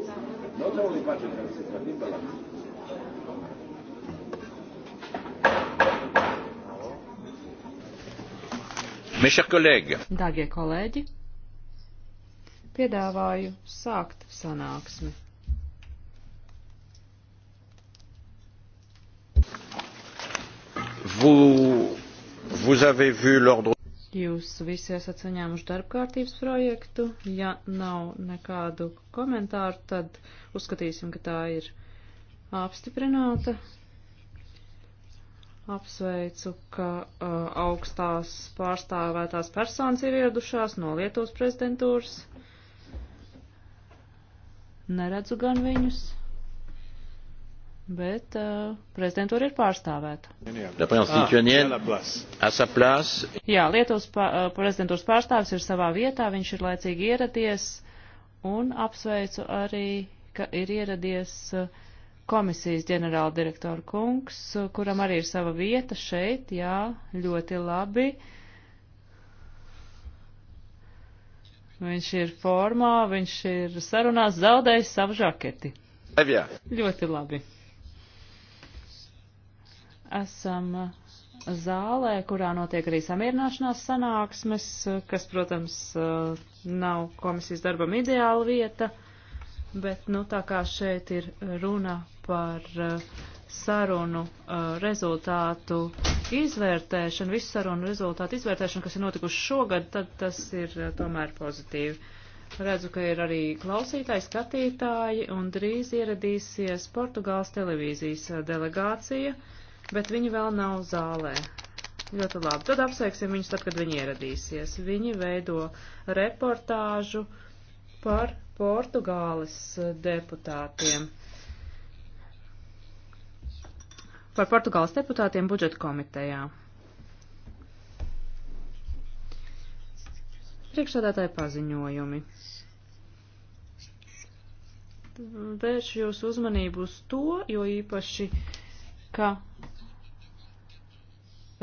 about not only budget deficit but imbalance. Mes chers collègues, Dārgie kolēģi, piedāvāju sākt sanāksmi. Vous, vous avez vu l'ordre Jūs visi esat saņēmuši darbkārtības projektu. Ja nav nekādu komentāru, tad uzskatīsim, ka tā ir apstiprināta. Apsveicu, ka uh, augstās pārstāvētās personas ir ieradušās no Lietuvas prezidentūras. Neredzu gan viņus bet uh, prezidentūra ir pārstāvēta. Ah, jā, Lietuvas pa, eh, prezidentūras pārstāvis ir savā vietā, viņš ir laicīgi ieradies un apsveicu arī, ka ir ieradies eh, komisijas ģenerāla direktora kungs, kuram arī ir sava vieta šeit, jā, ļoti labi. Viņš ir formā, viņš ir sarunās zaudējis savu žaketi. Evijā. Ļoti labi esam zālē, kurā notiek arī samierināšanās sanāksmes, kas, protams, eh, nav komisijas darbam ideāla vieta, bet, nu, tā kā šeit ir runa par eh, sarunu eh, rezultātu izvērtēšanu, visu sarunu rezultātu izvērtēšanu, kas ir notikuši šogad, tad tas ir tomēr pozitīvi. Redzu, ka ir arī klausītāji, skatītāji, un drīz ieradīsies Portugāles televīzijas delegācija. Uh, bet viņi vēl nav zālē. Ļoti labi. Tad apsveiksim viņus tad, kad viņi ieradīsies. Viņi veido reportāžu par Portugāles eh, deputātiem. Par Portugāles deputātiem budžeta komitejā. Priekšsādātāji paziņojumi. Vērš jūsu uzmanību uz to, jo īpaši, ka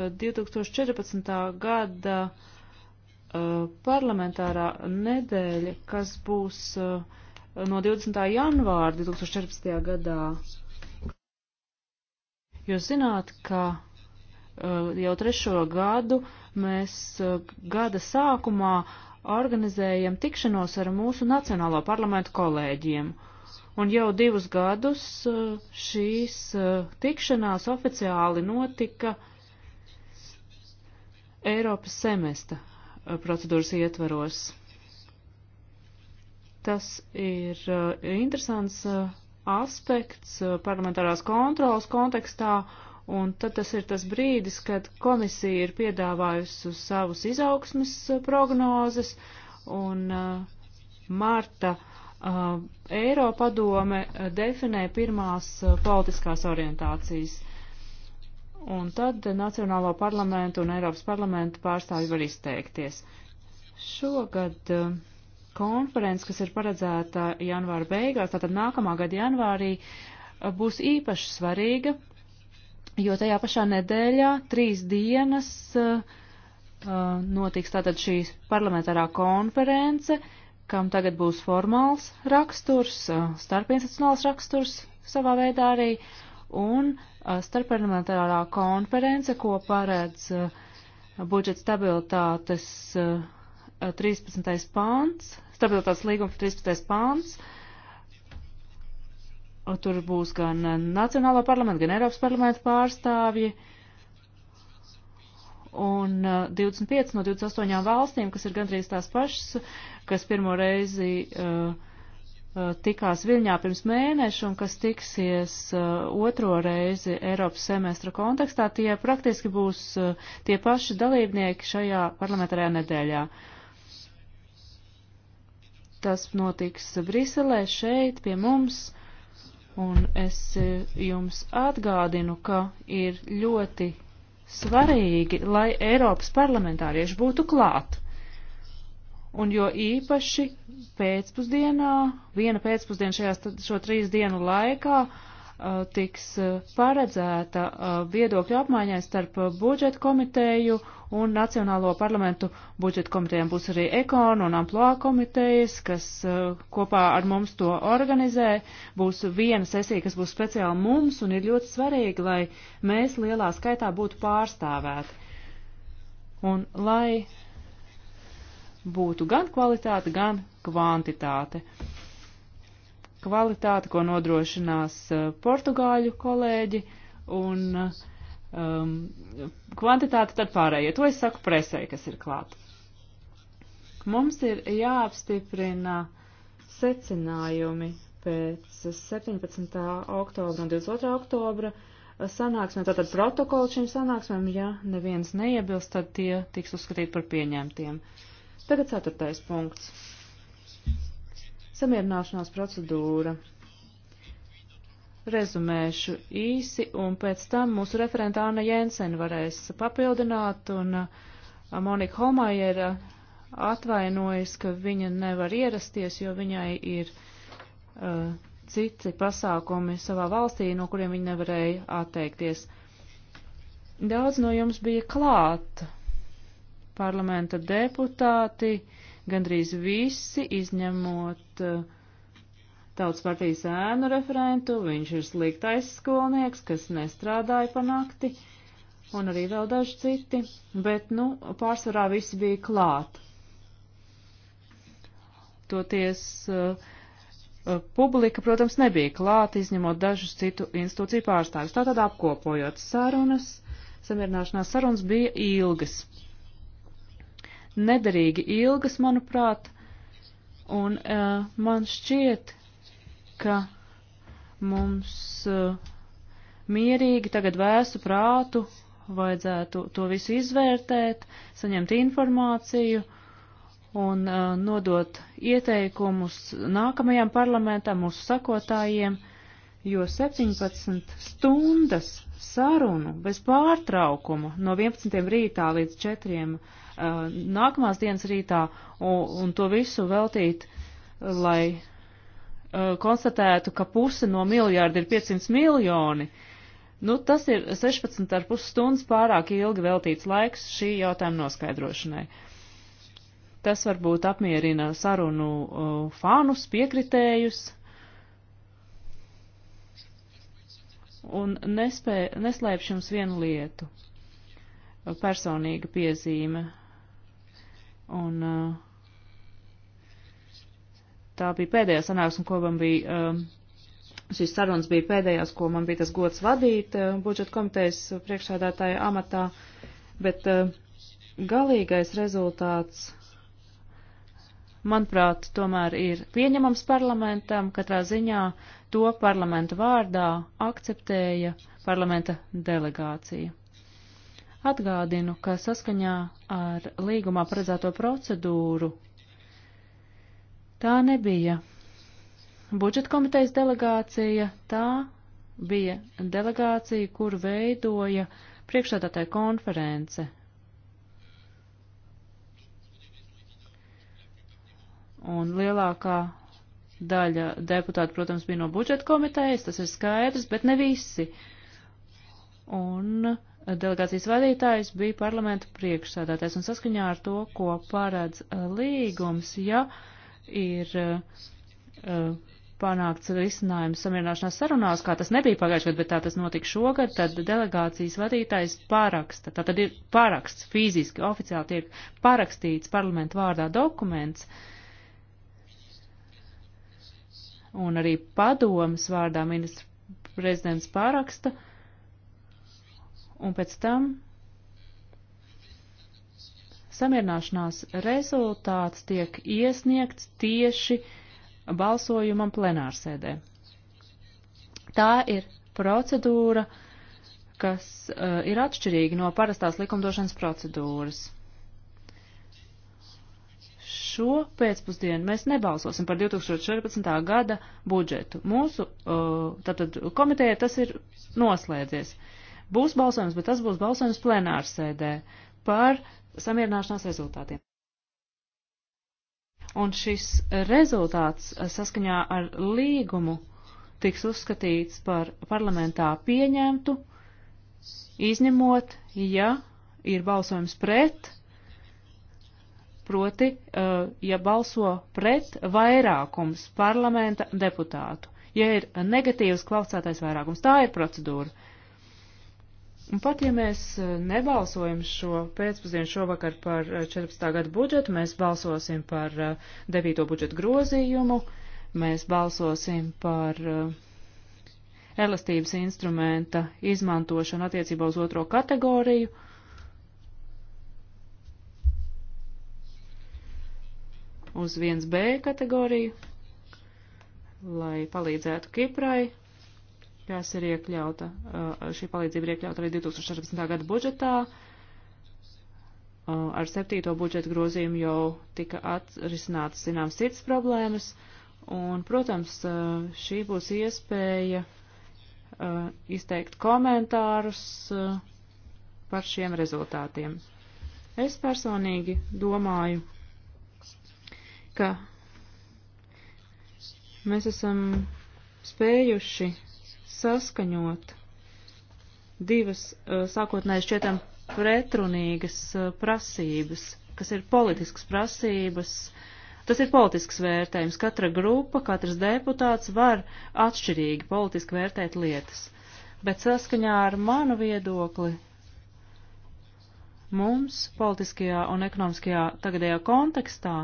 2014. gada uh, parlamentārā nedēļa, kas būs uh, no 20. janvāra 2014. gadā. Jūs zināt, ka uh, jau trešo gadu mēs gada sākumā organizējam tikšanos ar mūsu Nacionālo parlamentu kolēģiem. Un jau divus gadus šīs tikšanās oficiāli notika Eiropas semesta eh, procedūras ietvaros. Tas ir eh, interesants eh, aspekts parlamentārās kontrolas kontekstā, un tad tas ir tas brīdis, kad komisija ir piedāvājusi savus izaugsmes prognozes, un Marta Eiropadome definē pirmās politiskās orientācijas un tad Nacionālo parlamentu un Eiropas parlamentu pārstāvji var izteikties. Šogad eh, konferences, kas ir paredzēta janvāra beigās, tātad nākamā gada janvārī, eh, būs īpaši svarīga, jo tajā pašā nedēļā trīs dienas uh, notiks tātad šī parlamentārā konference, kam tagad būs formāls raksturs, starpinstitucionāls raksturs savā veidā arī, uh, un starpparlamentārā konference, ko paredz budžeta stabilitātes 13. pāns, stabilitātes līguma 13. pāns. Tur būs gan Nacionālā parlamenta, gan Eiropas parlamenta pārstāvji un 25 no 28 valstīm, kas ir gandrīz tās pašas, kas pirmo reizi uh, Eh, tikās Viļņā pirms mēneša un kas tiksies eh, otro reizi Eiropas semestra kontekstā, tie praktiski būs eh, tie paši dalībnieki šajā parlamentārajā nedēļā. Tas notiks Briselē, šeit, pie mums. Un es jums atgādinu, ka ir ļoti svarīgi, lai Eiropas parlamentārieši būtu klāt. Un jo īpaši pēcpusdienā, viena pēcpusdiena šajās šo trīs dienu laikā uh, tiks uh, paredzēta uh, viedokļu apmaiņai starp budžeta komiteju un Nacionālo parlamentu budžeta komitejām. Būs arī ekonu un amploā komitejas, kas kopā ar mums to organizē. Būs viena sesija, kas būs speciāli mums un ir ļoti svarīgi, lai mēs lielā skaitā būtu pārstāvēti. Un lai būtu gan kvalitāte, gan kvantitāte. Kvalitāte, ko nodrošinās e, portugāļu kolēģi, un um, kvantitāte tad pārējie. To es saku presē, kas ir klāt. Mums ir jāapstiprina secinājumi pēc 17. oktobra un 22. oktobra sanāksmēm, tātad protokolu šīm sanāksmēm, ja neviens neiebilst, tad tie tiks uzskatīti par pieņemtiem. Uh, Tagad ceturtais punkts. Samierināšanās procedūra. Rezumēšu īsi, un pēc tam mūsu referenta Anna Jensen varēs papildināt, un Monika Holmajera atvainojas, ka viņa nevar ierasties, jo viņai ir uh, citi pasākumi savā valstī, no kuriem viņa nevarēja atteikties. Daudz no jums bija klāt parlamenta deputāti, gandrīz visi, izņemot eh, tautas partijas ēnu referentu, viņš ir sliktais skolnieks, kas nestrādāja pa nakti, un arī vēl daži citi, bet, nu, pārsvarā visi bija klāt. Toties uh, Publika, protams, nebija klāta, izņemot dažus citu institūciju pārstāvjus. Tātad apkopojot sarunas, samierināšanās sarunas bija ilgas nederīgi ilgas, manuprāt, un uh, man šķiet, ka mums uh, mierīgi tagad vēsu prātu vajadzētu to visu izvērtēt, saņemt informāciju un uh, nodot ieteikumus nākamajam parlamentam, mūsu sakotājiem, jo 17 stundas sarunu bez pārtraukuma no 11. rītā līdz 4. Uh, nākamās dienas rītā un, un to visu veltīt, lai uh, konstatētu, ka puse no miljārda ir 500 miljoni. Nu, tas ir 16,5 stundas pārāk ilgi veltīts laiks šī jautājuma noskaidrošanai. Tas varbūt apmierina sarunu uh, fānus, piekritējus un nespē, neslēpš jums vienu lietu. Personīga piezīme. Un uh, tā bija pēdējā sanāksme, ko man bija, uh, šīs sarunas bija pēdējās, ko man bija tas gods vadīt uh, budžeta komitejas priekšsēdētāja amatā, bet galīgais rezultāts manuprāt, tomēr ir pieņemams parlamentam, katrā ziņā to parlamenta vārdā akceptēja parlamenta delegācija. Atgādinu, ka saskaņā ar līgumā paredzēto procedūru tā nebija budžeta komitejas delegācija, tā bija delegācija, kur veidoja priekšsēdētāja konference. Un lielākā daļa deputātu, protams, bija no budžeta komitejas, tas ir skaidrs, bet ne visi. Un uh, delegācijas vadītājs bija parlamenta priekšsādātājs, un saskaņā ar to, ko paredz uh, līgums, ja ir uh, uh, panākts risinājums samierināšanās sarunās, kā tas nebija pagājušajā gadā, bet tā tas notika šogad, tad delegācijas vadītājs paraksta. Tā tad ir paraksts fiziski, oficiāli tiek parakstīts parlamentu vārdā dokuments. Un arī padomas vārdā ministra prezidents paraksta. Uh, un pēc tam samierināšanās rezultāts tiek iesniegts tieši balsojumam plenārsēdē. Tā ir procedūra, kas uh, ir atšķirīga no parastās likumdošanas procedūras. Šo pēcpusdienu mēs nebalsosim par 2014. gada budžetu. Mūsu uh, tātad, komiteja tas ir noslēdzies. Uh, Būs balsojums, bet tas būs balsojums plenārsēdē par samierināšanās rezultātiem. Un šis rezultāts saskaņā ar līgumu tiks uzskatīts par parlamentā pieņemtu, izņemot, ja ir balsojums pret, proti, eh, ja balso pret vairākums parlamenta deputātu, ja ir negatīvs klausātais vairākums. Tā ir procedūra. Un pat ja mēs e, nebalsojam šo pēcpusdienu šovakar par 14. E, gadu budžetu, mēs balsosim par 9. E, budžetu grozījumu, mēs balsosim par elastības instrumenta izmantošanu attiecībā uz otro kategoriju. Uz 1B kategoriju, lai palīdzētu Kiprai, Tās ir iekļauta, uh, šī palīdzība ir iekļauta arī 2016. gada budžetā. Uh, ar septīto budžeta grozījumu jau tika atrisinātas zināmas citas problēmas, un, protams, uh, šī būs iespēja izteikt komentārus par šiem rezultātiem. Es personīgi domāju, ka mēs esam spējuši saskaņot divas sākotnēji šķietam pretrunīgas prasības, kas ir politiskas prasības. Tas ir politisks vērtējums. Katra grupa, katrs deputāts var atšķirīgi politiski vērtēt lietas. Bet saskaņā ar manu viedokli mums politiskajā un ekonomiskajā tagadējā kontekstā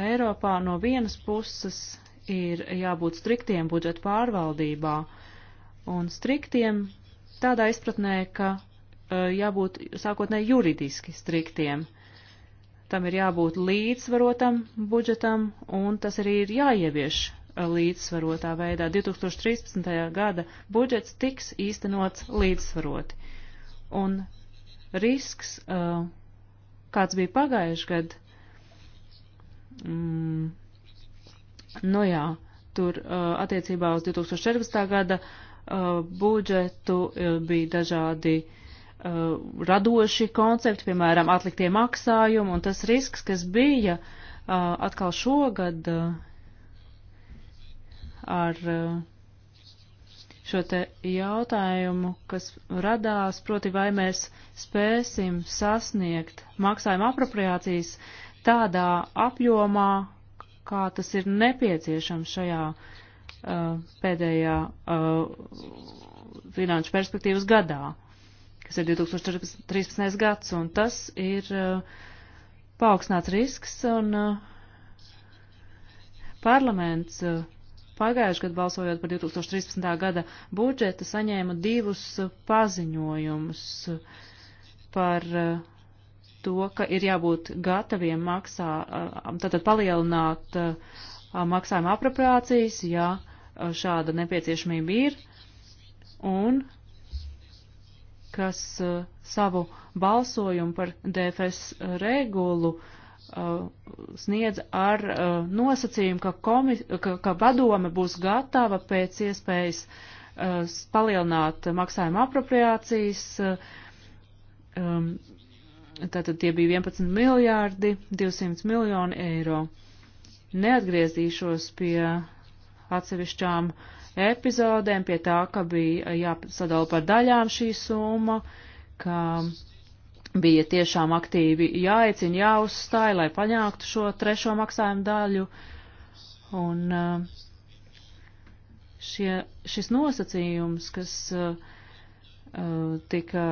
Eiropā no vienas puses ir jābūt striktiem budžeta pārvaldībā, un striktiem tādā izpratnē, ka e, jābūt sākotnē juridiski striktiem. Tam ir jābūt līdzsvarotam budžetam, un tas arī ir jāievieš e, līdzsvarotā veidā. 2013. gada budžets tiks īstenots līdzsvaroti. Un risks, e, kāds bija pagājuši gadu, mm, nu jā, tur attiecībā uz 2014. gada Uh, budžetu, uh, bija dažādi uh, radoši koncepti, piemēram, atliktie maksājumi, un tas risks, kas bija atkal šogad ar šo te jautājumu, kas radās, proti vai mēs spēsim sasniegt maksājuma apropriācijas tādā apjomā, kā tas ir nepieciešams šajā uh, Uh, pēdējā uh, finanšu perspektīvas gadā, kas ir 2013. gads, un tas ir uh, paaugstināts risks, un parlaments pagājuši gadu balsojot par 2013. gada budžetu saņēma divus paziņojumus par to, ka ir jābūt gataviem maksā, tātad palielināt maksājuma apropriācijas, jā. Ja Eh, šāda nepieciešamība ir un kas eh, savu balsojumu par DFS regulu eh, sniedz ar nosacījumu, ka, komis, ka, ka padome būs gatava pēc iespējas palielināt maksājuma apropriācijas. Um, tātad tie bija 11 miljārdi 200 miljoni eiro. Neatgriezīšos pie atsevišķām epizodēm, pie tā, ka bija jāsadala par daļām šī summa, ka bija tiešām aktīvi jāicina, jāuzstāj, lai paņāktu šo trešo maksājumu daļu. Un eh, šie, šis nosacījums, kas eh, eh, tika,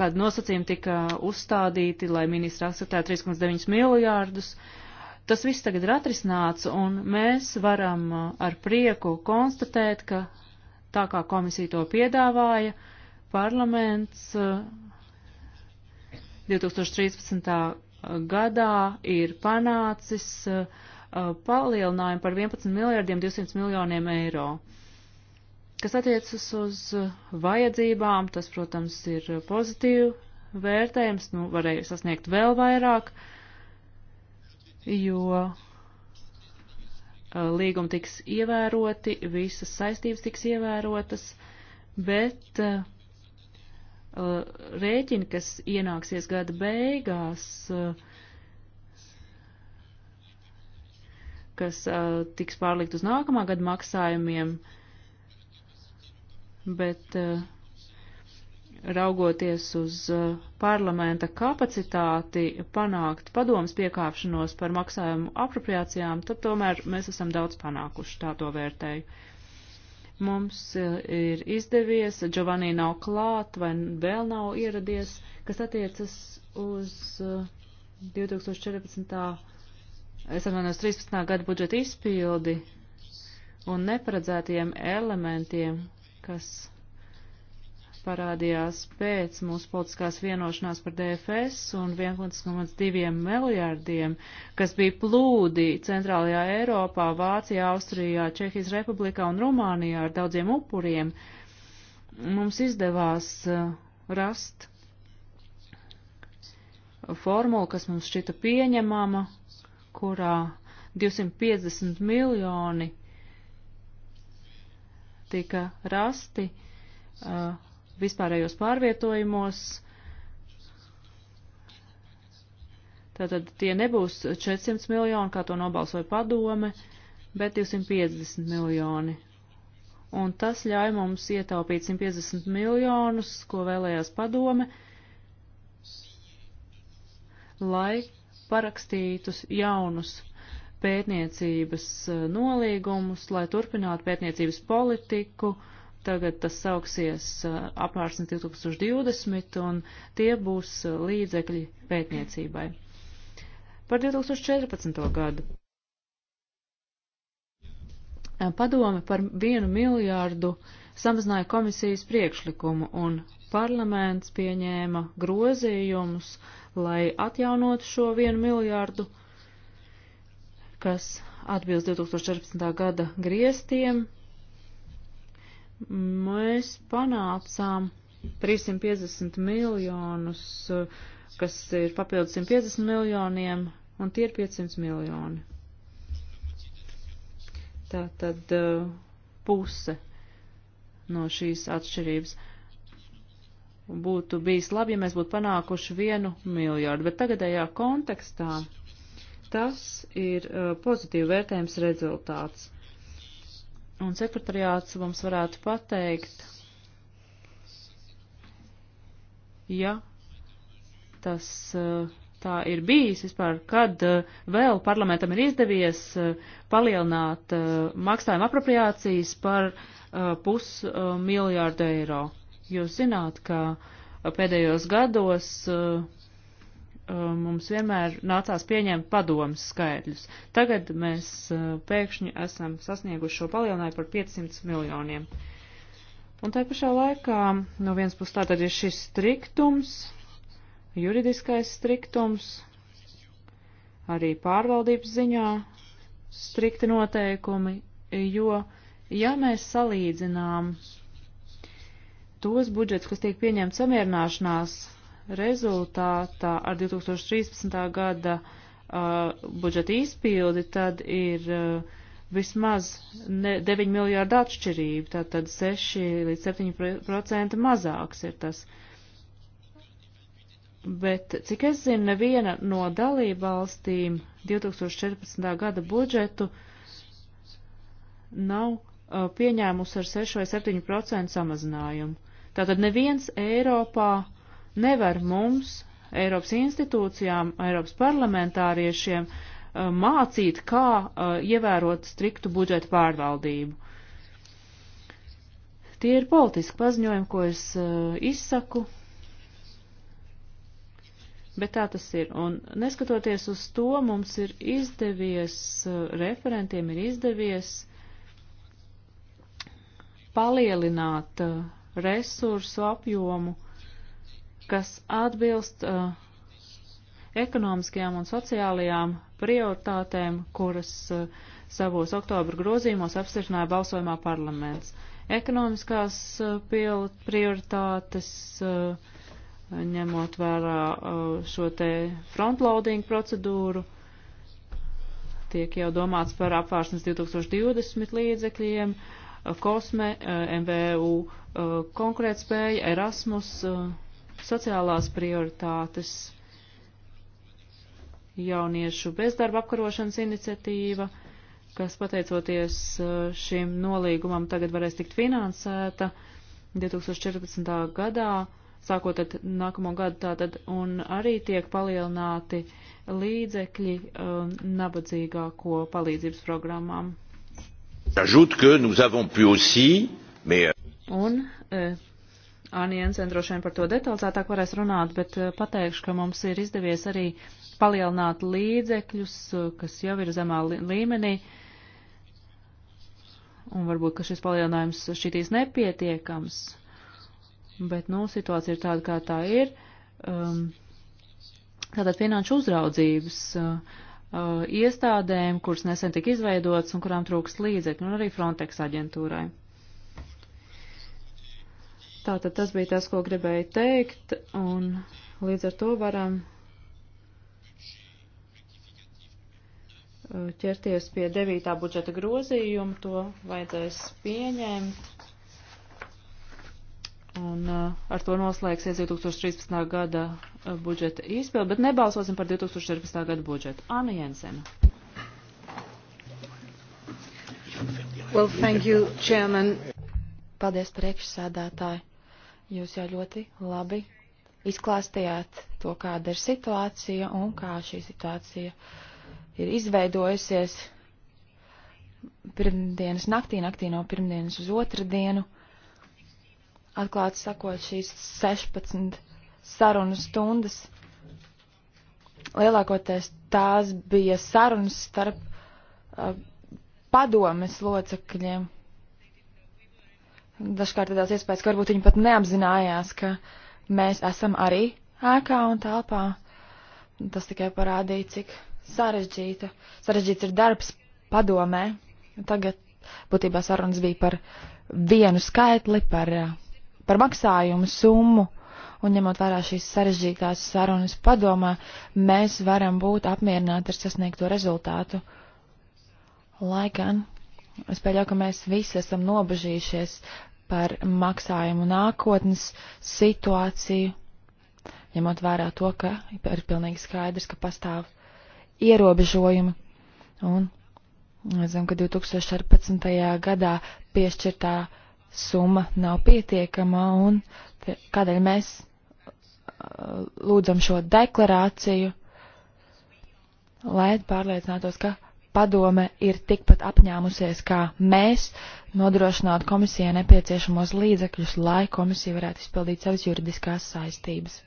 kādi nosacījumi tika uzstādīti, lai ministra akceptētu 3,9 miljārdus, uh, Tas viss tagad ir atrisināts, un mēs varam uh, ar prieku konstatēt, ka tā kā komisija to piedāvāja, parlaments 2013. Uh, uh, gadā ir panācis palielinājumu par 11 miljardiem 200 miljoniem eiro. Kas attiecas uz vajadzībām, tas, protams, ir pozitīvi vērtējums, nu, varēja sasniegt vēl vairāk. Uh, jo eh, līgumi tiks ievēroti, visas saistības tiks ievērotas, bet eh, eh, rēķini, kas ienāksies gada beigās, kas tiks pārlikt uz nākamā gada maksājumiem, bet uh, raugoties uz uh, parlamenta kapacitāti panākt padomas piekāpšanos par maksājumu apropriācijām, tad tomēr mēs esam daudz panākuši, tā to vērtēju. Mums uh, ir izdevies, Giovanni nav klāt vai vēl nav ieradies, kas attiecas uz 2014. Uh, es atvainojos 13. gada budžeta izpildi un neparedzētiem elementiem, kas parādījās pēc mūsu politiskās vienošanās par DFS un 1,2 miljārdiem, kas bija plūdi centrālajā Eiropā, Vācijā, Austrijā, Čehijas republikā un Rumānijā ar daudziem upuriem, mums izdevās uh, rast formulu, kas mums šķita pieņemama, kurā 250 miljoni tika rasti uh, vispārējos pārvietojumos. Tātad tie nebūs 400 miljoni, kā to nobalsoja padome, bet 250 miljoni. Un tas ļauj mums ietaupīt 150 miljonus, ko vēlējās padome, lai parakstītus jaunus pētniecības nolīgumus, lai turpinātu pētniecības politiku, uh, Tagad tas sauksies uh, apārsni 2020 un tie būs uh, līdzekļi pētniecībai. Par 2014. gadu. Uh, padome par vienu miljārdu samazināja komisijas priekšlikumu un parlaments pieņēma grozījumus, lai atjaunotu šo vienu miljārdu, kas atbilst 2014. gada griestiem, mēs panācām 350 miljonus, kas ir papildus 150 miljoniem, un tie ir 500 miljoni. Tā tad uh, puse no šīs atšķirības būtu bijis labi, ja mēs būtu panākuši vienu miljardu, bet tagadējā kontekstā tas ir uh, pozitīvi vērtējums rezultāts un sekretariāts mums varētu pateikt, ja tas eh, tā ir bijis vispār, kad eh, vēl parlamentam ir izdevies eh, palielināt maksājuma apropriācijas par pusmiljārdu eiro. Jūs zināt, ka pēdējos gados uh, Uh, mums vienmēr nācās pieņemt padomas skaidrļus. Tagad mēs uh, pēkšņi esam sasnieguši šo palielinājumu par 500 miljoniem. Un tā pašā laikā no vienas puses tātad ir šis striktums, juridiskais striktums, arī pārvaldības ziņā strikti noteikumi, jo, ja mēs salīdzinām tos budžets, kas tiek pieņemts samierināšanās rezultātā ar 2013. gada uh, budžeta izpildi, tad ir uh, vismaz ne, 9 miljārdu atšķirība, tātad 6 līdz 7 procenti mazāks ir tas. Bet, cik es zinu, neviena no dalībvalstīm 2014. gada budžetu nav uh, pieņēmusi ar 6 vai 7 procentu samazinājumu. Tātad neviens Eiropā uh, Nevar mums, Eiropas institūcijām, Eiropas parlamentāriešiem, eh, mācīt, kā eh, ievērot striktu budžeta pārvaldību. Tie ir politiski paziņojumi, ko es eh, izsaku, bet tā tas ir. Un neskatoties uz to, mums ir izdevies, referentiem ir izdevies palielināt resursu apjomu kas atbilst uh, ekonomiskajām un sociālajām prioritātēm, kuras uh, savos oktobra grozīmos apstiprināja balsojumā parlaments. Ekonomiskās uh, prioritātes, uh, ņemot vērā uh, šo te frontloading procedūru, tiek jau domāts par apvārsnes 2020 līdzekļiem, uh, kosme, MVU konkurētspēja, Erasmus, sociālās prioritātes, jauniešu bezdarba apkarošanas iniciatīva, kas pateicoties uh, šim nolīgumam tagad varēs tikt finansēta 2014. gadā, sākot ar nākamo gadu tātad, un arī tiek palielināti līdzekļi um, nabadzīgāko palīdzības programmām. J'ajoute que nous avons pu aussi, mais... Un, e, Aniensen droši vien par to detalizētāk varēs runāt, bet eh, pateikšu, ka mums ir izdevies arī palielināt līdzekļus, eh, kas jau ir zemā līmenī, un varbūt, ka šis palielinājums šitīs nepietiekams, bet, nu, situācija ir tāda, kā tā ir. Um, tātad finanšu uzraudzības. Uh, uh iestādēm, kuras nesen tika izveidotas un kurām trūkst līdzekļu, un arī Frontex aģentūrai. Tātad tas bija tas, ko gribēju teikt, un līdz ar to varam uh, ķerties pie devītā budžeta grozījuma, to vajadzēs pieņemt. Un uh, ar to noslēgsies 2013. gada uh, budžeta izpildi, bet nebalsosim par 2014. gada budžetu. Anna Jensena. Well, thank you, Chairman. Paldies, priekšsēdētāji. Jūs jau ļoti labi izklāstījāt to, kāda ir situācija un kā šī situācija ir izveidojusies pirmdienas naktī, naktī no pirmdienas uz otru dienu. Atklāti sakot, šīs 16 sarunu stundas lielākoties tās bija sarunas starp uh, padomes locekļiem. Dažkārt ir tāds iespējas, ka varbūt viņi pat neapzinājās, ka mēs esam arī ēkā un telpā. Tas tikai parādīja, cik sarežģīta, sarežģīts ir darbs padomē. Tagad būtībā sarunas bija par vienu skaitli, par, par maksājumu summu, un ņemot vērā šīs sarežģītās sarunas padomā, mēs varam būt apmierināti ar sasniegto rezultātu. Lai gan es pieļauju, ka mēs visi esam nobežījušies par maksājumu nākotnes situāciju, ņemot vērā to, ka ir pilnīgi skaidrs, ka pastāv ierobežojumi. Un mēs zinām, ka 2014. gadā piešķirtā summa nav pietiekama, un te, kādēļ mēs uh, lūdzam šo deklarāciju, lai pārliecinātos, ka padome ir tikpat apņēmusies kā mēs nodrošināt komisijai nepieciešamos līdzekļus, lai komisija varētu izpildīt savas juridiskās saistības.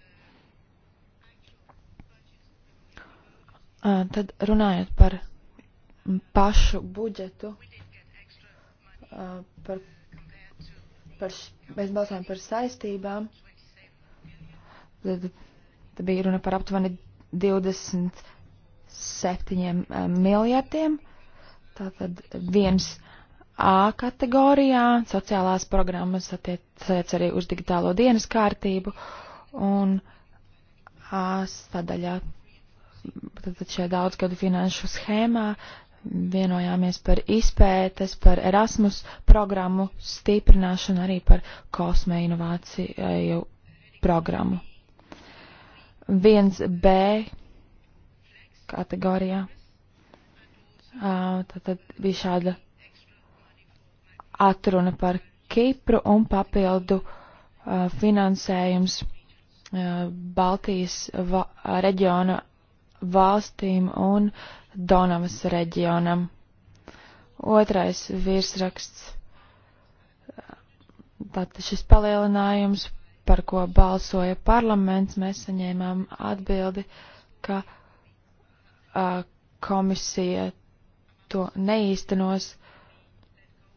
Tad runājot par pašu budžetu, par, par, mēs balsājam par saistībām, tad, tad bija runa par aptuveni 20 septiņiem eh, miljardiem. Tātad viens A kategorijā sociālās programmas attiec arī uz digitālo dienas kārtību un A sadaļā. Tātad šajā daudzgadu finanšu schēmā vienojāmies par izpētes, par Erasmus programmu stiprināšanu, arī par kosmē inovāciju programmu. 1B kategorijā. Tad, tad bija šāda atruna par Kipru un papildu uh, finansējums uh, Baltijas va reģiona valstīm un Donavas reģionam. Otrais virsraksts. Tātad šis palielinājums, par ko balsoja parlaments, mēs saņēmām atbildi, ka uh, komisija to neīstenos.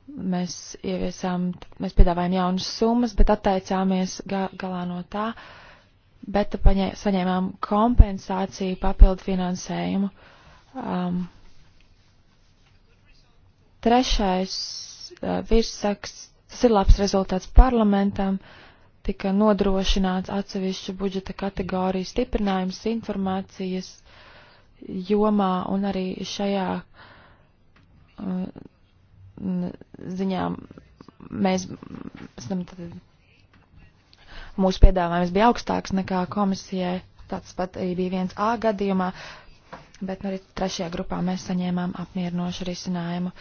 Mēs ieviesām, mēs piedāvājām jaunas summas, bet atteicāmies ga, galā no tā, bet paņē, saņēmām kompensāciju papildu finansējumu. Um, trešais uh, virsaks, tas ir labs rezultāts parlamentam, tika nodrošināts atsevišķu budžeta kategoriju stiprinājums informācijas jomā un arī šajā uh, ziņā mēs esam tad mūsu piedāvājums bija augstāks nekā komisijai. Tāds pat bija viens A gadījumā, bet nu arī trešajā grupā mēs saņēmām apmierinošu risinājumu.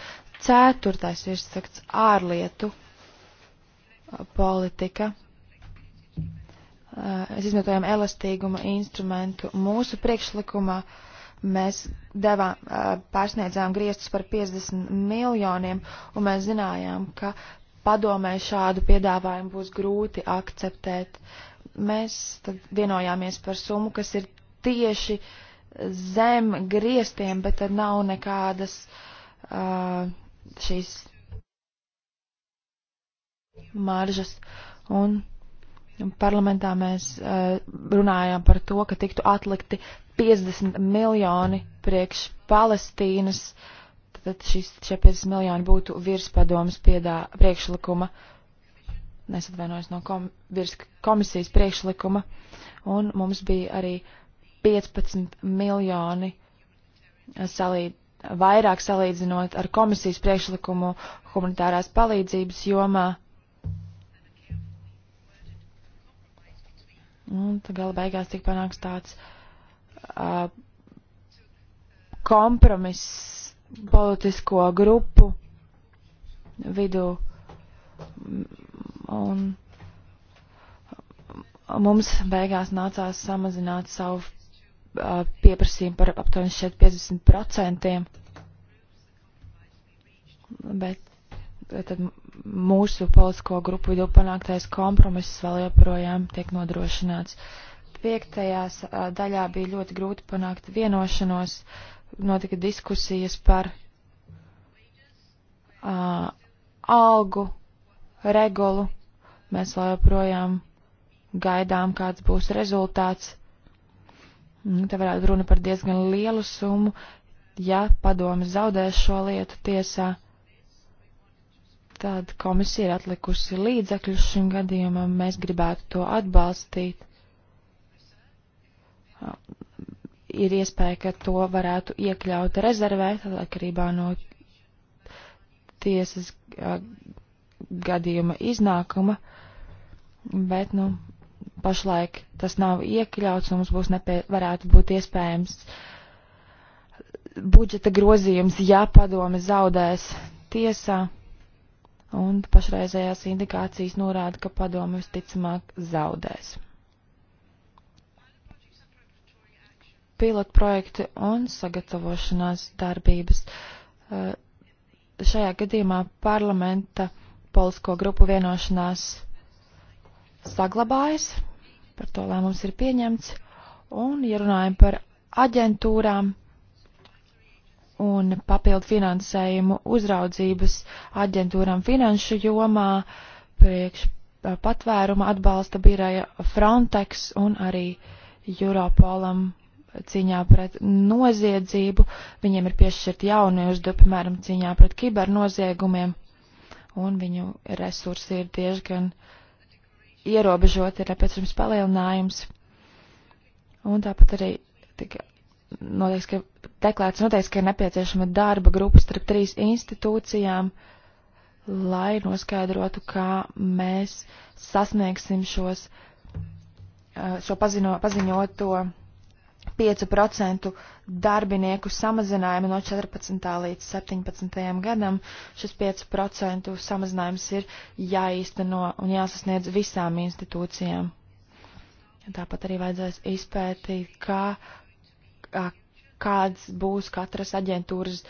Ceturtais ir sakts ārlietu uh, politika. Mēs uh, izmantojam elastīguma instrumentu mūsu priekšlikumā. Uh, Mēs devām, pārsniedzām griestus par 50 miljoniem, un mēs zinājām, ka padomē šādu piedāvājumu būs grūti akceptēt. Mēs tad vienojāmies par summu, kas ir tieši zem griestiem, bet tad nav nekādas uh, šīs maržas. Un Parlamentā mēs uh, runājām par to, ka tiktu atlikti 50 miljoni priekš Palestīnas, tad šis, šie 50 miljoni būtu virspadomas piedā priekšlikuma, nesatvainojos no kom, virs komisijas priekšlikuma, un mums bija arī 15 miljoni salīd, vairāk salīdzinot ar komisijas priekšlikumu humanitārās palīdzības jomā Un nu, tad gala beigās tika panāks tāds uh, kompromiss politisko grupu vidū. Un mums beigās nācās samazināt savu uh, pieprasījumu par aptuveni 50%. Bet tad mūsu politisko grupu vidū panāktais kompromiss vēl joprojām tiek nodrošināts. Piektajās daļā bija ļoti grūti panākt vienošanos, notika diskusijas par uh, algu regulu. Mēs vēl joprojām gaidām, kāds būs rezultāts. Mm, te varētu runa par diezgan lielu summu, ja padomas zaudēs šo lietu tiesā Tad komisija ir atlikusi līdzekļus šim gadījumam, mēs gribētu to atbalstīt. Ir iespēja, ka to varētu iekļaut rezervē, tad atkarībā no tiesas gadījuma iznākuma, bet, nu, pašlaik tas nav iekļauts, mums būs nepie, varētu būt iespējams budžeta grozījums, ja padome zaudēs tiesā un pašreizējās indikācijas norāda, ka padomi visticamāk zaudēs. Pilotprojekti un sagatavošanās darbības. Eh, šajā gadījumā parlamenta politisko grupu vienošanās saglabājas, par to lēmums ir pieņemts, un, ja runājam par aģentūrām, un papildu finansējumu uzraudzības aģentūram finanšu jomā, priekš patvēruma atbalsta biroja Frontex un arī Europolam cīņā pret noziedzību. Viņiem ir piešķirti jauni uzdevumi, piemēram, cīņā pret kibernoziegumiem, un viņu resursi ir diezgan ierobežoti, ir nepieciešams palielinājums. Un tāpat arī tika noteikts, ka deklēts noteikts, ka ir nepieciešama darba grupa starp trīs institūcijām, lai noskaidrotu, kā mēs sasniegsim šos, eh, šo pazino, paziņoto 5% darbinieku samazinājumu no 14. līdz 17. gadam. Šis 5% samazinājums ir jāīsteno un jāsasniedz visām institūcijām. Tāpat arī vajadzēs izpētīt, kā kāds būs katras aģentūras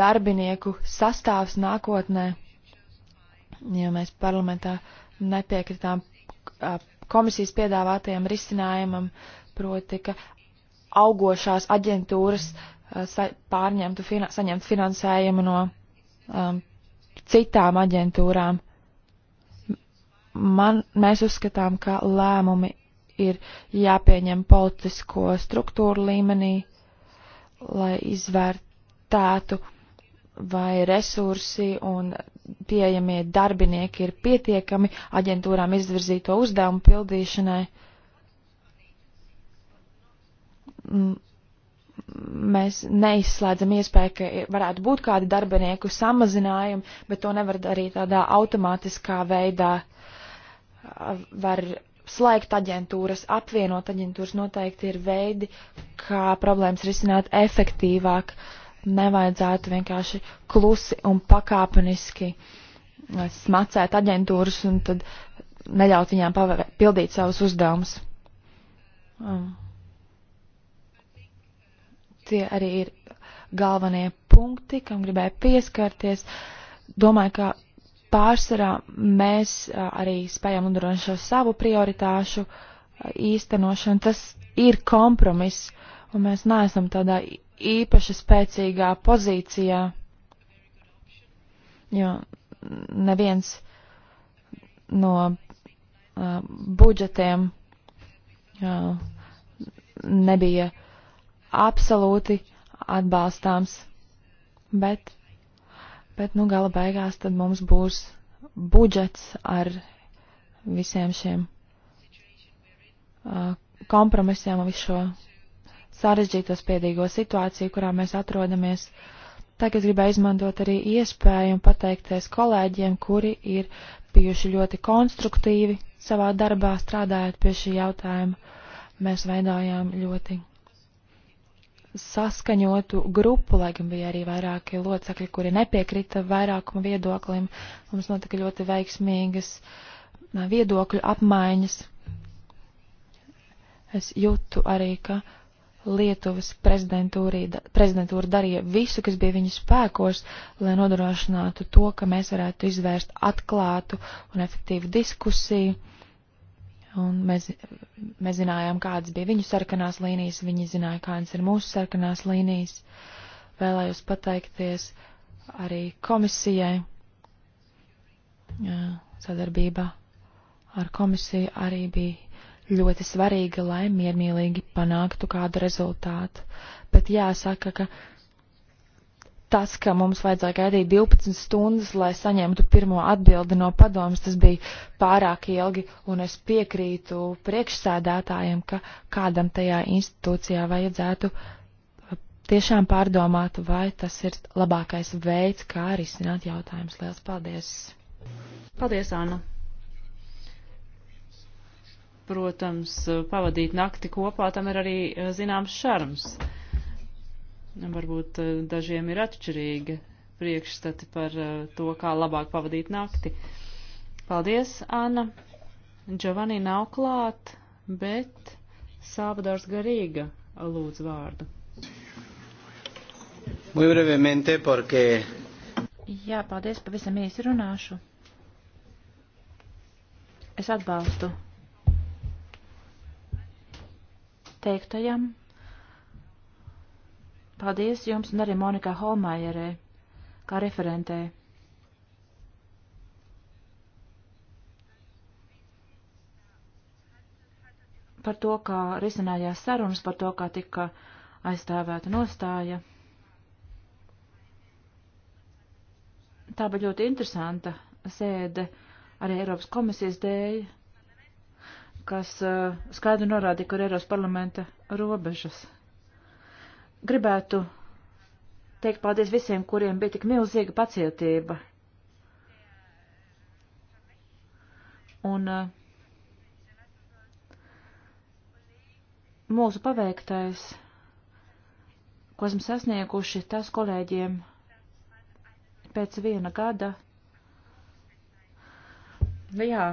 darbinieku sastāvs nākotnē, jo mēs parlamentā nepiekritām komisijas piedāvātajam risinājumam, proti, ka augošās aģentūras pārņemtu, fina, saņemtu finansējumu no um, citām aģentūrām. Man, mēs uzskatām, ka lēmumi ir jāpieņem politisko struktūru līmenī, lai izvērtētu, vai resursi un pieejamie darbinieki ir pietiekami aģentūrām izvirzīto uzdevumu pildīšanai. Mēs neizslēdzam iespēju, ka varētu būt kādi darbinieku samazinājumi, bet to nevar darīt tādā automātiskā veidā. Var slēgt aģentūras, apvienot aģentūras noteikti ir veidi, kā problēmas risināt efektīvāk. Nevajadzētu vienkārši klusi un pakāpeniski eh, smacēt aģentūras un tad neļaut viņām pavē, pildīt savus uzdevumus. Um. Tie arī ir galvenie punkti, kam gribēju pieskarties. Domāju, ka pārsvarā mēs arī spējam nodrošināt šo savu prioritāšu īstenošanu. Tas ir kompromiss, un mēs neesam tādā īpaši spēcīgā pozīcijā, jo neviens no uh, budžetiem uh, nebija absolūti atbalstāms, bet Bet, nu, gala beigās tad mums būs budžets ar visiem šiem uh, kompromisiem, visu šo sarežģīto spiedīgo situāciju, kurā mēs atrodamies. Tagad gribēju izmantot arī iespēju un pateikties kolēģiem, kuri ir bijuši ļoti konstruktīvi savā darbā strādājot pie šī jautājuma. Mēs veidojām ļoti saskaņotu grupu, lai gan bija arī vairāki locekļi, kuri nepiekrita vairākuma viedoklim. Mums notika ļoti veiksmīgas viedokļu apmaiņas. Es jūtu arī, ka Lietuvas prezidentūra darīja visu, kas bija viņas spēkos, lai nodrošinātu to, ka mēs varētu izvērst atklātu un efektīvu diskusiju Un mēs, mēs zinājām, kādas bija viņu sarkanās līnijas, viņi zināja, kādas ir mūsu sarkanās līnijas. Vēlējos pateikties arī komisijai. Sadarbība ar komisiju arī bija ļoti svarīga, lai miermīlīgi panāktu kādu rezultātu. Bet jāsaka, ka tas, ka mums vajadzēja gaidīt 12 stundas, lai saņemtu pirmo atbildi no padomas, tas bija pārāk ilgi, un es piekrītu priekšsēdētājiem, ka kādam tajā institūcijā vajadzētu tiešām pārdomāt, vai tas ir labākais veids, kā risināt jautājumus. Lielas paldies! Paldies, Anna! Protams, pavadīt nakti kopā tam ir arī zināms šarms. Varbūt eh, dažiem ir atšķirīga priekšstati par eh, to, kā labāk pavadīt nakti. Paldies, Anna. Giovanni nav klāt, bet Salvadors Garīga lūdz vārdu. Muy brevemente, porque. Jā, paldies, pavisam īsi runāšu. Es atbalstu teiktajam. Ja? Paldies jums un arī Monikā Holmajerē, kā referentē. Par to, kā risinājās sarunas, par to, kā tika aizstāvēta nostāja. Tā bija ļoti interesanta sēde arī Eiropas komisijas dēļ, kas uh, skaidri norādīja, kur Eiropas parlamenta robežas gribētu teikt paldies visiem, kuriem bija tik milzīga pacietība. Un eh, mūsu paveiktais, ko esam sasnieguši, tas kolēģiem pēc viena gada. Nu jā,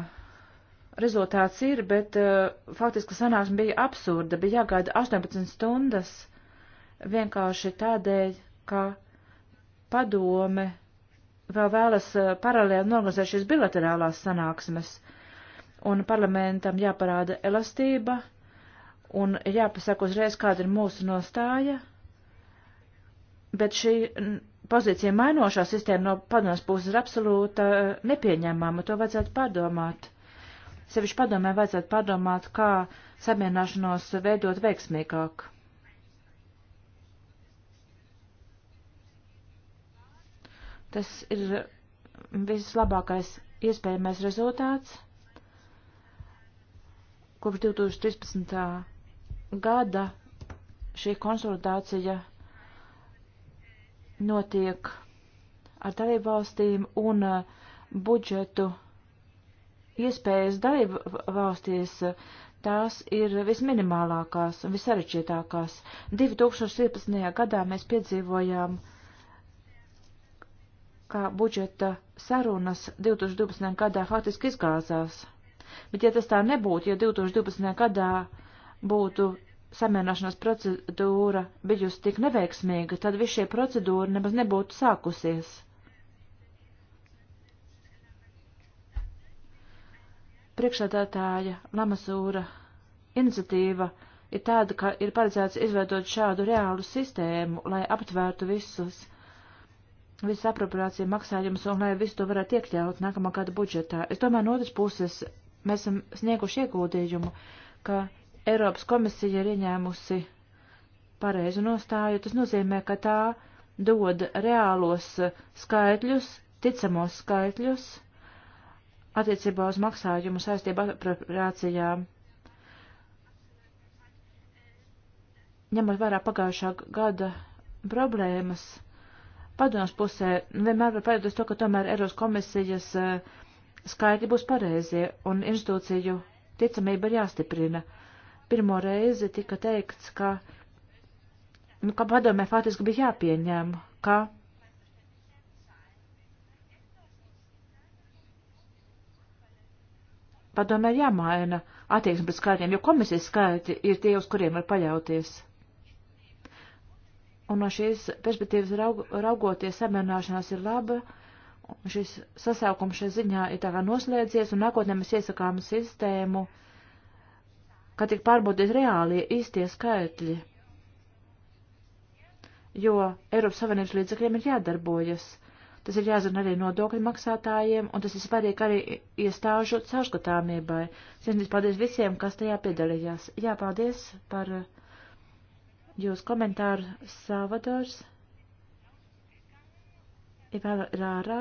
rezultāts ir, bet uh, faktiski sanāksme bija absurda, bija jāgaida 18 stundas vienkārši tādēļ, ka padome vēl vēlas eh, paralēli norganizēt šīs bilaterālās sanāksmes, un parlamentam jāparāda elastība, un jāpasaka uzreiz, kāda ir mūsu nostāja, bet šī pozīcija mainošā sistēma no padomas puses ir absolūta eh, nepieņemama, to vajadzētu padomāt. Sevišķi padomē vajadzētu padomāt, kā samienāšanos veidot veiksmīgāk. Tas ir vislabākais iespējamais rezultāts kopš 2013. gada šī konsultācija notiek ar dalībvalstīm un uh, budžetu iespējas dalībvalstīs. Uh, tās ir visminimālākās un visarečietākās. 2017. gadā mēs piedzīvojām uh, kā budžeta sarunas 2012. gadā faktiski izgāzās. Bet ja tas tā nebūtu, ja 2012. gadā būtu samierināšanās procedūra bijusi tik neveiksmīga, tad viss šie procedūra nemaz nebūtu sākusies. Priekšsēdētāja Lamasūra iniciatīva ir tāda, ka ir paredzēts izveidot šādu reālu sistēmu, lai aptvērtu visus visas apropriācija maksājums un lai visu to varētu iekļaut nākamā gada budžetā. Es domāju, no otras puses mēs esam snieguši ieguldījumu, ka Eiropas komisija ir ieņēmusi pareizu nostāju. Tas nozīmē, ka tā dod reālos skaitļus, ticamos skaitļus attiecībā uz maksājumu saistību apropriācijām. Ņemot vērā pagājušā gada problēmas, padomas pusē vienmēr var paļauties to, ka tomēr Eiropas komisijas eh, skaidri būs pareizie un institūciju ticamība ir jāstiprina. Pirmo reizi tika teikts, ka, nu, ka padomē faktiski bija jāpieņem, ka padomē jāmaina attieksme pret skaitļiem, jo komisijas skaitļi ir tie, uz kuriem var paļauties un no šīs perspektīvas raug, raugoties samierināšanās ir laba, un šis sasaukums šajā ziņā ir tā kā noslēdzies, un nākotnē mēs iesakām sistēmu, ka tik pārbaudīt reālie īstie skaitļi, jo Eiropas Savienības līdzekļiem ir jādarbojas. Tas ir jāzina arī nodokļu maksātājiem, un tas ir svarīgi arī iestāžu caurskatāmībai. Sirdīs paldies visiem, kas tajā piedalījās. Jā, paldies par. Uh, jūs komentāru Salvadors Ivēla Rārā.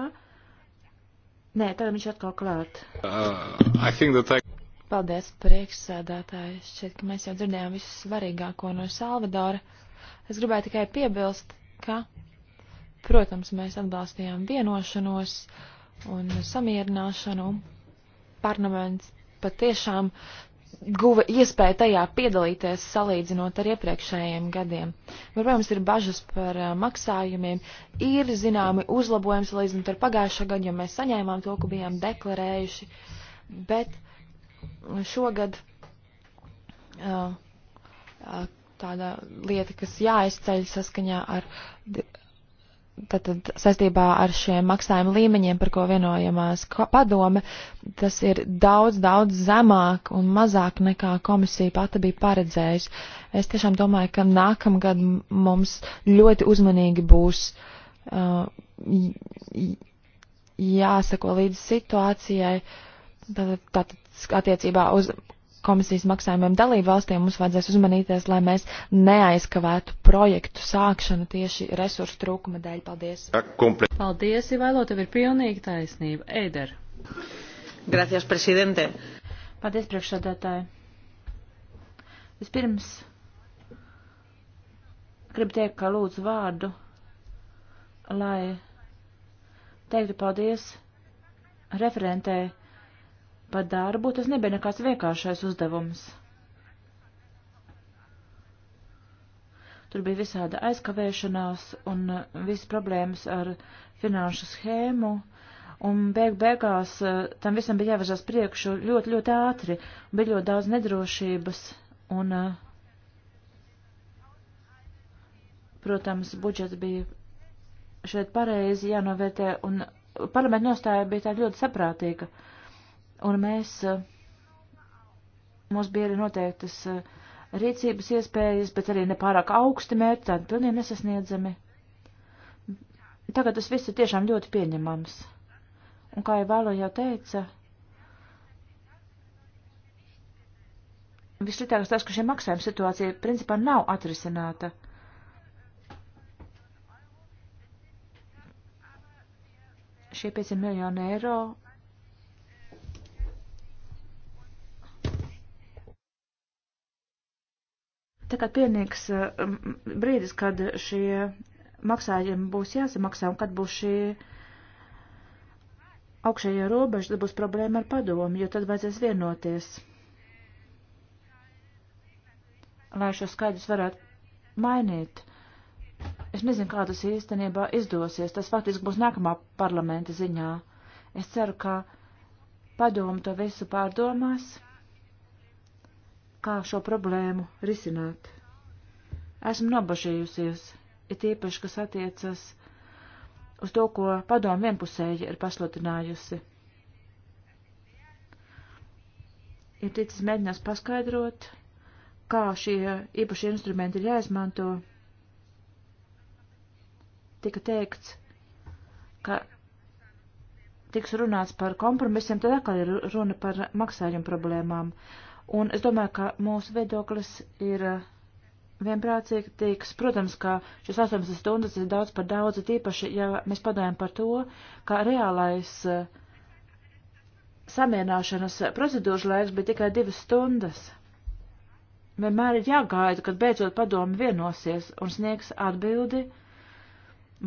Nē, tagad viņš atkal klāt. Uh, I... Paldies, priekšsēdētāji. Šķiet, ka mēs jau dzirdējām visu svarīgāko no Salvadora. Es gribēju tikai piebilst, ka, protams, mēs atbalstījām vienošanos un samierināšanu. Parlaments patiešām guva iespēju tajā piedalīties salīdzinot ar iepriekšējiem gadiem. Varbūt mums ir bažas par uh, maksājumiem, ir zināmi uzlabojumi salīdzinot ar pagājušo gadu, jo mēs saņēmām to, ko bijām deklarējuši, bet šogad uh, uh, tāda lieta, kas jāizceļ saskaņā ar Tātad saistībā ar šiem maksājumu līmeņiem, par ko vienojamās padome, tas ir daudz, daudz zemāk un mazāk nekā komisija pati bija paredzējusi. Es tiešām domāju, ka nākamgad mums ļoti uzmanīgi būs uh, jāsako līdz situācijai, tātad, tātad attiecībā uz komisijas maksājumiem dalību valstīm mums vajadzēs uzmanīties, lai mēs neaizkavētu projektu sākšanu tieši resursu trūkuma dēļ. Paldies! Komplet. Paldies, Ivailo, tev ir pilnīga taisnība. Eider! Gracias, prezidente! Paldies, priekšsādātāji! Vispirms gribu teikt, ka lūdzu vārdu, lai teiktu paldies referentē par darbu. Tas nebija nekāds vienkāršais uzdevums. Tur bija visāda aizkavēšanās un visas problēmas ar finanšu schēmu, un beig beigās eh, tam visam bija jāvirzās priekšu ļoti, ļoti ātri, bija ļoti daudz nedrošības, un, eh, protams, budžets bija šeit pareizi jānovērtē, un parlamenta nostāja bija tā ļoti saprātīga. Uh, un mēs, eh, mums bija arī noteiktas eh, rīcības iespējas, bet arī nepārāk augsti mērķi, tādi pilnīgi nesasniedzami. Tagad tas viss ir tiešām ļoti pieņemams. Un kā jau vēlo jau teica, vissliktākais tas, ka šī maksājuma situācija principā nav atrisināta. Šie 5 miljoni eiro Tagad pienīgs eh, brīdis, kad šie maksājumi būs jāsamaksā un kad būs šī augšējā robeža, tad būs problēma ar padomu, jo tad vajadzēs vienoties, lai šo skaidrus varētu mainīt. Es nezinu, kā tas īstenībā izdosies. Tas faktiski būs nākamā parlamenta ziņā. Es ceru, ka padomu to visu pārdomās kā šo problēmu risināt. Esmu nobažījusies, it īpaši, kas attiecas uz to, ko padomu vienpusēji ir pasludinājusi. Ir ticis mēģinās paskaidrot, kā šie īpašie instrumenti ir jāizmanto. Tika teikts, ka tiks runāts par kompromisiem, tad atkal ir runa par maksājumu problēmām. Uh, Un es domāju, ka mūsu viedoklis ir eh, vienprātīgs. Protams, ka šis 18 stundas ir daudz par daudz, tīpaši, ja mēs padomājam par to, ka reālais eh, samierināšanas procedūras laiks bija tikai divas stundas. Vienmēr ir jāgaida, kad beidzot padomi vienosies un sniegs atbildi.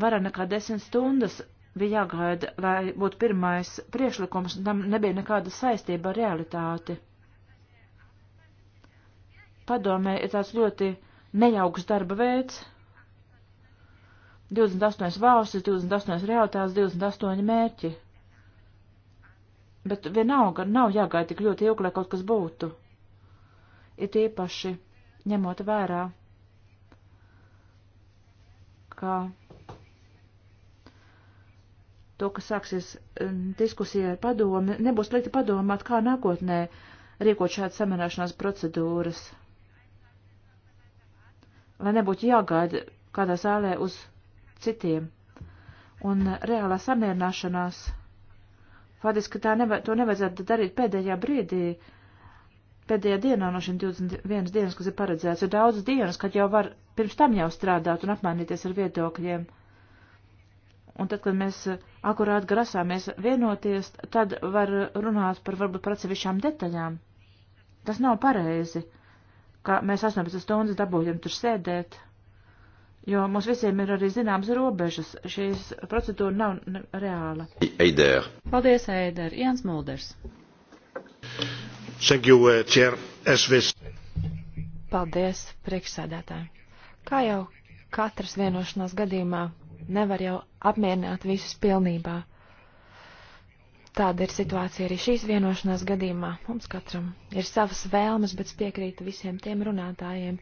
Vairāk nekā desmit stundas bija jāgaida, lai būtu pirmais priekšlikums, tam nebija nekāda saistība ar realitāti padomē ir tāds ļoti nejauks darba veids. 28 valstis, 28 realitātes, 28 mērķi. Bet vienalga nav jāgaida tik ļoti ilgi, lai kaut kas būtu. Ir tīpaši ņemot vērā, ka to, kas sāksies mm, diskusijā ar padomi, nebūs slikti padomāt, kā nākotnē rīkot šādas samierāšanās procedūras lai nebūtu jāgaida kādā zālē uz citiem. Un reālā samierināšanās, faktiski tā neva, to nevajadzētu darīt pēdējā brīdī, pēdējā dienā no šiem 21 dienas, kas ir paredzēts, ir daudz dienas, kad jau var pirms tam jau strādāt un apmainīties ar viedokļiem. Un tad, kad mēs akurāt grasāmies vienoties, tad var runāt par varbūt par atsevišķām detaļām. Tas nav pareizi. Uh, ka mēs 18 stundas dabūjam tur sēdēt, jo mums visiem ir arī zināmas robežas. Šīs procedūra nav reāla. Eider. Paldies, Eider. Jans Mulders. Thank you, uh, chair. Es vis. Paldies, priekšsēdētāji. Kā jau katras vienošanās gadījumā nevar jau apmierināt visus pilnībā. Tāda ir situācija arī šīs vienošanās gadījumā. Mums katram ir savas vēlmes, bet piekrītu visiem tiem runātājiem,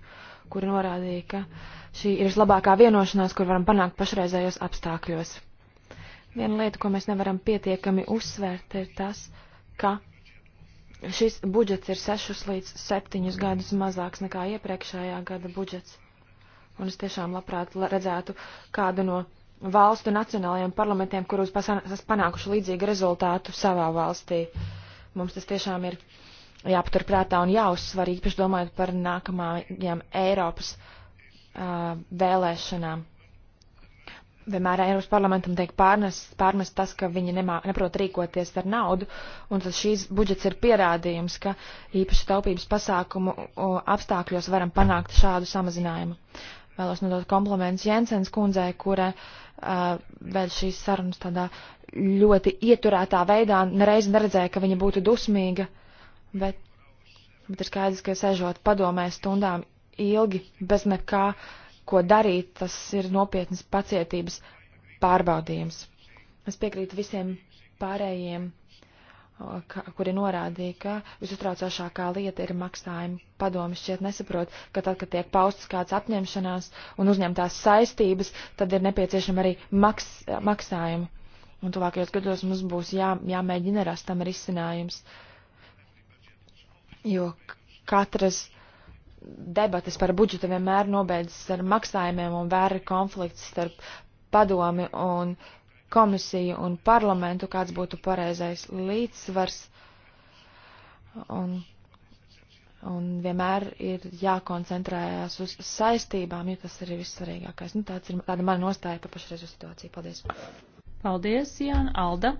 kuri norādīja, ka šī ir vislabākā vienošanās, kur varam panākt pašreizējos apstākļos. Viena lieta, ko mēs nevaram pietiekami uzsvērt, ir tas, ka šis budžets ir sešus līdz septiņus gadus mazāks nekā iepriekšējā gada budžets. Un es tiešām labprāt redzētu kādu no valstu nacionālajiem parlamentiem, kuros esat panākuši līdzīgu rezultātu savā valstī. Mums tas tiešām ir jāpaturprātā un jāuzsver, īpaši domājot par nākamajām Eiropas uh, vēlēšanām. Vienmēr Eiropas parlamentam tiek pārnest, pārmest tas, ka viņi nemā, neprot rīkoties ar naudu, un tas šīs budžets ir pierādījums, ka īpaši taupības pasākumu apstākļos varam panākt šādu samazinājumu. Uh, vēlos nodot komplements Jensens kundzei, kura uh, vēl šīs sarunas tādā ļoti ieturētā veidā nereiz neredzēja, ka viņa būtu dusmīga, bet, bet ir skaidrs, ka sežot padomē stundām ilgi bez nekā, ko darīt, tas ir nopietnas pacietības pārbaudījums. Es piekrītu visiem pārējiem ka, kuri norādīja, ka visuztraucošākā lieta ir maksājumi. Padomi šķiet nesaprot, ka tad, kad tiek paustas kāds apņemšanās un uzņemtās saistības, tad ir nepieciešama arī maks, maksājumi. Un tuvākajos gados mums būs jā, jāmēģina rast tam risinājums. Jo katras debatas par budžetu vienmēr nobeidzas ar maksājumiem un vēra konflikts starp padomi un uh, komisiju un parlamentu, kāds būtu pareizais līdzsvars. Un, un vienmēr ir jākoncentrējās uz saistībām, jo tas ir vissvarīgākais. Nu, tāds ir tāda mana nostāja par pašreizu situāciju. Paldies. Paldies, Jāna Alda.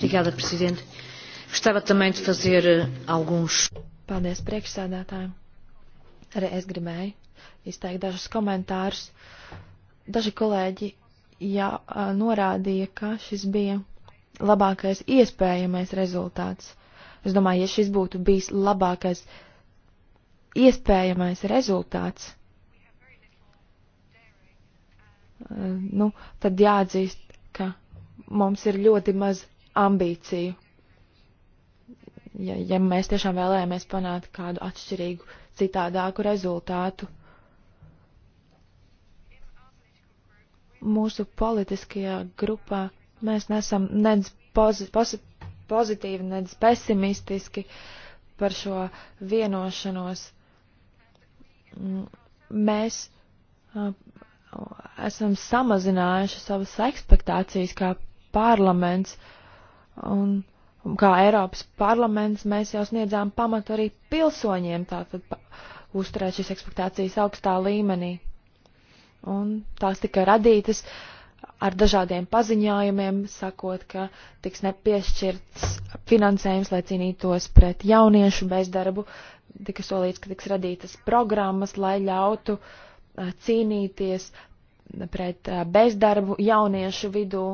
Obrigada, Presidente. Gostava também de fazer eh, alguns. Paldies, priekšsēdētājiem. Arī es gribēju izteikt dažus komentārus. Uh, Daži kolēģi jā, norādīja, ka šis bija labākais iespējamais rezultāts. Es domāju, ja šis būtu bijis labākais iespējamais rezultāts, nu, tad jāatzīst, ka mums ir ļoti maz ambīciju. Ja, ja mēs tiešām vēlējāmies panākt kādu atšķirīgu, citādāku rezultātu, mūsu politiskajā grupā mēs nesam nedz pozi, pozi, pozitīvi, nedz pesimistiski par šo vienošanos. Mēs uh, esam samazinājuši savas ekspektācijas kā parlaments, un kā Eiropas parlaments mēs jau sniedzām pamatu arī pilsoņiem tātad uzturēt šīs ekspektācijas augstā līmenī un tās tika radītas ar dažādiem paziņojumiem, sakot, ka tiks nepiešķirts finansējums, lai cīnītos pret jauniešu bezdarbu, tika solīts, ka tiks radītas programmas, lai ļautu cīnīties pret bezdarbu jauniešu vidū,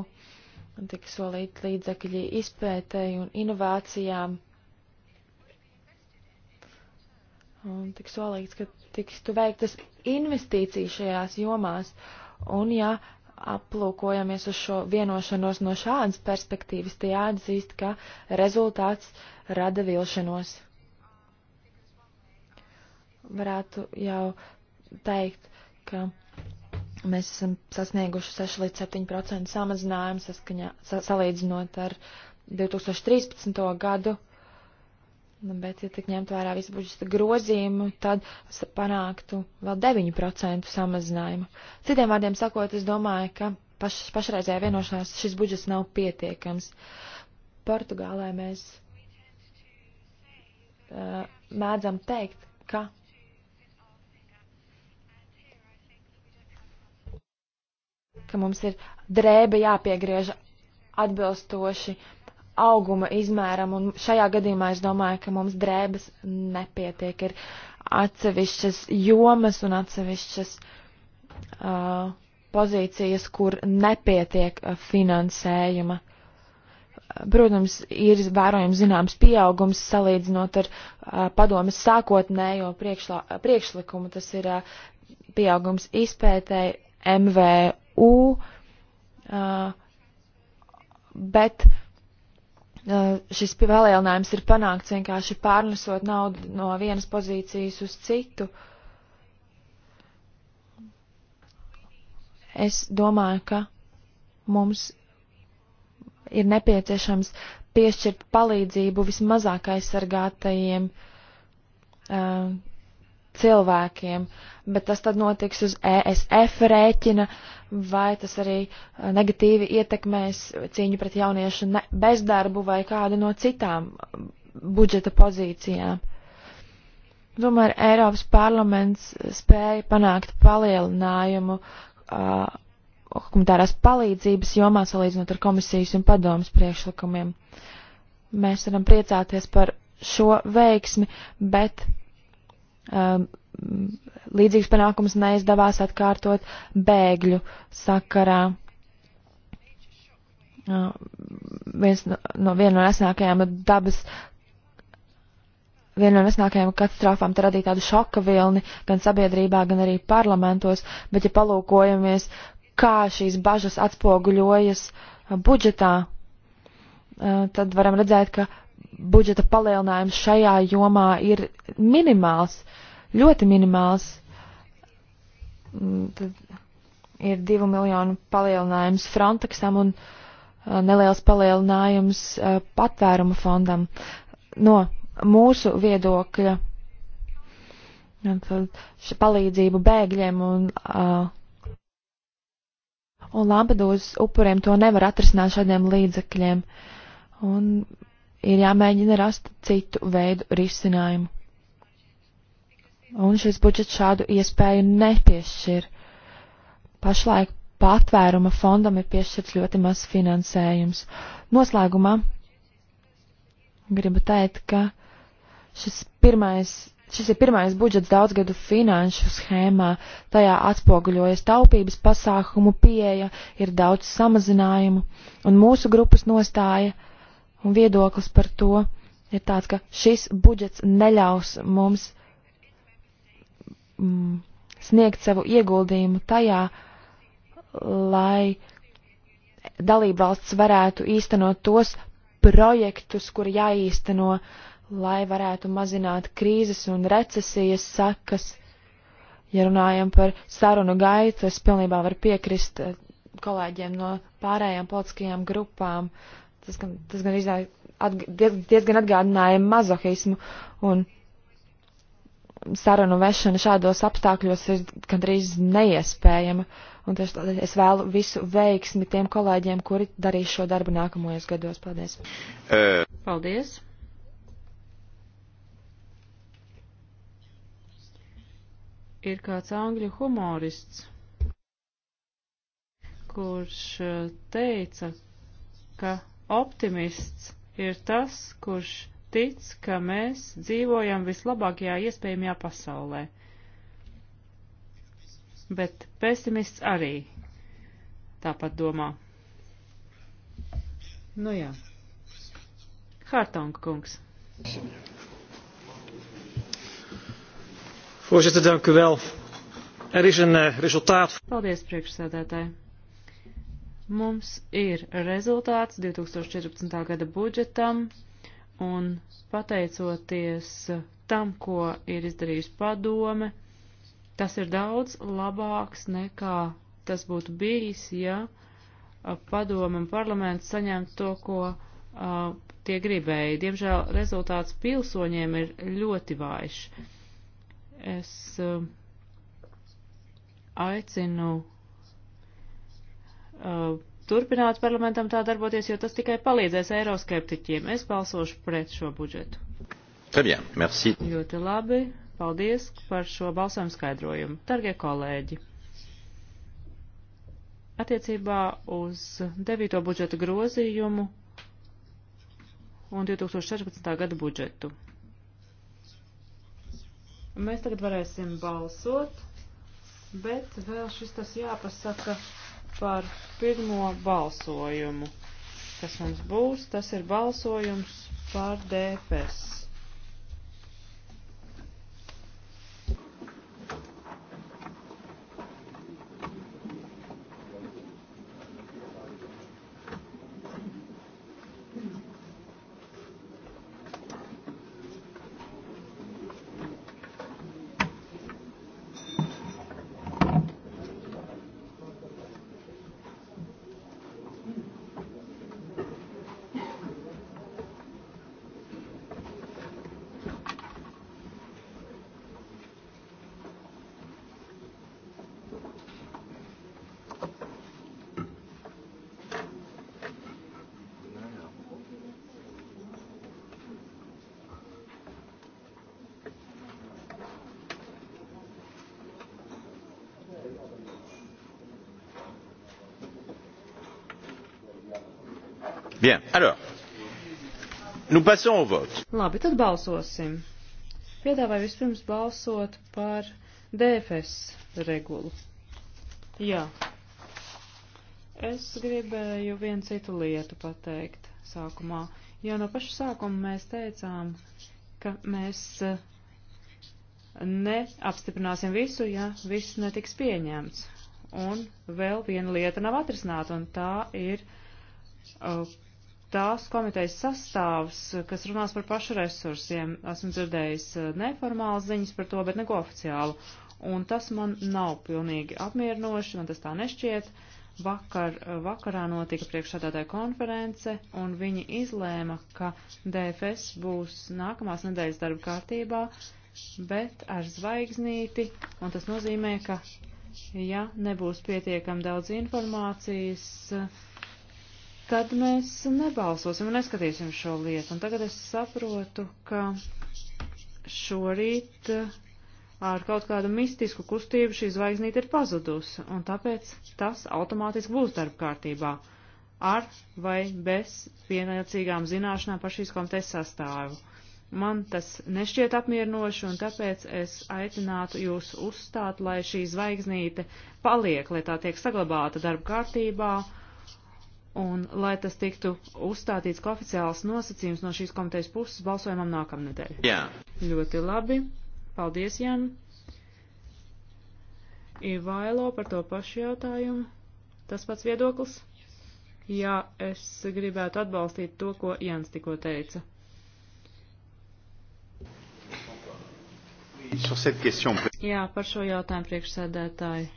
tika solīti līdzekļi izpētēji un inovācijām Un tik solīts, ka tikstu veiktas investīcijas šajās jomās. Un ja aplūkojamies uz šo vienošanos no šādas perspektīvas, tie jāatzīst, ka rezultāts rada vilšanos. Varētu jau teikt, ka mēs esam sasnieguši 6 līdz 7% samazinājumu saskaņā, sa salīdzinot ar 2013. gadu. Nu, bet, ja tik ņemt vērā visu budžeta grozījumu, tad panāktu vēl 9% samazinājumu. Citiem vārdiem sakot, es domāju, ka paš, pašreizējā vienošanās šis budžets nav pietiekams. Portugālē mēs uh, mēdzam teikt, ka. ka mums ir drēbe jāpiegriež atbilstoši auguma izmēram, un šajā gadījumā es domāju, ka mums drēbes nepietiek. Ir atsevišķas jomas un atsevišķas uh, pozīcijas, kur nepietiek uh, finansējuma. Protams, ir vērojams zināms pieaugums salīdzinot ar uh, padomas sākotnējo priekšla, uh, priekšlikumu. Tas ir uh, pieaugums izpētēji MVU, uh, bet uh, šis palielinājums ir panākts vienkārši pārnesot naudu no vienas pozīcijas uz citu. Es domāju, ka mums ir nepieciešams piešķirt palīdzību vismazāk aizsargātajiem uh, cilvēkiem, bet tas tad notiks uz ESF rēķina, vai tas arī uh, negatīvi ietekmēs cīņu pret jauniešu bezdarbu vai kādu no citām uh, budžeta pozīcijām. Tomēr Eiropas parlaments spēja panākt palielinājumu uh, humanitārās palīdzības jomā salīdzinot ar komisijas un padomas priekšlikumiem. Mēs varam priecāties par šo veiksmi, bet um, līdzīgs panākums neizdevās atkārtot bēgļu sakarā. Uh, viens no, no viena no nesenākajām dabas, viena no nesenākajām katastrofām te radīja tādu šoka vilni gan sabiedrībā, gan arī parlamentos, bet ja palūkojamies, kā šīs bažas atspoguļojas budžetā, uh, tad varam redzēt, ka budžeta palielinājums šajā jomā ir minimāls, ļoti minimāls. Mm, tad ir divu miljonu palielinājums Frontexam un uh, neliels palielinājums uh, patvērumu fondam. No mūsu viedokļa palīdzību bēgļiem un, uh, un Lampedūzas upuriem to nevar atrisināt šādiem līdzekļiem. Un ir jāmēģina rast citu veidu risinājumu. Un šis budžets šādu iespēju nepiešķir. Pašlaik patvēruma fondam ir piešķirts ļoti maz finansējums. Noslēgumā gribu teikt, ka šis, pirmais, šis ir pirmais budžets daudzgadu finanšu schēmā. Tajā atspoguļojas taupības pasākumu pieeja, ir daudz samazinājumu, un mūsu grupas nostāja un viedoklis par to ir tāds, ka šis budžets neļaus mums mm, sniegt savu ieguldījumu tajā, lai dalībvalsts varētu īstenot tos projektus, kur jāīsteno, lai varētu mazināt krīzes un recesijas sakas. Ja runājam par sarunu gaitu, es pilnībā varu piekrist eh, kolēģiem no pārējām politiskajām grupām, uh, Tas gan, tas gan izdāja, atg diez, diezgan atgādināja mazohismu un sarunu vešana šādos apstākļos ir gandrīz neiespējama. Un tieši tādēļ es vēlu visu veiksmi tiem kolēģiem, kuri darīs šo darbu nākamajos gados. Paldies! Paldies! Ir kāds angļu humorists, kurš teica, ka Optimists ir tas, kurš tic, ka mēs dzīvojam vislabākajā iespējamajā pasaulē. Bet pesimists arī tāpat domā. Nu jā. Hartonga kungs. Voorzitter, dank u wel. Er is een uh, resultaat. Paldies, priekšsēdētāji. Mums ir rezultāts 2014. gada budžetam, un pateicoties tam, ko ir izdarījusi padome, tas ir daudz labāks nekā tas būtu bijis, ja padome un parlaments saņemtu to, ko uh, tie gribēja. Diemžēl rezultāts pilsoņiem ir ļoti vājš. Es uh, aicinu uh, turpināt parlamentam tā darboties, jo tas tikai palīdzēs eiroskeptiķiem. Es balsošu pret šo budžetu. Bien, merci. Ļoti labi. Paldies par šo balsojumu skaidrojumu. Dargie kolēģi, attiecībā uz 9. budžeta grozījumu un 2016. gada budžetu. Mēs tagad varēsim balsot, bet vēl šis tas jāpasaka par pirmo balsojumu, kas mums būs. Tas ir balsojums par DFS. Bien, alors, nous passons au vote. Labi, tad balsosim. Piedāvāju vispirms balsot par DFS regulu. Jā. Es gribēju vienu citu lietu pateikt sākumā. Jau no paša sākuma mēs teicām, ka mēs eh, neapstiprināsim visu, ja viss netiks pieņemts. Un vēl viena lieta nav atrisināta, un tā ir uh, tās komitejas sastāvs, kas runās par pašu resursiem. Esmu dzirdējis eh, neformālas ziņas par to, bet neko oficiālu. Un tas man nav pilnīgi apmierinoši, man tas tā nešķiet. Vakar, eh, vakarā notika priekšsādātāja konference, un viņi izlēma, ka DFS būs nākamās nedēļas darba kārtībā, bet ar zvaigznīti, un tas nozīmē, ka, ja nebūs pietiekam daudz informācijas, uh, tad mēs nebalsosim un neskatīsim šo lietu. Un tagad es saprotu, ka šorīt eh, ar kaut kādu mistisku kustību šī zvaigznīte ir pazudusi, un tāpēc tas automātiski būs darba kārtībā ar vai bez pienācīgām zināšanām par šīs komitejas sastāvu. Man tas nešķiet apmierinoši, un tāpēc es aicinātu jūs uzstāt, lai šī zvaigznīte paliek, lai tā tiek saglabāta darba kārtībā Un, lai tas tiktu uzstādīts kā oficiāls nosacījums no šīs komitejas puses, balsojumam nākamnedēļ. Jā. Ļoti labi. Paldies, Jan. Ivailo par to pašu jautājumu. Tas pats viedoklis? Jā, es gribētu atbalstīt to, ko Jans tikko teica. Jā, par šo jautājumu priekšsēdētāji.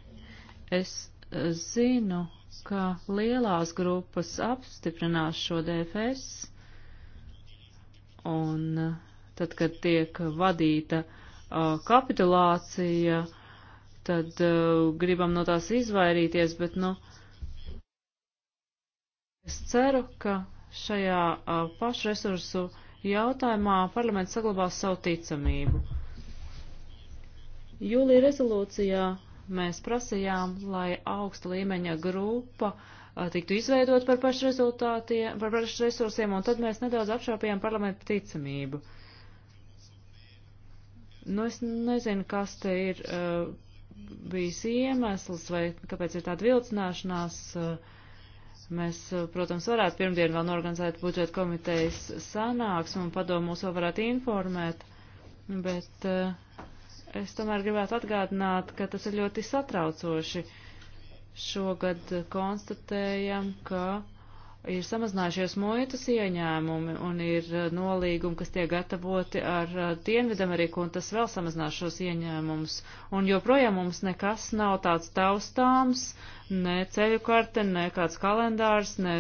Es eh, zinu, ka lielās grupas apstiprinās šo DFS, un uh, tad, kad tiek vadīta uh, kapitulācija, tad uh, gribam no tās izvairīties, bet, nu, es ceru, ka šajā uh, pašresursu jautājumā parlaments saglabās savu ticamību. Jūlija rezolūcijā Mēs prasījām, lai augsta līmeņa grupa tiktu izveidot par pašrezultātiem, par pašresursiem, un tad mēs nedaudz apšāpījām parlamentu ticamību. Nu, es nezinu, kas te ir uh, bijis iemesls vai kāpēc ir tāda vilcināšanās. Mēs, protams, varētu pirmdien vēl norganizēt budžeta komitejas sanāksmu un padomu mūs vēl varētu informēt, bet uh, Es tomēr gribētu atgādināt, ka tas ir ļoti satraucoši. Šogad konstatējam, ka ir samazinājušies muitas ieņēmumi un ir uh, nolīgumi, kas tiek gatavoti ar uh, Dienvidameriku, un tas vēl samazinās šos ieņēmumus. Un joprojām mums nekas nav tāds taustāms, ne ceļu karte, ne kāds kalendārs, ne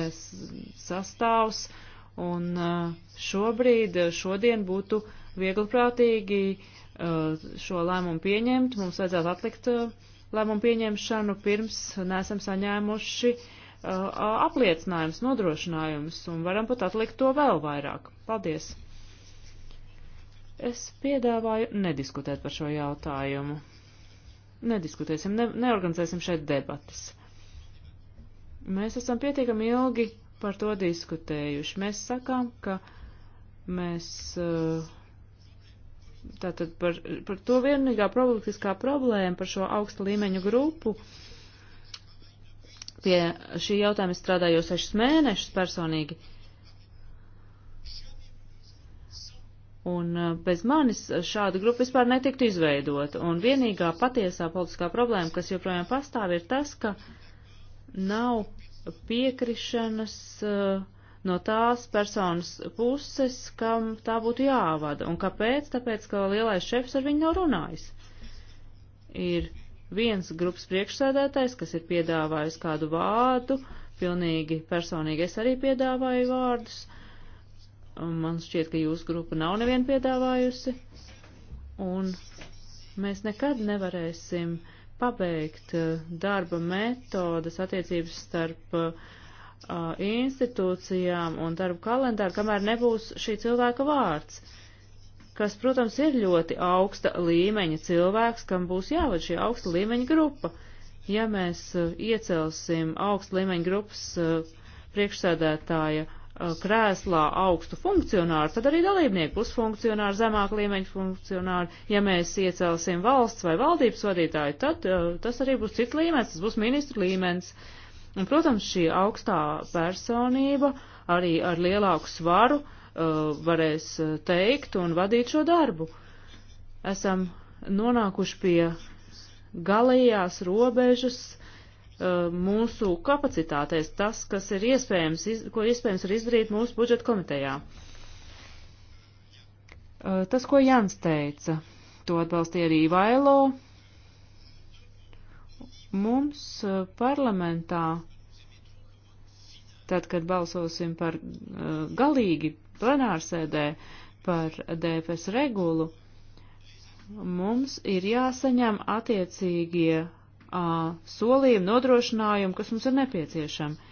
sastāvs. Un uh, šobrīd, šodien būtu viegliprātīgi uh, Uh, šo lēmumu pieņemt. Mums vajadzētu atlikt uh, lēmumu pieņemšanu pirms nesam saņēmuši uh, apliecinājums, nodrošinājums, un varam pat atlikt to vēl vairāk. Paldies! Es piedāvāju nediskutēt par šo jautājumu. Nediskutēsim, ne, neorganizēsim šeit debatas. Mēs esam pietiekami ilgi par to diskutējuši. Mēs sakām, ka mēs uh, Tātad par, par to vienīgā problematiskā problēma, par šo augsta līmeņu grupu. Pie šī jautājuma es strādāju sešus mēnešus personīgi. Un eh, bez manis šāda grupa vispār netiktu izveidota. Un vienīgā patiesā politiskā problēma, kas joprojām pastāv, ir tas, ka nav piekrišanas uh, no tās personas puses, kam tā būtu jāvada. Un kāpēc? Tāpēc, ka lielais šefs ar viņu nav runājis. Ir viens grupas priekšsēdētājs, kas ir piedāvājis kādu vārdu, pilnīgi personīgi es arī piedāvāju vārdus. Man šķiet, ka jūsu grupa nav nevienu piedāvājusi. Un mēs nekad nevarēsim pabeigt eh, darba metodas attiecības starp uh, uh, institūcijām un darbu kalendāru, kamēr nebūs šī cilvēka vārds, kas, protams, ir ļoti augsta līmeņa cilvēks, kam būs jāved šī augsta līmeņa grupa. Ja mēs uh, iecelsim augsta līmeņa grupas uh, priekšsēdētāja krēslā augstu funkcionāru, tad arī dalībnieku pusfunkcionāru, zemāk līmeņu funkcionāru. Ja mēs iecelsim valsts vai valdības vadītāju, tad uh, tas arī būs cits līmenis, tas būs ministru līmenis. Uh, Un, protams, šī augstā personība arī ar lielāku svaru uh, varēs uh, teikt un vadīt šo darbu. Esam nonākuši pie galējās robežas uh, mūsu kapacitātēs, tas, kas ir iespējams, iz, ko iespējams ir izdarīt mūsu budžeta komitejā. Uh, tas, ko Jans teica, to atbalstīja arī Vailo, Mums uh, parlamentā, tad, kad balsosim par uh, galīgi plenārsēdē par DFS regulu, mums ir jāsaņem attiecīgie uh, solījumi, nodrošinājumi, kas mums ir nepieciešami.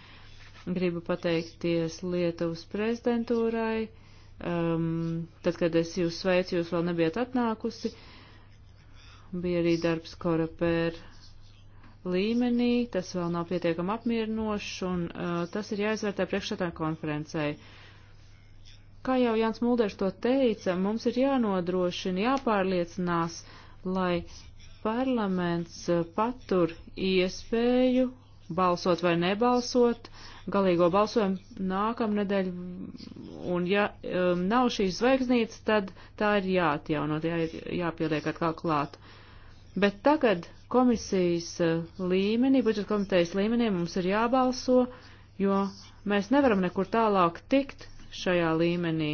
Gribu pateikties Lietuvas prezidentūrai. Um, tad, kad es jūs sveicu, jūs vēl nebijat atnākusi. Bija arī darbs Korapēra līmenī, tas vēl nav pietiekami apmierinošs, un uh, tas ir jāizvērtē priekšsētā konferencei. Kā jau Jānis Mulders to teica, mums ir jānodrošina, jāpārliecinās, lai parlaments uh, patur iespēju balsot vai nebalsot, galīgo balsojumu nākamnedēļ, un ja um, nav šīs zvaigznītes, tad tā ir jāatjaunot, jā, jāpieliek atkal klāt. Bet tagad Komisijas eh, līmenī, budžeta komitejas līmenī mums ir jābalso, jo mēs nevaram nekur tālāk tikt šajā līmenī.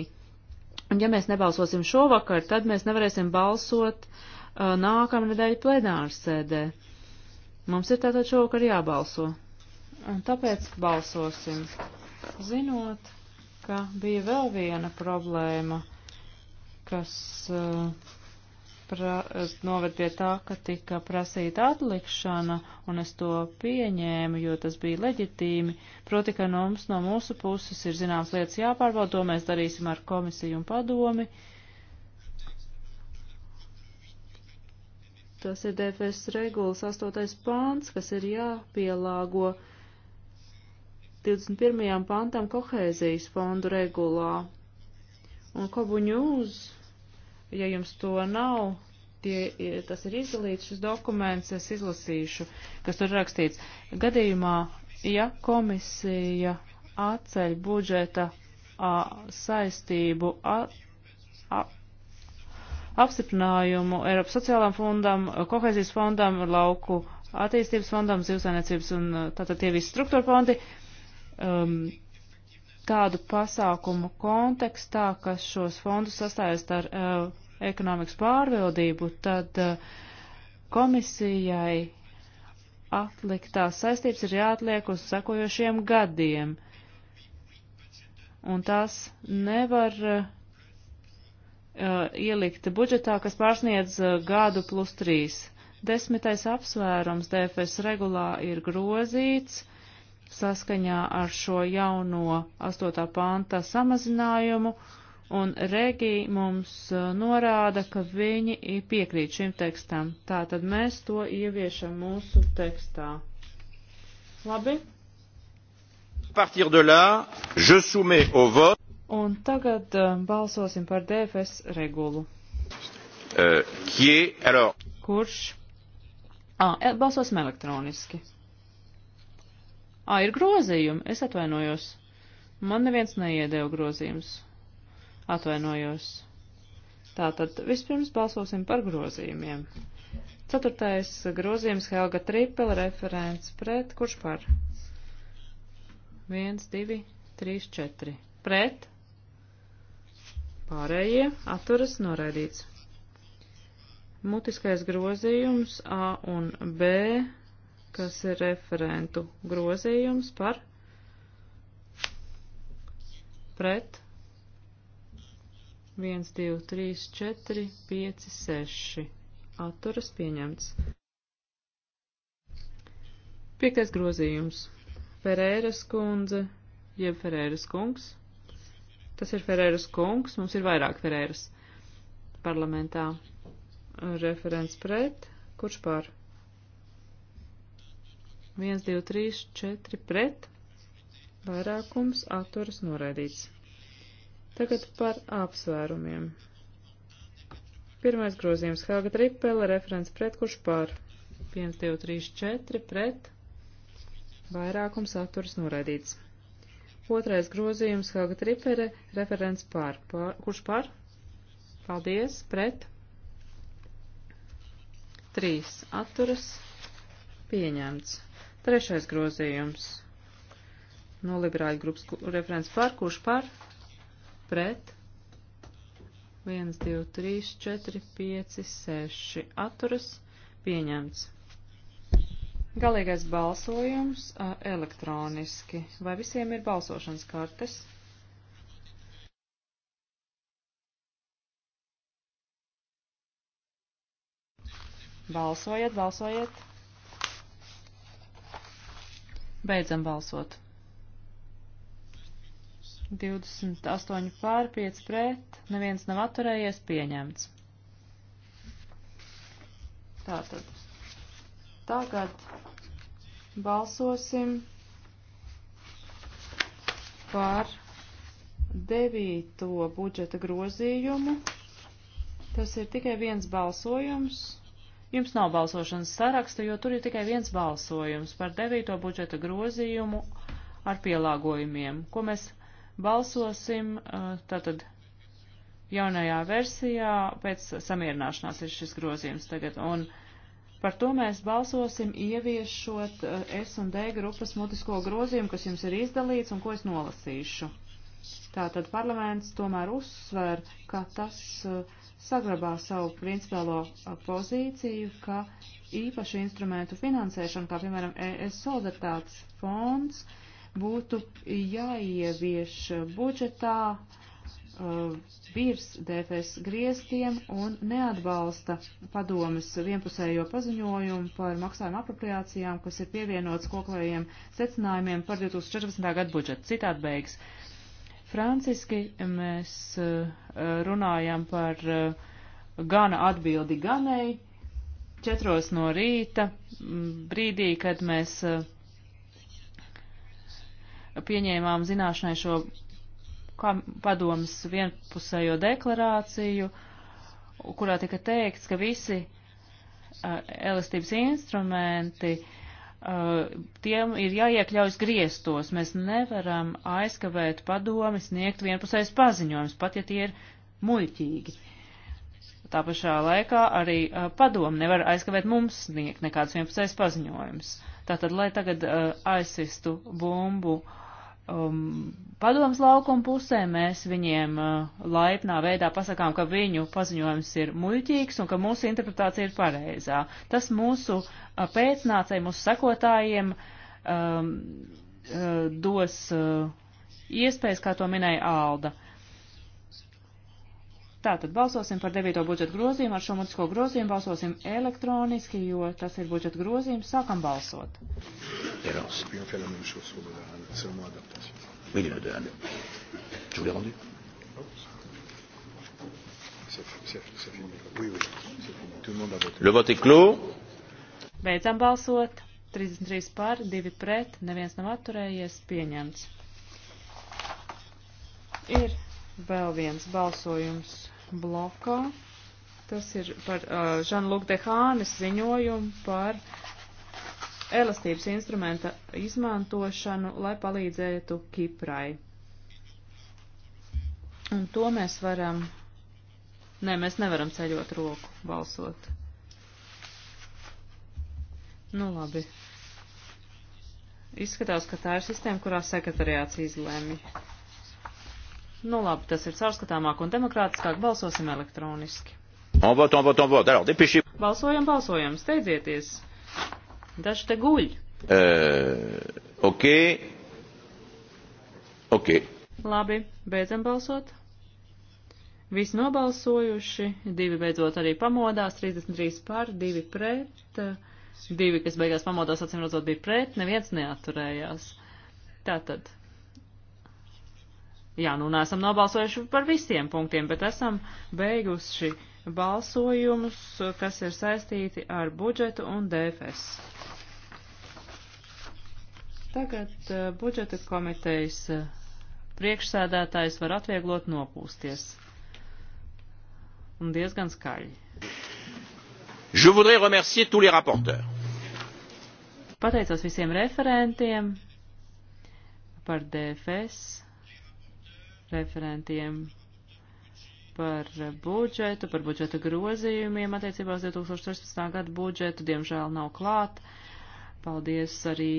Un ja mēs nebalsosim šovakar, tad mēs nevarēsim balsot uh, nākamnedēļ plenāru sēdē. Mums ir tātad šovakar jābalso. Un tāpēc balsosim, zinot, ka bija vēl viena problēma, kas. Uh, pra, noved pie tā, ka tika prasīta atlikšana, un es to pieņēmu, jo tas bija leģitīmi. Proti, ka no mums, no mūsu puses ir zināmas lietas jāpārbauda, to mēs darīsim ar komisiju un padomi. Tas ir DFS regulas 8. pāns, kas ir jāpielāgo 21. pantam kohēzijas fondu regulā. Un Kobuņūz Ja jums to nav, tie, tas ir izdalīts šis dokuments, es izlasīšu, kas tur rakstīts. Gadījumā, ja komisija atceļ budžeta a, saistību a, a, apstiprinājumu Eiropas sociālām fondam, kohēzijas fondam, lauku attīstības fondam, zivsainiecības un tātad tie visi struktūra fondi, um, tādu pasākumu kontekstā, kas šos fondus sastājas ar uh, ekonomikas pārvildību, tad uh, komisijai atliktās saistības ir jāatliek uz sekojošiem gadiem. Un tās nevar uh, ielikt budžetā, kas pārsniedz uh, gadu plus trīs. Desmitais apsvērums DFS regulā ir grozīts saskaņā ar šo jauno 8. panta samazinājumu. Uh, un Regi mums uh, norāda, ka viņi piekrīt šim tekstam. Tātad mēs to ieviešam mūsu tekstā. Labi? Partir de là, je soumets au vote. Un tagad uh, balsosim par DFS regulu. Uh, qui est, alors... Kurš? Ah, balsosim elektroniski. Ah, ir grozījumi, es atvainojos. Man neviens neiedēja grozījumus. Atvainojos. Tātad vispirms balsosim par grozījumiem. Ceturtais grozījums Helga Tripel referents pret, kurš par? 1, 2, 3, 4. Pret. Pārējie atturas noraidīts. Mutiskais grozījums A un B, kas ir referentu grozījums par pret 1, 2, 3, 4, 5, 6. Atturas pieņemts. Piektais grozījums. Ferēras kundze, jeb Ferēras kungs. Tas ir Ferēras kungs, mums ir vairāk Ferēras parlamentā. Referents pret, kurš pār? 1, 2, 3, 4 pret, vairākums atturas noraidīts. Tagad par apsvērumiem. Pirmais grozījums Helga Tripele, referents pret kurš par 1, 2, 3, 4 pret vairākums atturas noraidīts. Otrais grozījums Helga Tripere, referents par, par kurš par? Paldies, pret 3 atturas pieņemts. Trešais grozījums no liberāļu grupas referents par kurš par? pret, 1, 2, 3, 4, 5, 6, atturas, pieņemts. Galīgais balsojums elektroniski. Vai visiem ir balsošanas kartes? Balsojiet, balsojiet. Beidzam balsot. 28 pār 5 pret, neviens nav atturējies, pieņemts. Tātad. Tagad balsosim par devīto budžeta grozījumu. Tas ir tikai viens balsojums. Jums nav balsošanas saraksta, jo tur ir tikai viens balsojums par devīto budžeta grozījumu ar pielāgojumiem, ko mēs Balsosim eh, tātad jaunajā versijā pēc samierināšanās ir šis grozījums tagad. Un par to mēs balsosim ieviešot eh, S un D grupas mutisko grozījumu, kas jums ir izdalīts un ko es nolasīšu. Tātad parlaments tomēr uzsver, ka tas eh, saglabā savu principālo pozīciju, ka īpašu instrumentu finansēšana, kā piemēram ES solidaritātes fonds, uh, būtu jāievieš budžetā uh, virs DFS griestiem un neatbalsta padomas vienpusējo paziņojumu par maksājumu apropriācijām, kas ir pievienots koklējiem secinājumiem par 2014. gadu budžetu. Citāt beigas. Franciski mēs uh, runājam par uh, gana atbildi ganai četros no rīta, brīdī, kad mēs uh, pieņēmām zināšanai šo padomas vienpusējo deklarāciju, kurā tika teikts, ka visi uh, elastības instrumenti uh, tiem ir jāiekļaujas griestos. Mēs nevaram aizkavēt padomi sniegt vienpusējs paziņojums, pat ja tie ir muļķīgi. Tā pašā laikā arī uh, padomu nevar aizkavēt mums sniegt nekāds vienpusējs paziņojums. Tātad, lai tagad uh, aizsistu bumbu uh, um, padomas laukuma pusē, mēs viņiem uh, laipnā veidā pasakām, ka viņu paziņojums ir muļķīgs un ka mūsu interpretācija ir pareizā. Tas mūsu uh, pēcnācēji, mūsu sekotājiem um, uh, dos uh, iespējas, kā to minēja Alda. Tātad balsosim par devīto budžeta grozījumu. Ar šo mutisko grozījumu balsosim elektroniski, jo tas ir budžeta grozījums. Sākam balsot. Beidzam balsot. 33 pār, 2 pret, neviens nav atturējies, pieņemts. Ir vēl viens balsojums blokā. Tas ir par uh, Žanluka Dehānes ziņojumu par elastības instrumenta izmantošanu, lai palīdzētu Kiprai. Un to mēs varam. Nē, mēs nevaram ceļot roku balsot. Nu labi. Izskatās, ka tā ir sistēma, kurā sekretariāts izlēmja. Nu labi, tas ir caurskatāmāk un demokrātiskāk. Balsosim elektroniski. On vote, on vote, on vote. Alors, dépêchez. Balsojam, balsojam, steidzieties. Daži te guļ. Uh, ok. Ok. Labi, beidzam balsot. Visi nobalsojuši, divi beidzot arī pamodās, 33 par, divi pret, divi, kas beigās pamodās, acīm redzot, bija pret, neviens neaturējās. Tātad Jā, nu nesam nobalsojuši par visiem punktiem, bet esam beiguši balsojumus, kas ir saistīti ar budžetu un DFS. Tagad uh, budžeta komitejas uh, priekšsēdētājs var atvieglot nopūsties. Un diezgan skaļi. Je voudrais remercier tous les rapporteurs. Pateicos visiem referentiem par DFS referentiem par budžetu, par budžeta grozījumiem attiecībā uz 2016. gadu budžetu. Diemžēl nav klāt. Paldies arī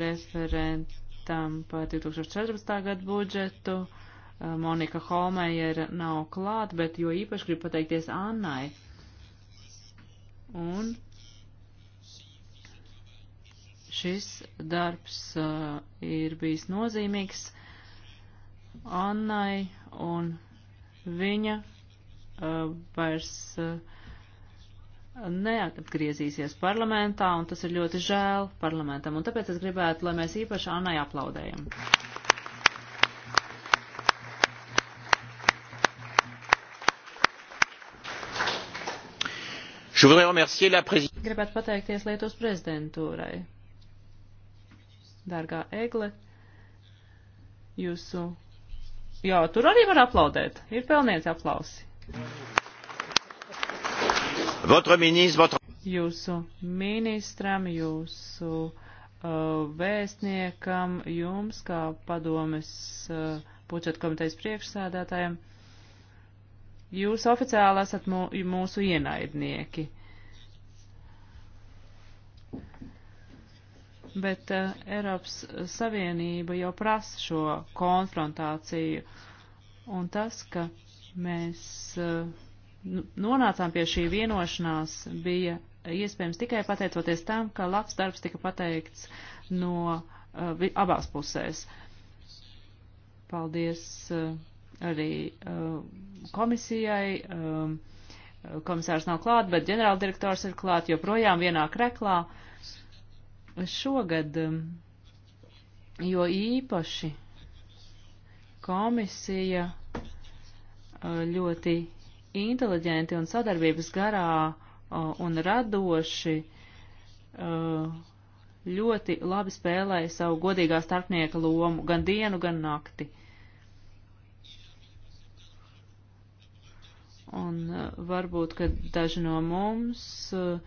referentam par 2014. gadu budžetu. Eh, Monika Holmeier nav klāt, bet jo īpaši gribu pateikties Annai. Un šis darbs uh, ir bijis nozīmīgs Annai un viņa uh, vairs uh, neatgriezīsies parlamentā, un tas ir ļoti žēl parlamentam. Un tāpēc es gribētu, lai mēs īpaši Annai aplaudējam. Gribētu pateikties Lietuvas prezidentūrai. Dārgā Egle, jūsu Jā, tur arī var aplaudēt. Ir pelnīti aplausi. Votre ministre, votre... Jūsu ministram, jūsu uh, vēstniekam, jums kā padomes uh, budžeta komitejas priekšsēdētājiem, jūs oficiāli esat mū, mūsu ienaidnieki. Uh, bet uh, Eiropas Savienība jau prasa šo konfrontāciju. Un tas, ka mēs uh, nonācām pie šī vienošanās, bija iespējams tikai pateicoties tam, ka labs darbs tika pateikts no uh, abās pusēs. Paldies uh, arī uh, komisijai. Uh, komisārs nav klāt, bet ģenerāldirektors ir klāt joprojām vienā kreklā. Uh, šogad, um, jo īpaši komisija uh, ļoti inteliģenti un sadarbības garā uh, un radoši uh, ļoti labi spēlēja savu godīgā starpnieka lomu gan dienu, gan nakti. Un varbūt, ka daži no mums uh,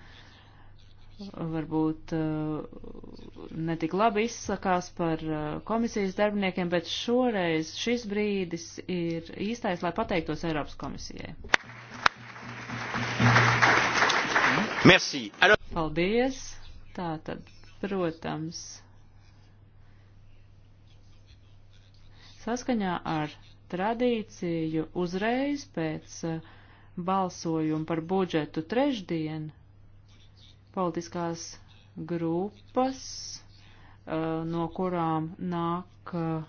varbūt eh, netik labi izsakās par eh, komisijas darbiniekiem, bet šoreiz šis brīdis ir īstais, lai pateiktos Eiropas komisijai. Merci. Alors... Paldies. Tā tad, protams, saskaņā ar tradīciju uzreiz pēc eh, balsojuma par budžetu trešdienu politiskās grupas, eh, no kurām nāk eh,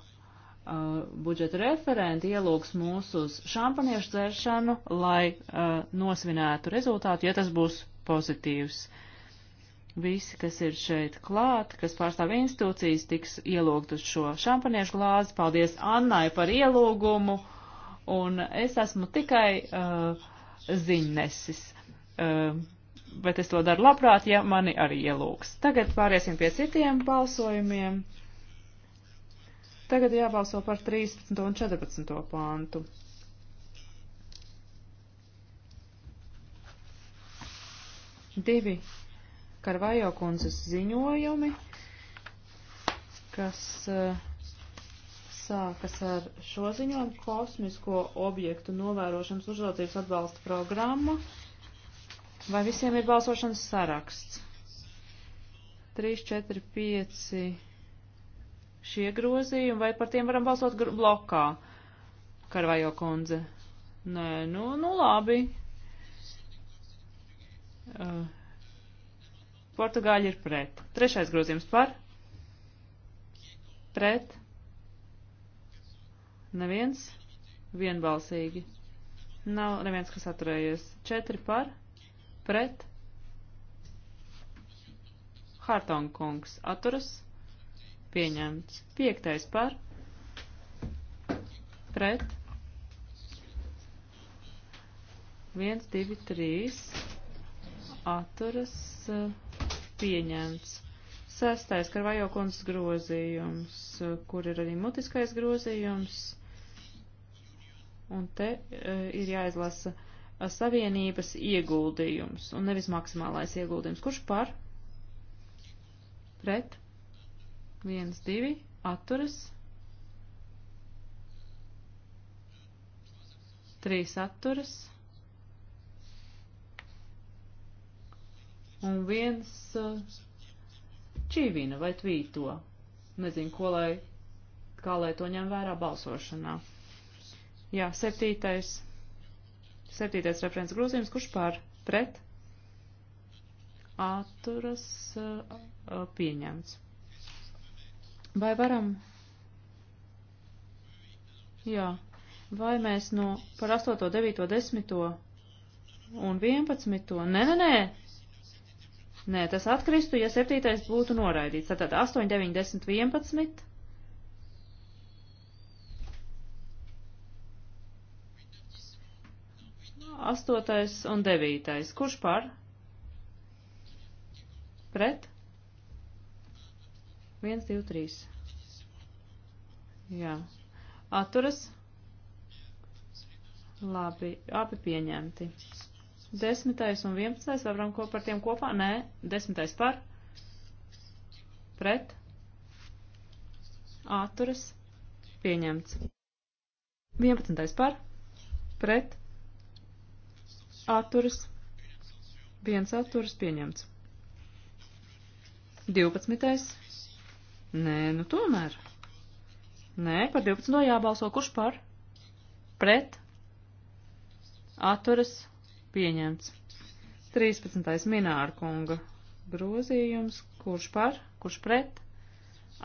budžeta referenti, ielūgs mūs uz šampaniešu dzēršanu, lai eh, nosvinētu rezultātu, ja tas būs pozitīvs. Visi, kas ir šeit klāt, kas pārstāv institūcijas, tiks ielūgt uz šo šampaniešu glāzi. Paldies Annai par ielūgumu, un es esmu tikai uh, ziņnesis. Uh, bet es to daru labprāt, ja mani arī ielūgs. Tagad pāriesim pie citiem balsojumiem. Tagad jābalso par 13. un 14. pāntu. Divi Karvajo kundzes ziņojumi, kas uh, sākas ar šo ziņojumu kosmisko objektu novērošanas uzraudzības atbalsta programma. Uh, Vai visiem ir balsošanas saraksts? 3, 4, 5 šie grozījumi, vai par tiem varam balsot blokā, Karvajo kundze? Nē, nu, nu labi. Uh, Portugāļi ir pret. Trešais grozījums par? Pret? Neviens? Vienbalsīgi. Nav neviens, kas atturējies. Četri par? pret Hartong kungs atturas pieņemts. Piektais par pret 1, 2, 3 atturas eh, pieņemts. Sestais karvajokuns grozījums, eh, kur ir arī mutiskais grozījums. Un te uh, ir jāizlasa uh, Savienības ieguldījums un nevis maksimālais ieguldījums. Kurš par? Pret? 1, 2, atturas. 3 atturas. Un viens uh, čīvina vai tvīto. Nezinu, ko lai, kā lai to ņem vērā balsošanā. Jā, septītais Septītais referents grozījums, kurš pār pret atturas pieņemts. Vai varam? Jā. Vai mēs no par 8, 9, 10 un 11? Nē, nē, nē. Nē, tas atkristu, ja 7. būtu noraidīts. Tātad 8, 9, 10, 11. 8. un 9. Kurš par? Pret? 1, 2, 3. Jā. Atturas? Labi, abi pieņemti. 10. un 11. vai varam ko par tiem kopā? Nē, 10. par? Pret? Atturas? Pieņemts. 11. par? Pret? atturas, viens atturas pieņemts. 12. Nē, nu tomēr. Nē, par 12. jābalso. Kurš par? Pret. Atturas pieņemts. 13. minēra kunga grozījums. Kurš par? Kurš pret?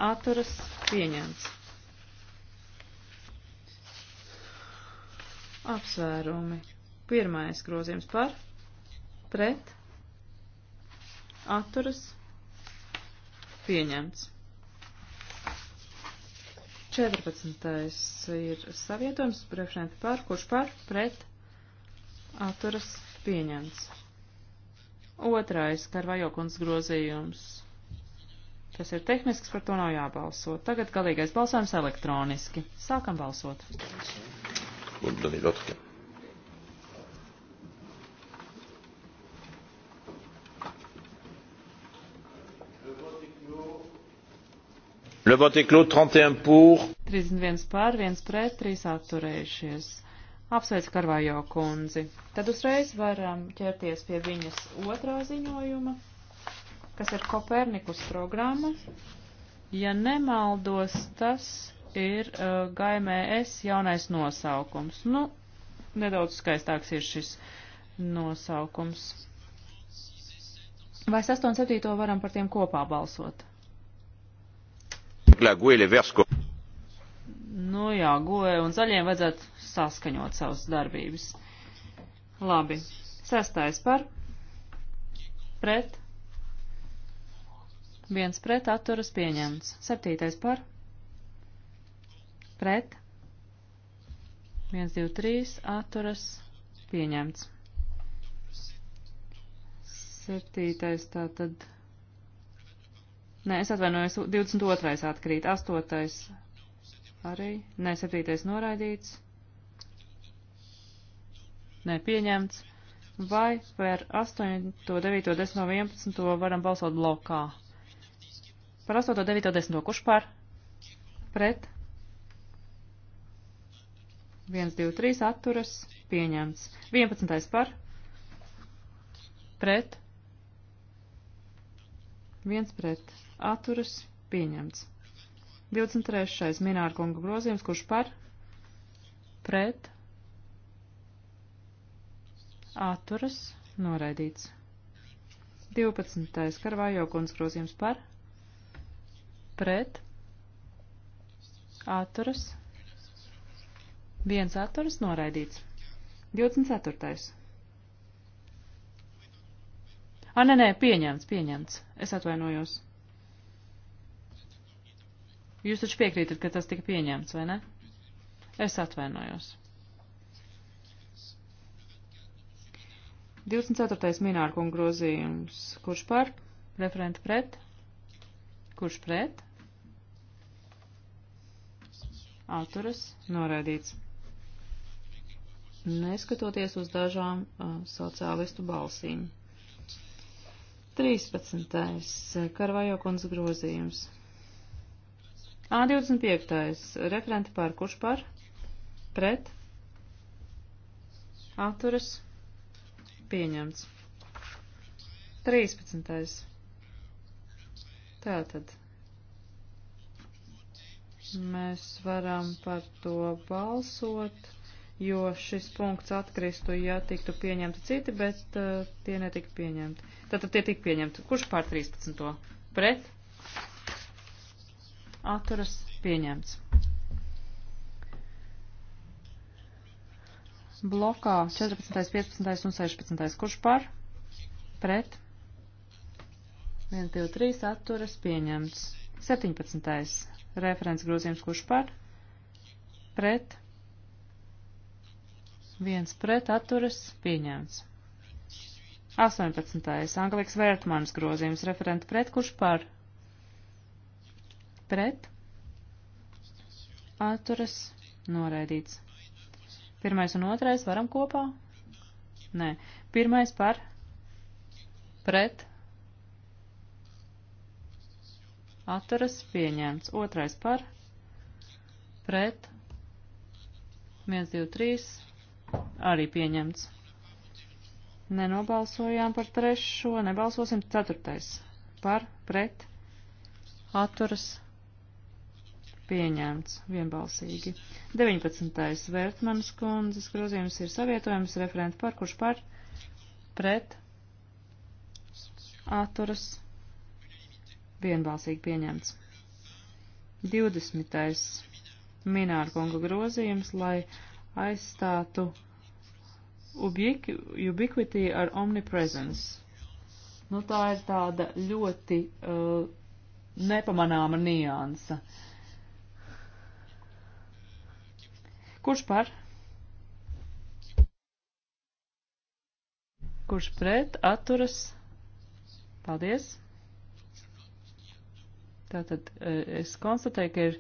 Atturas pieņemts. Apsvērumi. Pirmais grozījums par, pret, atturas, pieņemts. 14. ir savietojums, priekšnieki par, kurš par, pret, atturas, pieņemts. Otrais karvajokuns grozījums. Tas ir tehnisks, par to nav jābalso. Tagad galīgais balsojums elektroniski. Sākam balsot. Labi, labi, labi. Le vote est clos, 31 pour. 31 pār, 1 pret, 3 atturējušies. Apsveic Karvajo kundzi. Tad uzreiz varam ķerties pie viņas otrā ziņojuma, kas ir Kopernikus programma. Ja nemaldos, tas ir uh, GMS jaunais nosaukums. Nu, nedaudz skaistāks ir šis nosaukums. Vai 6 un 7 varam par tiem kopā balsot? la GUE les verts Nu jā, GUE un zaļiem vajadzētu saskaņot savas darbības. Labi. Sestais par. Pret. Viens pret atturas pieņemts. Septītais par. Pret. 1, 2, 3, atturas pieņemts. Septītais tātad. Nē, es atvainojos, 22. atkrīt, 8. arī, nē, 7. noraidīts, nē, pieņemts, vai par 8, 9, 10, 11 varam balsot blokā. Par 8, 9, 10, kurš par? Pret? 1, 2, 3 atturas, pieņemts. 11. par? Pret? Viens pret atturas pieņemts. 23. minēra kunga grozījums, kurš par pret atturas noraidīts. 12. karvājo kundas grozījums par pret atturas viens atturas noraidīts. 24. A, nē, nē, pieņemts, pieņemts. Es atvainojos. Jūs taču piekrītat, ka tas tika pieņemts, vai ne? Es atvainojos. 24. minārkunga grozījums. Kurš par? Referenti pret? Kurš pret? Atturas noraidīts. Neskatoties uz dažām uh, sociālistu balsīm. 13. Karvajo kundze grozījums. A25. Referenti par kurš par? Pret? Atturas? Pieņemts. 13. Tātad. Mēs varam par to balsot, jo šis punkts atkristu, ja tiktu pieņemti citi, bet uh, tie netika pieņemti. Tātad tie tika pieņemti. Kurš pār 13? Pret? atturas pieņemts. Blokā 14., 15. un 16. kurš par? Pret. 1, 2, 3 atturas pieņemts. 17. referents grozījums kurš par? Pret. 1 pret atturas pieņemts. 18. Angliks Vērtmanis grozījums referenta pret kurš par? Pret pret, atturas, noraidīts. Pirmais un otrais varam kopā? Nē. Pirmais par, pret, atturas, pieņemts. Otrais par, pret, 1, 2, 3, arī pieņemts. Nenobalsojām par trešo, nebalsosim ceturtais. Par, pret, atturas, pieņemts pieņemts vienbalsīgi. 19. Vērtmanas kundzes grozījums ir savietojums referenta par, kurš par pret atturas vienbalsīgi pieņemts. 20. Mināra kunga grozījums, lai aizstātu ubiquity ar omnipresence. Nu, tā ir tāda ļoti uh, nepamanāma niansa. Uh, Kurš par? Kurš pret? Atturas. Paldies. Tātad e, es konstatēju, ka ir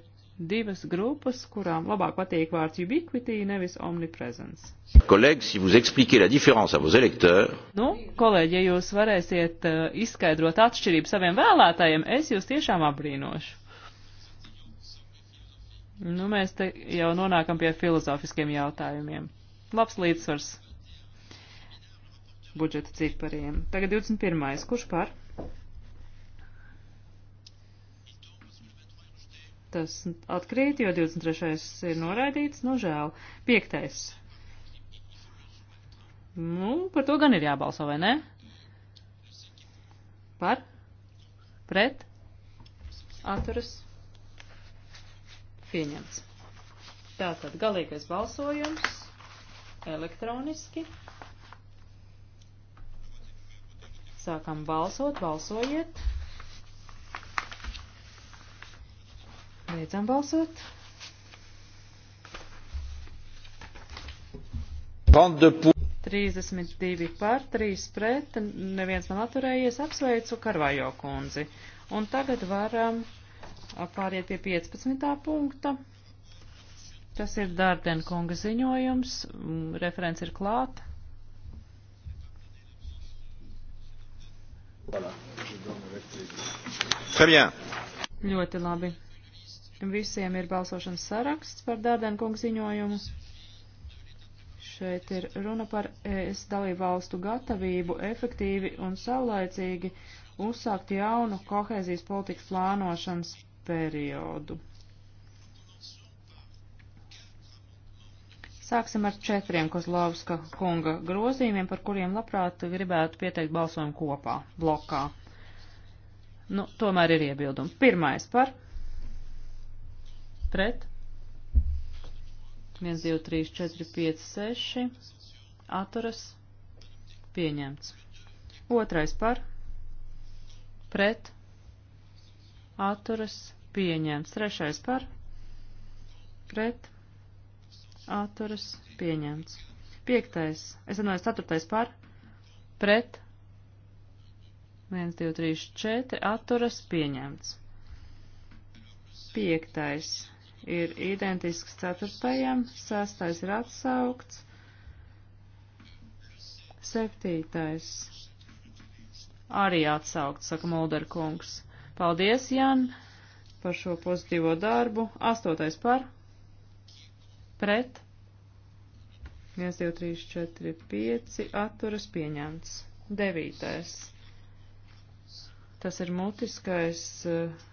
divas grupas, kurām labāk patīk vārds ubiquity, nevis omnipresence. Kolēģi, si vous expliquez la différence à vos électeurs. Nu, kolēģi, ja jūs varēsiet e, izskaidrot atšķirību saviem vēlētājiem, es jūs tiešām apbrīnošu. Nu, mēs te jau nonākam pie filozofiskiem jautājumiem. Labs līdzsvars budžeta cipariem. Tagad 21. Kurš par? Tas atkrīt, jo 23. ir noraidīts, nu žēl. 5. Nu, par to gan ir jābalso, vai ne? Par? Pret? Atturas? Pieņemts. Tātad galīgais balsojums elektroniski. Sākam balsot, balsojiet. Beidzam balsot. 32 par, 3 pret, neviens nav atturējies, apsveicu Karvajo kundzi. Un tagad varam pāriet pie 15. punkta. Tas ir Dārdena kunga ziņojums. Mm, referents ir klāt. Ļoti labi. Visiem ir balsošanas saraksts par Dārdena kunga ziņojumu. Šeit ir runa par ES dalību valstu gatavību efektīvi un saulaicīgi uzsākt jaunu kohēzijas politikas plānošanas periodu. Sāksim ar četriem Kozlovska kunga grozījumiem, par kuriem labprāt gribētu pieteikt balsojumu kopā, blokā. Nu, tomēr ir iebildumi. Pirmais par. Pret. 1, 2, 3, 4, 5, 6. Atturas. Pieņemts. Otrais par. Pret. Atturas pieņemts. Trešais par pret atturas pieņemts. Piektais, es atnāju, ceturtais par pret 1, 2, 3, 4 atturas pieņemts. Piektais ir identisks ceturtajam, sestais ir atsaukts. Septītais arī atsaukt, saka Mulder kungs. Paldies, Jan! par šo pozitīvo darbu. Astotais par, pret, 1, 2, 3, 4, 5, atturas pieņemts. Devītais. Tas ir mutiskais eh,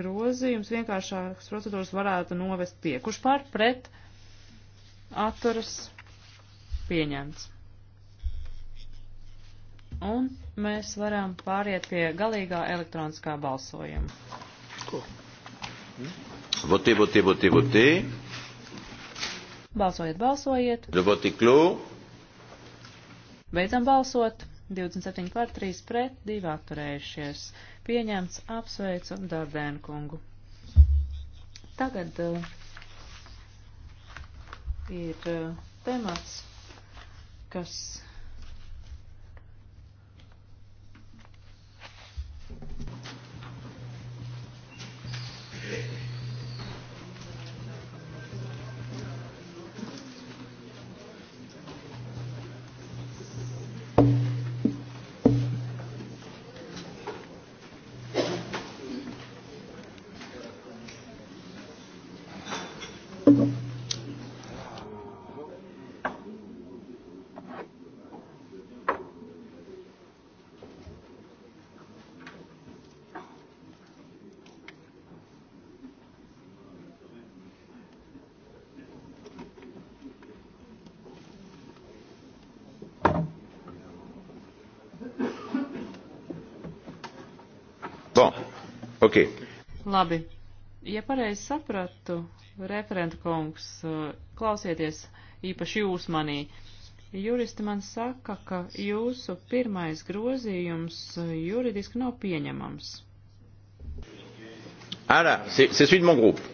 grozījums, vienkāršākas procedūras varētu novest pie, kurš par, pret, atturas pieņemts. Un mēs varam pāriet pie galīgā elektroniskā balsojuma. Cool. Votez, votez, votez, votez. Balsojiet, balsojiet. Le vote est clos. Beidzam balsot. 27 par 3 pret, 2 atturējušies. Pieņemts apsveicu Dardēnu kungu. Tagad uh, ir uh, temats, kas Ok. Labi. Ja pareizi sapratu, referenta kungs, klausieties īpaši jūs manī. Juristi man saka, ka jūsu pirmais grozījums juridiski nav pieņemams. Ārā, ah c'est celui de mon groupe.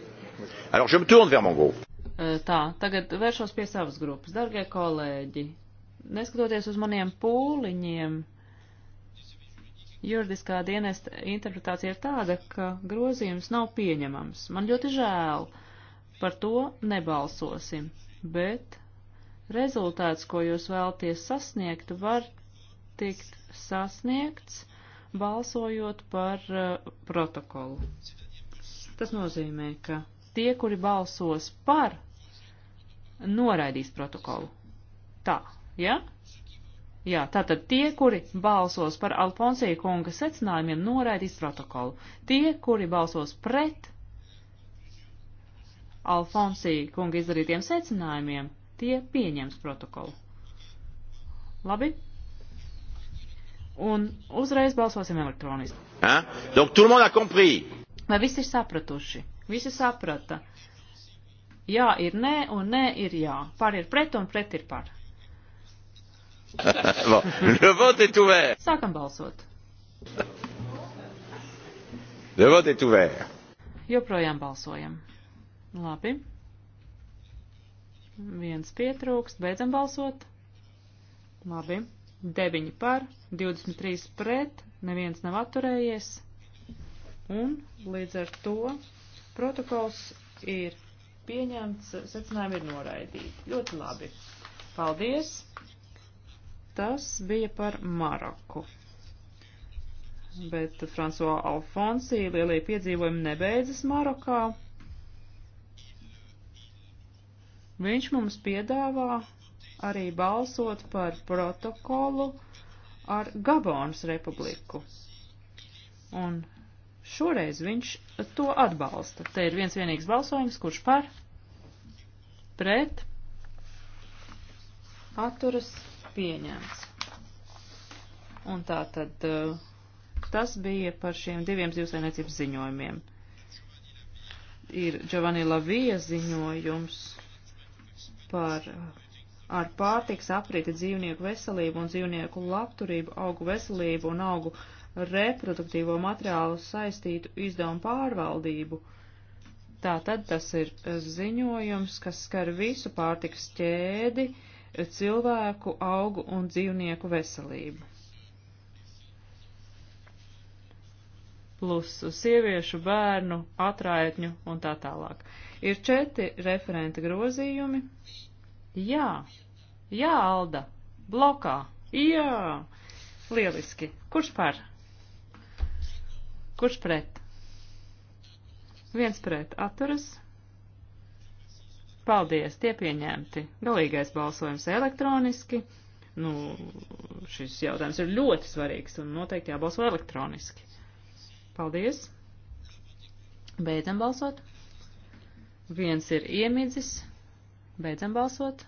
Alors je me tourne vers mon groupe. Eh, tā, tagad vēršos pie savas grupas. Dargie kolēģi, neskatoties uz maniem pūliņiem, juridiskā dienesta interpretācija ir tāda, ka grozījums nav pieņemams. Man ļoti žēl, par to nebalsosim, bet rezultāts, ko jūs vēlties sasniegt, var tikt sasniegts balsojot par uh, protokolu. Tas nozīmē, ka tie, kuri balsos par, noraidīs protokolu. Tā, ja? Jā, tātad tie, kuri balsos par Alfonsija kunga secinājumiem, noraidīs protokolu. Tie, kuri balsos pret Alfonsija kunga izdarītiem secinājumiem, tie pieņems protokolu. Labi? Un uzreiz balsosim elektroniski. Donc, tout le monde a compris. Vai visi ir sapratuši? Visi saprata. Jā ir nē, un nē ir jā. Par ir pret, un pret ir par. bon, le vote est ouvert. Sākam balsot. Le vote est ouvert. Joprojām balsojam. Labi. Viens pietrūkst, beidzam balsot. Labi. 9 par, 23 pret, neviens nav atturējies. Un līdz ar to protokols ir pieņemts, secinājumi ir noraidīti. Ļoti labi. Paldies! Tas bija par Maroku. Bet Franso Alfonsī lielie piedzīvojumi nebeidzas Marokā. Viņš mums piedāvā arī balsot par protokolu ar Gabonas republiku. Un šoreiz viņš to atbalsta. Te ir viens vienīgs balsojums, kurš par, pret, atturas pieņemts. Un tā tad uh, tas bija par šiem diviem zivsainiecības ziņojumiem. Ir Giovanni Lavija ziņojums par uh, ar pārtiks aprīti dzīvnieku veselību un dzīvnieku labturību, augu veselību un augu reproduktīvo materiālu saistītu izdevumu pārvaldību. Tātad tas ir uh, ziņojums, kas skar visu pārtiks ķēdi, uh, cilvēku, augu un dzīvnieku veselību. Plus sieviešu, bērnu, atraitņu un tā tālāk. Ir četri referenta grozījumi. Jā, jā, Alda, blokā, jā, lieliski. Kurš par? Kurš pret? Viens pret atturas Paldies, tie pieņemti. Galīgais balsojums elektroniski. Nu, šis jautājums ir ļoti svarīgs un noteikti jābalso elektroniski. Paldies. Beidzam balsot. Viens ir iemidzis. Beidzam balsot.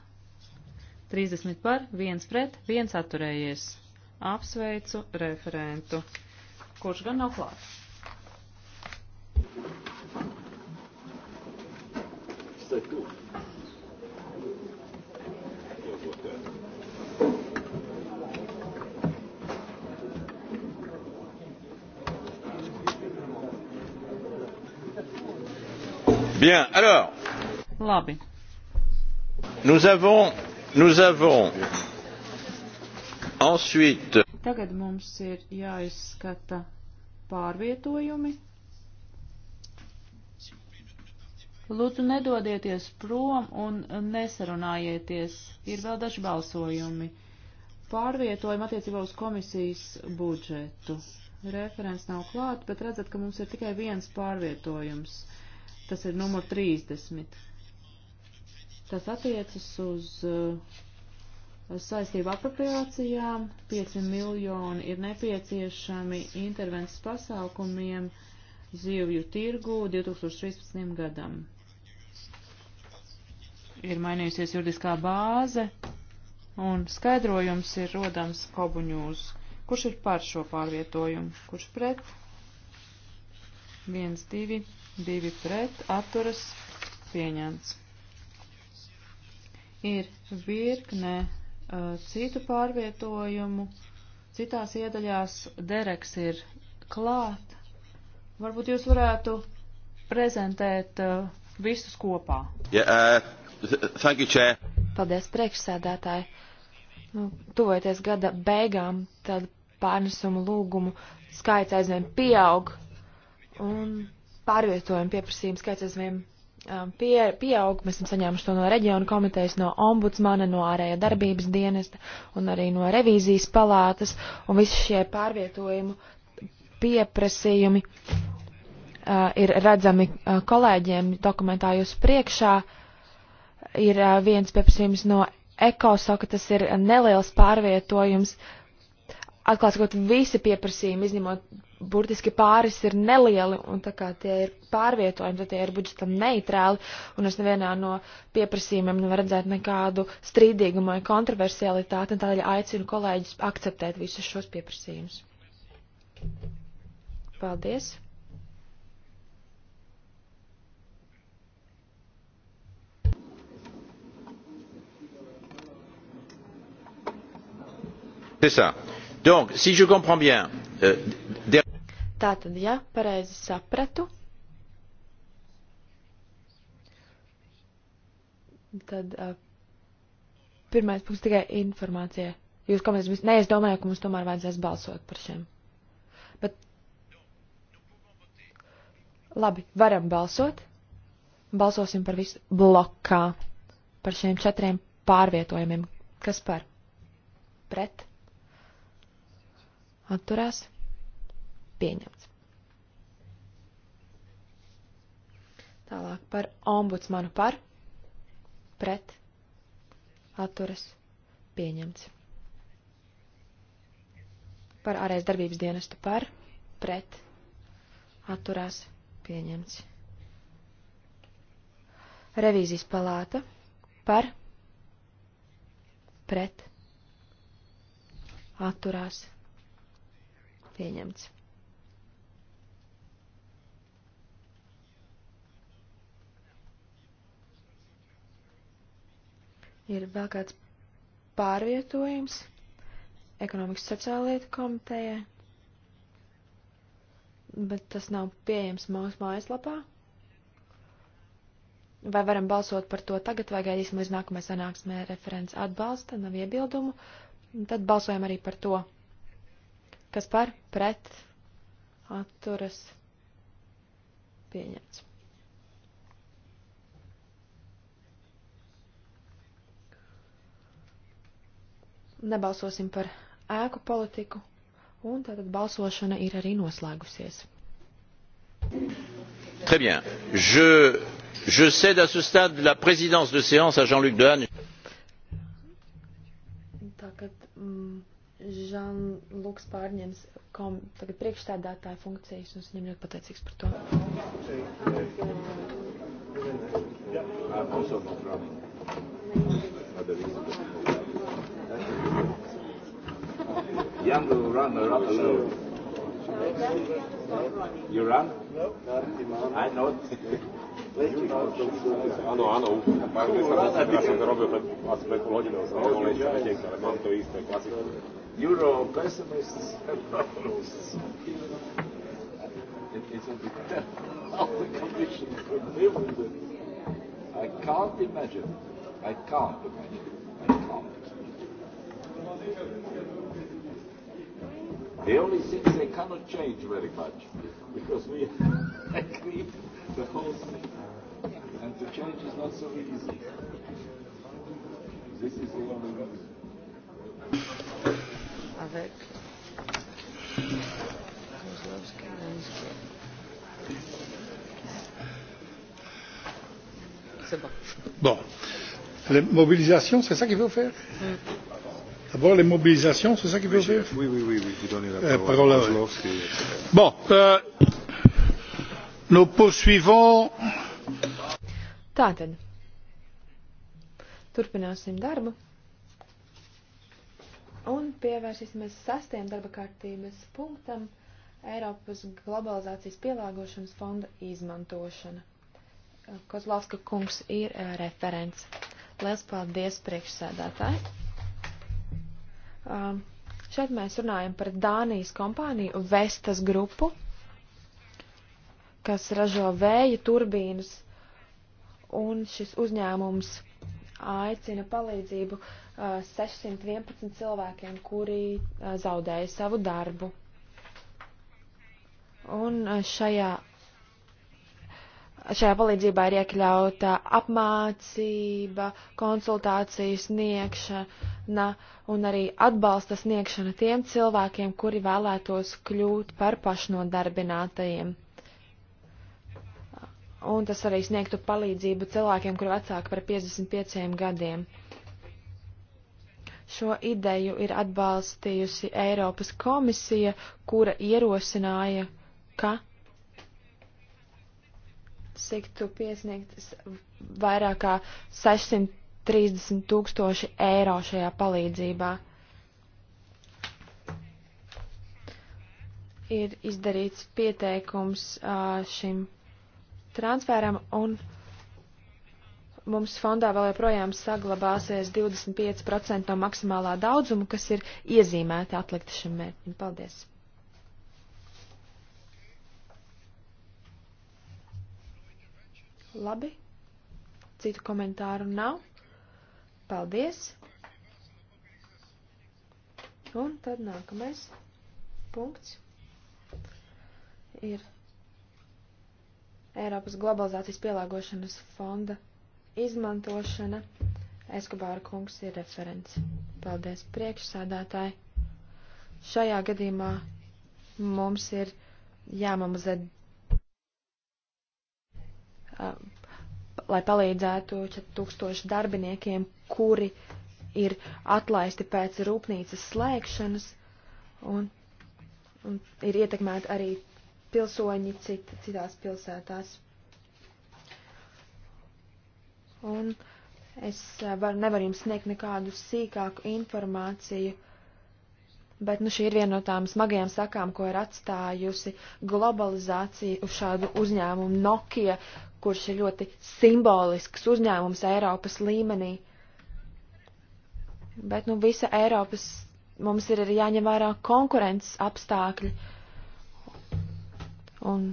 30 par, 1 pret, 1 atturējies. Apsveicu referentu, kurš gan nav klāts. Thank you. Bien, alors. Labi. Nous avons, nous avons ensuite. Tagad mums ir jāizskata pārvietojumi. Lūdzu, nedodieties prom un nesarunājieties. Ir vēl daži balsojumi. Pārvietojumi attiecībā uz komisijas budžetu. Referents nav klāt, bet redzat, ka mums ir tikai viens pārvietojums. Uh, Tas ir numur 30. Tas attiecas uz uh, saistību apropriācijām. 5 miljoni ir nepieciešami intervences pasākumiem zivju tirgu 2013. gadam. Ir mainījusies juridiskā bāze, un skaidrojums ir rodams kobuņūs. Kurš ir par šo pārvietojumu? Kurš pret? 1, 2, divi pret, atturas pieņemts. Ir virkne uh, citu pārvietojumu, citās iedaļās dereks ir klāt. Varbūt jūs varētu prezentēt uh, visus kopā. Yeah, uh, thank you, Chair. Paldies, priekšsēdētāji. Nu, tuvojoties gada beigām, tad pārnesumu lūgumu skaits aizvien pieaug. Un pārvietojuma pieprasījuma skaits aizvien um, pie, pieaug. Mēs esam saņēmuši to no reģiona komitejas, no ombudsmana, no ārējā darbības dienesta un arī no revīzijas palātas. Un visi šie pārvietojumu pieprasījumi uh, ir redzami uh, kolēģiem dokumentā jūsu priekšā. Ir uh, viens pieprasījums no ekosoka, tas ir neliels pārvietojums. Atklāts, ka visi pieprasījumi, izņemot burtiski pāris ir nelieli, un tā kā tie ir pārvietojumi, tad tie ir budžetam neitrāli, un es nevienā no pieprasījumiem nevaru redzēt nekādu strīdīgumu vai kontroversialitāti, un tādēļ aicinu kolēģis akceptēt visus šos pieprasījumus. Paldies! C'est ça. Donc, si je comprends bien, Eh, Tātad, ja pareizi sapratu, tad uh, pirmais punkts tikai informācija. Jūs komentējat, ne, es domāju, ka mums tomēr vajadzēs balsot par šiem. Bet labi, varam balsot. Balsosim par visu blokā, par šiem četriem pārvietojumiem. Kas par? Pret? atturās pieņemts. Tālāk par ombudsmanu par, pret, atturas, pieņemts. Par ārējas darbības dienestu par, pret, atturās, pieņemts. Revīzijas palāta par, pret, atturās, pieņemts Pieņemts. Ir vēl kāds pārvietojums ekonomikas sociālietu komitejai, bet tas nav pieejams mūsu mājaslapā. Vai varam balsot par to tagad, vai gaidīsim līdz nākamajai sanāksmē referents atbalsta, nav iebildumu, tad balsojam arī par to kas par pret atturas pieņemts. Nebalsosim par ēku politiku, un tātad balsošana ir arī noslēgusies. Très bien. Je, je cède à ce stade la présidence de séance à Jean-Luc Dehaene. Žanluks pārņems kom, tagad priekšstādātāja funkcijas, un es viņam ļoti pateicīgs par to. Young will run alone. You run? No. I not. Áno, áno, pár sa robil pred asi pred pol hodinou, som mohol ešte ale mám to isté, klasické. Euro pessimists have problems. It is a dictator of the Commission could live with it. I can't imagine. I can't imagine. I can't. The only thing they cannot change very much because we agreed the whole thing. And the change is not so easy. This is the only reason avec Kozlovski. C'est bon. Bon. Les mobilisations, c'est ça qu'il faut faire mm. D'abord, les mobilisations, c'est ça qu'il faut oui, faire Oui, oui, oui, oui, vous donnez la euh, parole, parole à Kozlovski. Bon. Euh, nous poursuivons. Tātad. Turpināsim darbu un pievērsīsimies sastajam darba kārtības punktam Eiropas globalizācijas pielāgošanas fonda izmantošana. Kozlovska kungs ir uh, referents. Liels paldies priekšsēdētāji. Uh, šeit mēs runājam par Dānijas kompāniju Vestas grupu, kas ražo vēja turbīnas, un šis uzņēmums aicina palīdzību uh, 611 uh, cilvēkiem, kuri uh, zaudēja savu darbu. Un uh, šajā, šajā palīdzībā ir iekļauta apmācība, konsultācijas sniegšana un arī atbalsta sniegšana tiem cilvēkiem, kuri vēlētos kļūt par pašnodarbinātajiem. Un tas arī sniegtu palīdzību cilvēkiem, kuri vecāki par 55 gadiem. Šo ideju ir atbalstījusi Eiropas komisija, kura ierosināja, ka tiktu piesniegtas vairāk kā 630 tūkstoši eiro šajā palīdzībā. Ir izdarīts pieteikums šim transferam un mums fondā vēl joprojām saglabāsies 25% no maksimālā daudzuma, kas ir iezīmēta atlikta šim mērķim. Paldies! Labi, citu komentāru nav. Paldies! Un tad nākamais punkts ir Eiropas globalizācijas pielāgošanas fonda izmantošana. Eskubāra kungs ir referents. Paldies priekšsādātāji. Šajā gadījumā mums ir jāmamazē, lai palīdzētu 4000 darbiniekiem, kuri ir atlaisti pēc rūpnīcas slēgšanas, un, un ir ietekmēti arī pilsoņi cit, citās pilsētās un es eh, var, nevaru jums sniegt nekādu sīkāku informāciju, bet nu, šī ir viena no tām smagajām sakām, ko ir atstājusi globalizācija uz šādu uzņēmumu Nokia, kurš ir ļoti simbolisks uzņēmums Eiropas līmenī. Bet nu, visa Eiropas mums ir arī jāņem vērā konkurences apstākļi. Un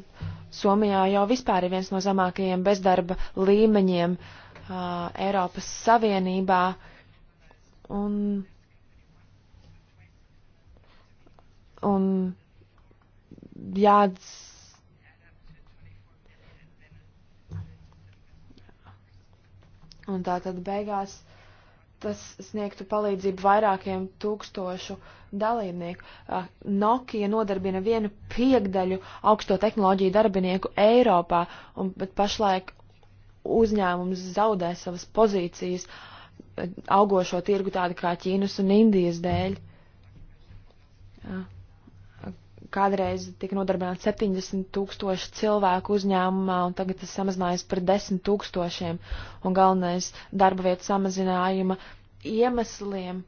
Somijā jau vispār ir viens no zemākajiem bezdarba līmeņiem uh, uh, Eiropas Savienībā. Un, un jāds. Un tā tad beigās tas sniegtu palīdzību vairākiem tūkstošu dalībnieku. Nokia nodarbina vienu piekdaļu augsto tehnoloģiju darbinieku Eiropā, un, bet pašlaik uzņēmums zaudē savas pozīcijas augošo tirgu tādu kā Ķīnas un Indijas dēļ. Kādreiz tika nodarbināti 70 tūkstoši cilvēku uzņēmumā, un tagad tas samazinājas par 10 tūkstošiem, un galvenais darba vietu samazinājuma iemesliem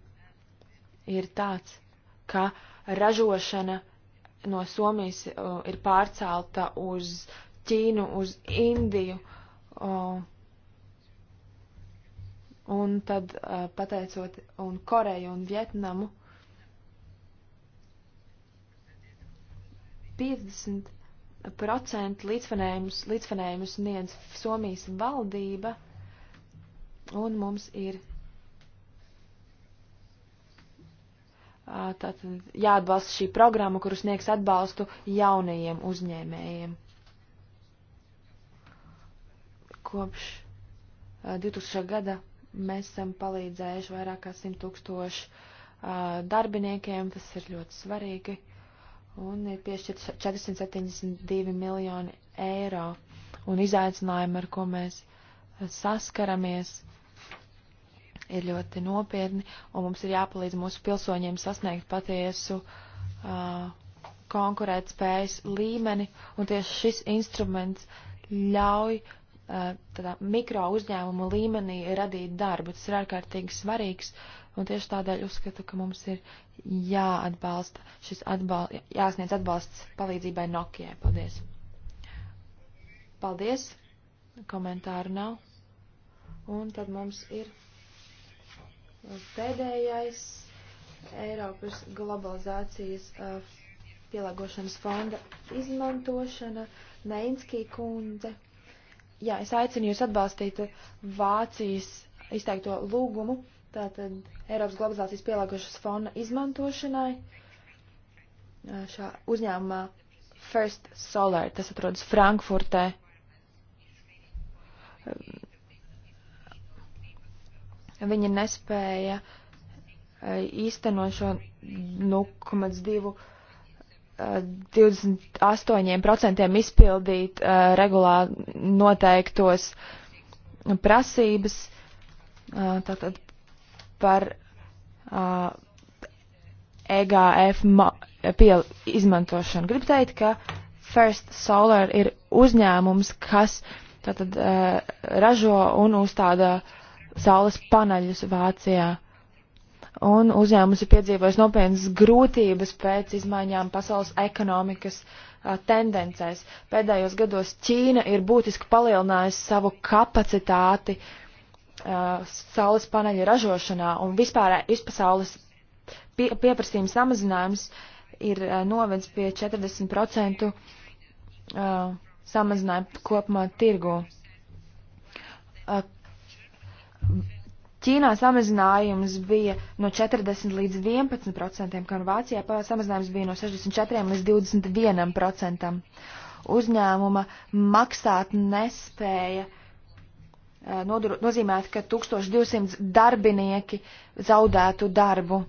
ir tāds, ka ražošana no Somijas uh, ir pārcelta uz Ķīnu, uz Indiju, uh, O, un tad pateicot un Koreju un Vietnamu 50% līdzfinējumus, līdzfinējumus sniedz Somijas valdība, un mums ir tātad jāatbalsta šī programma, kuras sniegs atbalstu jaunajiem uzņēmējiem. Kopš 2000. gada mēs esam palīdzējuši vairāk kā 100 tūkstošu darbiniekiem, tas ir ļoti svarīgi, un ir piešķirt 472 miljoni eiro. Un izaicinājumi, ar ko mēs saskaramies, ir ļoti nopietni, un mums ir jāpalīdz mūsu pilsoņiem sasniegt patiesu uh, konkurētspējas līmeni, un tieši šis instruments ļauj Eh, tādā mikro uzņēmumu līmenī radīt darbu. Tas ir ārkārtīgi svarīgs, un tieši tādēļ uzskatu, ka mums ir jāatbalsta šis atbal, jāsniedz atbalsts palīdzībai Nokijai. Paldies! Paldies! Komentāru nav. Un tad mums ir pēdējais Eiropas globalizācijas uh, pielāgošanas fonda izmantošana. Neinskī kundze jā, es aicinu jūs atbalstīt Vācijas izteikto lūgumu, tātad Eiropas globalizācijas pielāgošanas fonda izmantošanai šā uzņēmumā First Solar, tas atrodas Frankfurtē. Viņa nespēja īstenot šo 0,2 28% izpildīt uh, regulā noteiktos prasības, uh, tātad par uh, EGF piel izmantošanu. Gribu teikt, ka First Solar ir uzņēmums, kas tātad uh, ražo un uzstāda saules paneļus Vācijā. Uh, un uzņēmums ir piedzīvojis nopietnas grūtības pēc izmaiņām pasaules ekonomikas a, tendencēs. Pēdējos gados Ķīna ir būtiski palielinājusi savu kapacitāti a, saules paneļu ražošanā, un vispār izpasaules pie, pieprasījuma samazinājums ir a, novedis pie 40% samazinājuma kopumā tirgu Ķīnā samazinājums bija no 40 līdz 11 procentiem, kā Vācijā samazinājums bija no 64 līdz 21 procentam. Uzņēmuma maksāt nespēja eh, nodur, nozīmēt, ka 1200 darbinieki zaudētu darbu.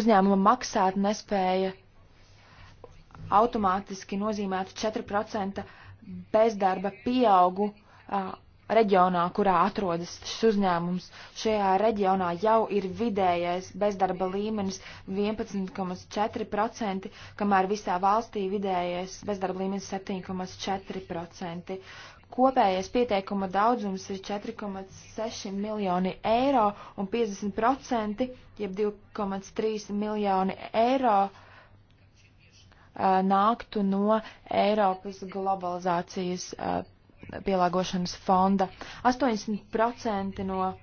Uzņēmuma maksāt nespēja automātiski nozīmētu 4% bezdarba pieaugu eh, reģionā, kurā atrodas šis uzņēmums, šajā reģionā jau ir vidējais bezdarba līmenis 11,4%, kamēr visā valstī vidējais bezdarba līmenis 7,4%. Kopējais pieteikuma daudzums ir 4,6 miljoni eiro un 50%, jeb 2,3 miljoni eiro nāktu no Eiropas globalizācijas pielāgošanas fonda. 80% no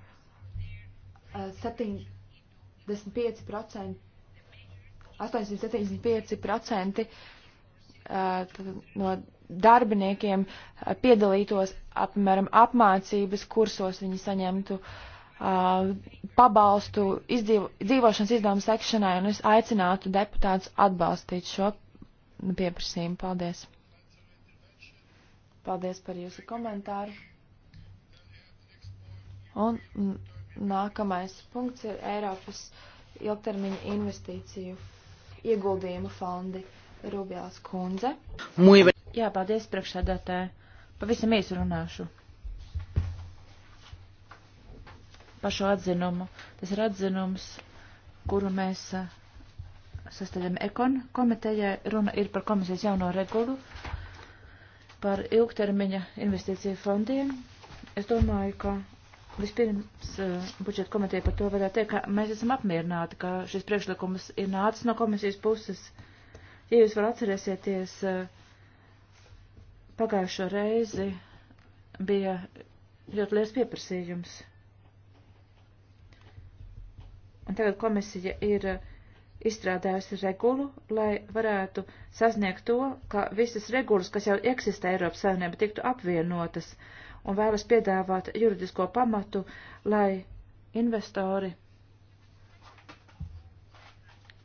uh, 75%, 875% uh, no darbiniekiem eh, piedalītos apmēram apmācības kursos, viņi saņemtu uh, pabalstu izdzīvo, dzīvošanas izdevumu sekšanai, un es aicinātu deputātus atbalstīt šo pieprasījumu. Paldies! Paldies par jūsu komentāru. Un nākamais punkts ir Eiropas ilgtermiņa investīciju ieguldījumu fondi Rubjās kundze. Jā, paldies priekšsēdētē. Pavisam īsi runāšu. Par šo atzinumu. Tas ir atzinums, kuru mēs eh, sastādījām ekon komitejai. Runa ir par komisijas jauno regulu par ilgtermiņa investīciju fondiem. Es domāju, ka Vispirms eh, budžeta komiteja par to varētu teikt, ka mēs esam apmierināti, ka šis priekšlikums ir nācis no komisijas puses. Ja jūs vēl atcerēsieties, eh, pagājušo reizi bija ļoti liels pieprasījums. Un tagad komisija ir eh, izstrādājusi regulu, lai varētu sasniegt to, ka visas regulas, kas jau eksistē Eiropas Savienībā, tiktu apvienotas un vēlas piedāvāt juridisko pamatu, lai investori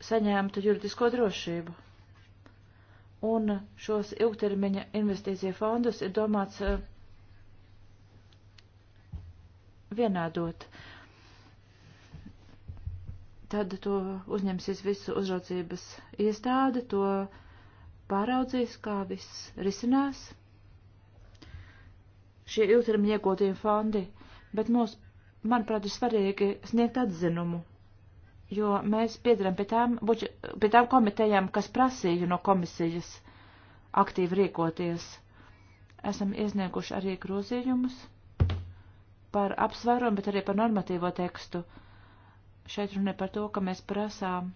saņemtu juridisko drošību. Un šos ilgtermiņa investīcija fondus ir domāts eh, vienādot. Uh, tad to uzņemsies visu uzraudzības iestādi, to pāraudzīs, kā viss risinās. Šie ilgtermiņa iegūtie fondi, bet mums, manuprāt, ir svarīgi sniegt atzinumu, jo mēs piedaram pie tām, buči, pie tām komitejām, kas prasīja no komisijas aktīvi rīkoties. Esam iesnieguši arī grozījumus par apsvērumu, bet arī par normatīvo tekstu. Uh, šeit runa par to, ka mēs prasām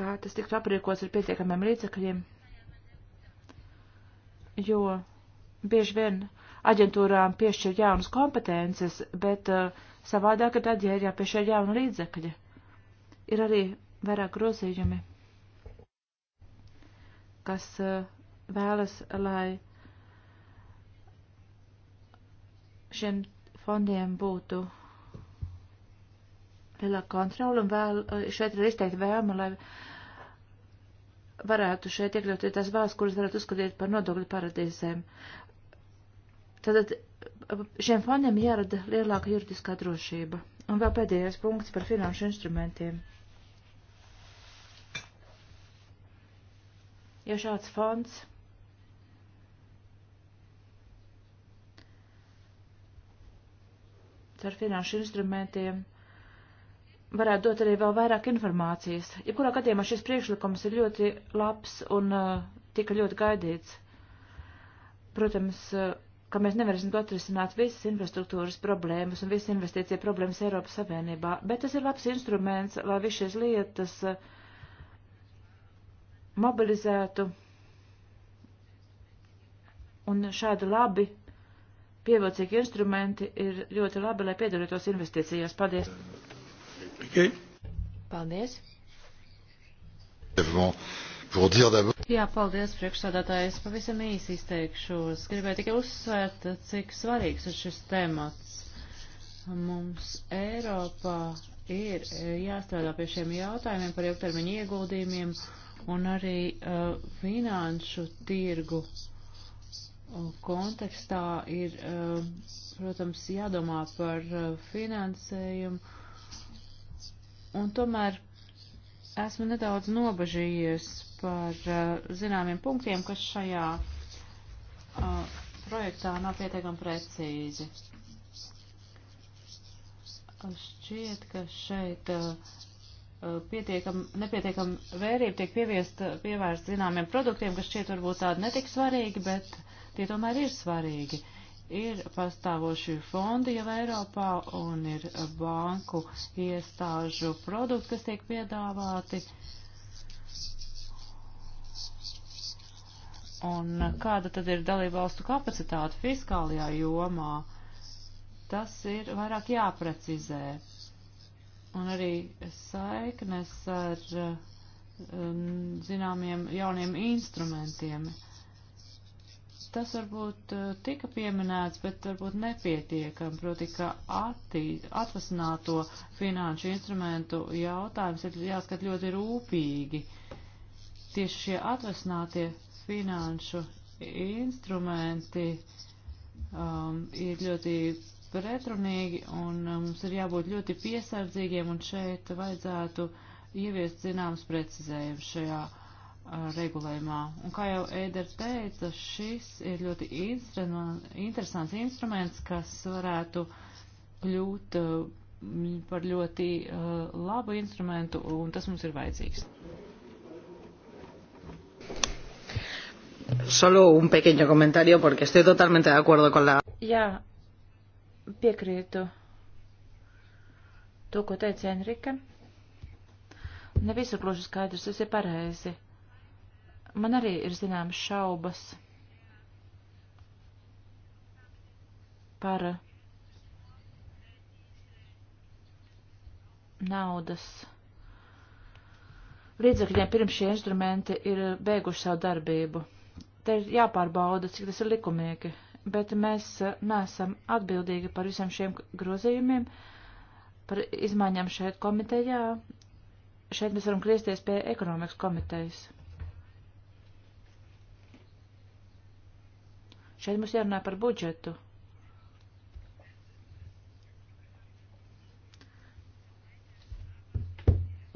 kā tas tiktu aprīkots ar pietiekamiem līdzekļiem, jo bieži vien aģentūrām piešķir jaunas kompetences, bet uh, savādāk ir tad, ja ir jāpiešķir jauna līdzekļa. Ir arī vairāk grozījumi, kas uh, vēlas, lai šiem fondiem būtu lielāka kontrola un vēl, eh, šeit ir izteikti vēlme, lai varētu šeit iekļaut tās valsts, kuras varētu uzskatīt par nodokļu paradīzēm. Tātad šiem fondiem jārada lielāka juridiskā drošība. Un vēl pēdējais punkts par finanšu instrumentiem. Ja šāds fonds ar finanšu instrumentiem varētu dot arī vēl vairāk informācijas. Jebkurā gadījumā šis priekšlikums ir ļoti labs un uh, tika ļoti gaidīts. Protams, uh, ka mēs nevarēsim atrisināt visas infrastruktūras problēmas un visas investīcija problēmas Eiropas Savienībā, bet tas ir labs instruments, lai visu šīs lietas uh, mobilizētu un šādi labi pievilcīgi instrumenti ir ļoti labi, lai piedalītos investīcijās. Paldies! Okay. Paldies! Jā, paldies, priekšsādātāji. Es pavisam īsi izteikšos. Gribēju tikai uzsvērt, cik svarīgs ir šis temats. Mums Eiropā ir e, jāstrādā pie šiem jautājumiem par ilgtermiņa ieguldījumiem un arī uh, finanšu tirgu kontekstā ir, eh, protams, jādomā par eh, finansējumu. Un tomēr esmu nedaudz nobažījies par eh, zināmiem punktiem, kas šajā projektā nav pietiekami precīzi. Šķiet, ka šeit pietiekam, nepietiekam vērība tiek pieviest, pievērst zināmiem produktiem, kas šķiet varbūt tādi netik svarīgi, bet uh, tie tomēr ir svarīgi. Ir pastāvoši fondi jau Eiropā un ir banku iestāžu produkti, kas tiek piedāvāti. Un kāda tad ir dalībvalstu kapacitāte fiskālajā jomā? Tas ir vairāk jāprecizē. Un arī saiknes ar um, zināmiem jauniem instrumentiem. Uh, tas varbūt eh, tika pieminēts, bet varbūt nepietiekam, proti, ka atvasināto finanšu instrumentu jautājums ir jāskat ļoti rūpīgi. Tieši šie atvasinātie finanšu instrumenti um, ir ļoti pretrunīgi un um, mums ir jābūt ļoti piesardzīgiem un šeit vajadzētu ieviest zināms precizējums šajā regulējumā. Un kā jau Ēder teica, šis ir ļoti interesants instruments, kas varētu kļūt par ļoti labu instrumentu, un tas mums ir vajadzīgs. Solo un pequeño comentario porque estoy totalmente de acuerdo con la. Jā, piekrītu to, ko teica Enrika. Ne visu gluži skaidrs, tas ir pareizi. Man arī ir zināmas šaubas par naudas līdzekļiem pirms šie instrumenti ir beiguši savu darbību. Te ir jāpārbauda, cik tas ir likumīgi, bet mēs neesam atbildīgi par visiem šiem grozījumiem, par izmaiņām šeit komitejā. Šeit mēs varam griezties pie ekonomikas komitejas. Šeit mums jārunā par budžetu.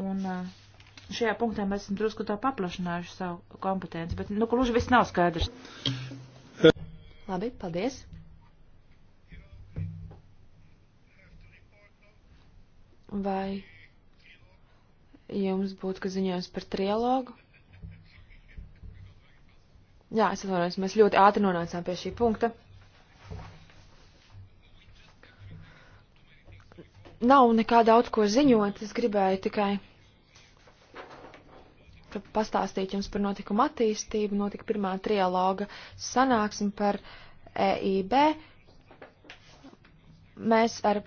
Un eh, šajā punktā mēs esam drusku tā paplašinājuši savu kompetenci, bet, nu, kluži viss nav skaidrs. Labi, paldies. Vai jums būtu, ka ziņojums par trialogu? Jā, es atvainojos, mēs ļoti ātri nonācām pie šī punkta. Nav nekā daudz ko ziņot, es gribēju tikai pastāstīt jums par notikumu attīstību, notika pirmā trialoga sanāksme par EIB. Mēs ar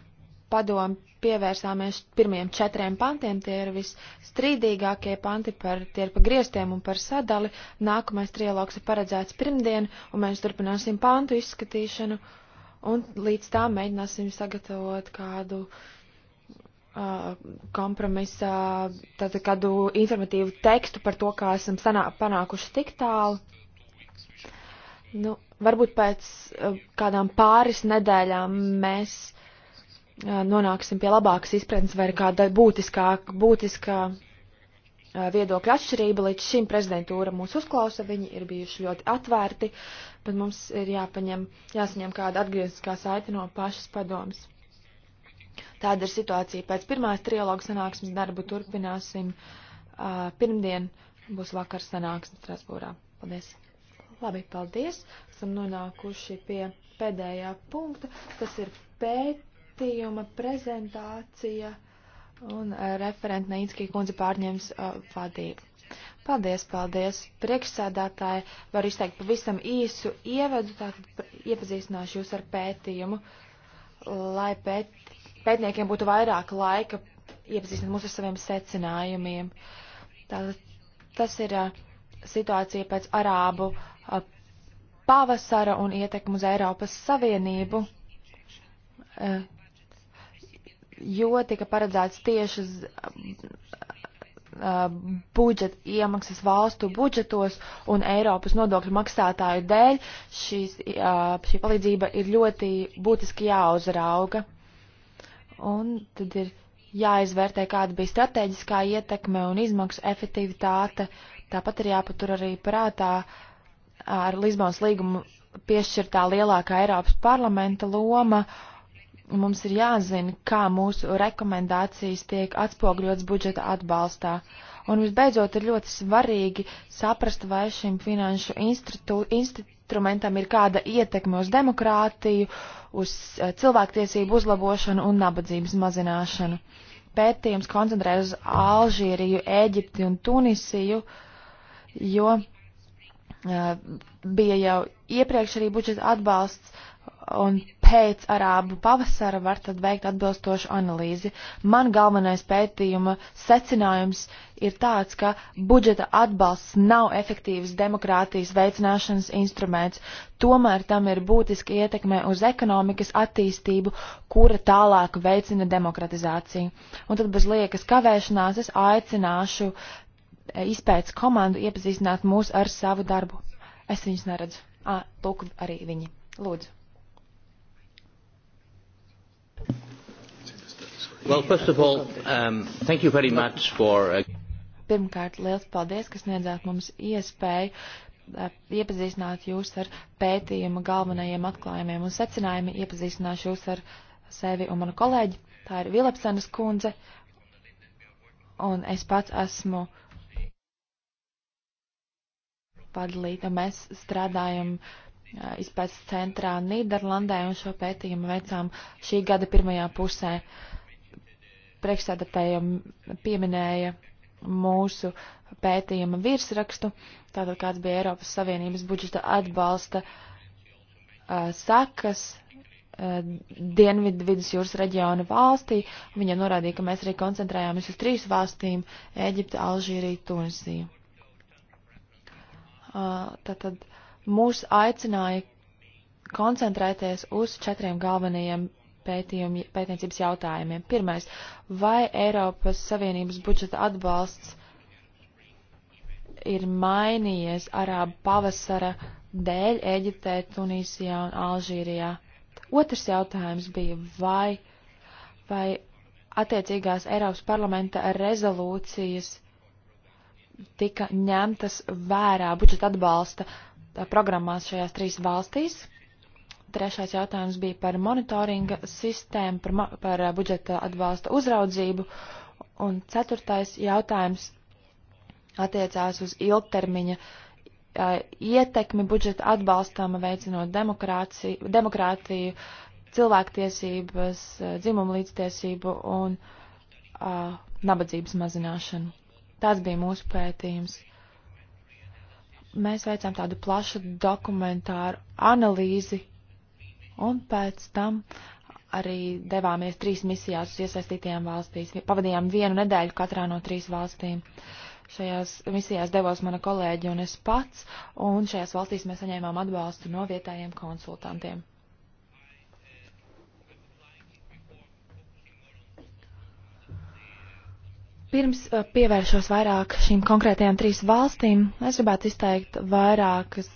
padomu pievērsāmies pirmiem četriem pantiem, tie ir visstrīdīgākie panti, par, tie ir par griestiem un par sadali. Nākamais trialogs ir paredzēts pirmdien, un mēs turpināsim pantu izskatīšanu, un līdz tā mēģināsim sagatavot kādu uh, kompromisa, tātad kādu informatīvu tekstu par to, kā esam sanā, panākuši tik tālu. Nu, varbūt pēc uh, kādām pāris nedēļām mēs uh, nonāksim pie labākas izpratnes vai kāda būtiskāka, būtiskā viedokļa atšķirība. Līdz šim prezidentūra mūs uzklausa, viņi ir bijuši ļoti atvērti, bet mums ir jāpaņem, jāsaņem kāda atgriezniskā saite no pašas padomas. Tāda ir situācija pēc pirmās trialoga sanāksmes darbu turpināsim. Pirmdien būs vakar sanāksme Strasbūrā. Paldies! Labi, paldies! Esam nonākuši pie pēdējā punkta. Tas ir pēt pētījuma prezentācija un eh, referenta Nīcki kundze pārņems uh, vadību. Paldies, paldies. Priekšsēdētāji var izteikt pavisam īsu ievadu, tātad iepazīstināšu jūs ar pētījumu, lai pēt, pētniekiem būtu vairāk laika iepazīstināt mūs ar saviem secinājumiem. Tātad tas ir uh, situācija pēc arābu uh, pavasara un ietekmu uz Eiropas Savienību. Uh, jo tika paredzēts tiešas budžeta iemaksas valstu budžetos un Eiropas nodokļu maksātāju dēļ šīs, šī palīdzība ir ļoti būtiski jāuzrauga. Un tad ir jāizvērtē, kāda bija strateģiskā ietekme un izmaksu efektivitāte. Tāpat ir jāpatur arī prātā ar Lisbonas līgumu piešķirtā lielākā Eiropas parlamenta loma mums ir jāzina, kā mūsu rekomendācijas tiek atspogļotas budžeta atbalstā. Un visbeidzot ir ļoti svarīgi saprast, vai šim finanšu instrumentam ir kāda ietekme uz demokrātiju, uz eh, cilvēktiesību uzlabošanu un nabadzības mazināšanu. Pētījums koncentrējas uz Alžīriju, Ēģipti un Tunisiju, jo uh, bija jau iepriekš arī budžeta atbalsts un pēc arābu pavasara var tad veikt atbilstošu analīzi. Man galvenais pētījuma secinājums ir tāds, ka budžeta atbalsts nav efektīvs demokrātijas veicināšanas instruments, tomēr tam ir būtiski ietekme uz ekonomikas attīstību, kura tālāk veicina demokratizāciju. Un tad bez liekas kavēšanās es aicināšu e, izpētes komandu iepazīstināt mūs ar savu darbu. Es viņus neredzu. Ā, lūk, arī viņi. Lūdzu. Well, first of all, um, thank you very much for. Uh... Pirmkārt, liels paldies, kas niedzāt mums iespēju uh, iepazīstināt jūs ar pētījuma galvenajiem atklājumiem un secinājumiem. Iepazīstināšu jūs ar sevi un manu kolēģi. Tā ir Vilepsenas kundze. Un es pats esmu padalīta. Mēs strādājam uh, izpētes centrā Nīderlandē un šo pētījumu veicām šī gada pirmajā pusē. Priekšsēdētājiem pieminēja mūsu pētījuma virsrakstu, tātad kāds bija Eiropas Savienības budžeta atbalsta uh, sakas uh, Dienvidu vidus jūras reģiona valstī. Viņa norādīja, ka mēs arī koncentrējāmies uz trīs valstīm - Ēģipte, Alžīriju, Tunisiju. Uh, tātad uh, mūs aicināja koncentrēties uz četriem galvenajiem pētījumi, pētniecības jautājumiem. Pirmais, vai Eiropas Savienības budžeta atbalsts ir mainījies arābu pavasara dēļ Eģiptē, Tunīsijā un Alžīrijā? Otrs jautājums bija, vai, vai attiecīgās Eiropas parlamenta rezolūcijas tika ņemtas vērā budžeta atbalsta uh, programmās šajās trīs valstīs. Trešais jautājums bija par monitoringa sistēmu, par, par budžeta atbalsta uzraudzību. Un ceturtais jautājums attiecās uz ilgtermiņa ietekmi budžeta atbalstām, veicinot demokrātiju, demokrātiju cilvēktiesības, dzimumu līdztiesību un uh, nabadzības mazināšanu. Tāds bija mūsu pētījums. Uh, mēs veicām tādu plašu dokumentāru analīzi, un pēc tam arī devāmies trīs misijās uz iesaistītajām valstīs. Pavadījām vienu nedēļu katrā no trīs valstīm. Šajās misijās devos mana kolēģi un es pats, un šajās valstīs mēs saņēmām atbalstu no vietējiem konsultantiem. Pirms eh, pievēršos vairāk šīm konkrētajām trīs valstīm, es gribētu izteikt vairākas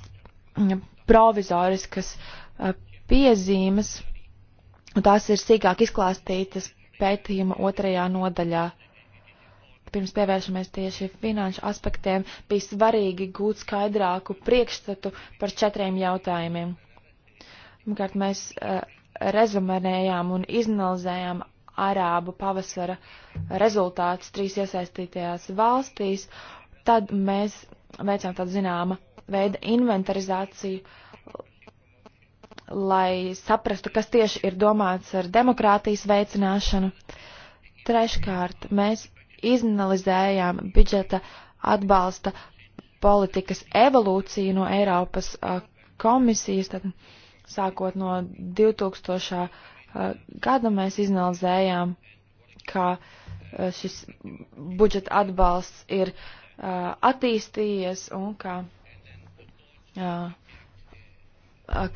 mm, provizoriskas eh, piezīmes, un tās ir sīkāk izklāstītas pētījuma otrajā nodaļā. Pirms pievēršamies tieši finanšu aspektiem, bija svarīgi gūt skaidrāku priekšstatu par četriem jautājumiem. Pirmkārt, mēs uh, rezumējām un izanalizējām arābu pavasara rezultātus trīs iesaistītajās valstīs, tad mēs veicām tādu zināma veida inventarizāciju, lai saprastu, kas tieši ir domāts ar demokrātijas veicināšanu. Treškārt, mēs izanalizējām budžeta atbalsta politikas evolūciju no Eiropas komisijas, tad sākot no 2000 gada mēs izanalizējām, ka šis budžeta atbalsts ir attīstījies un ka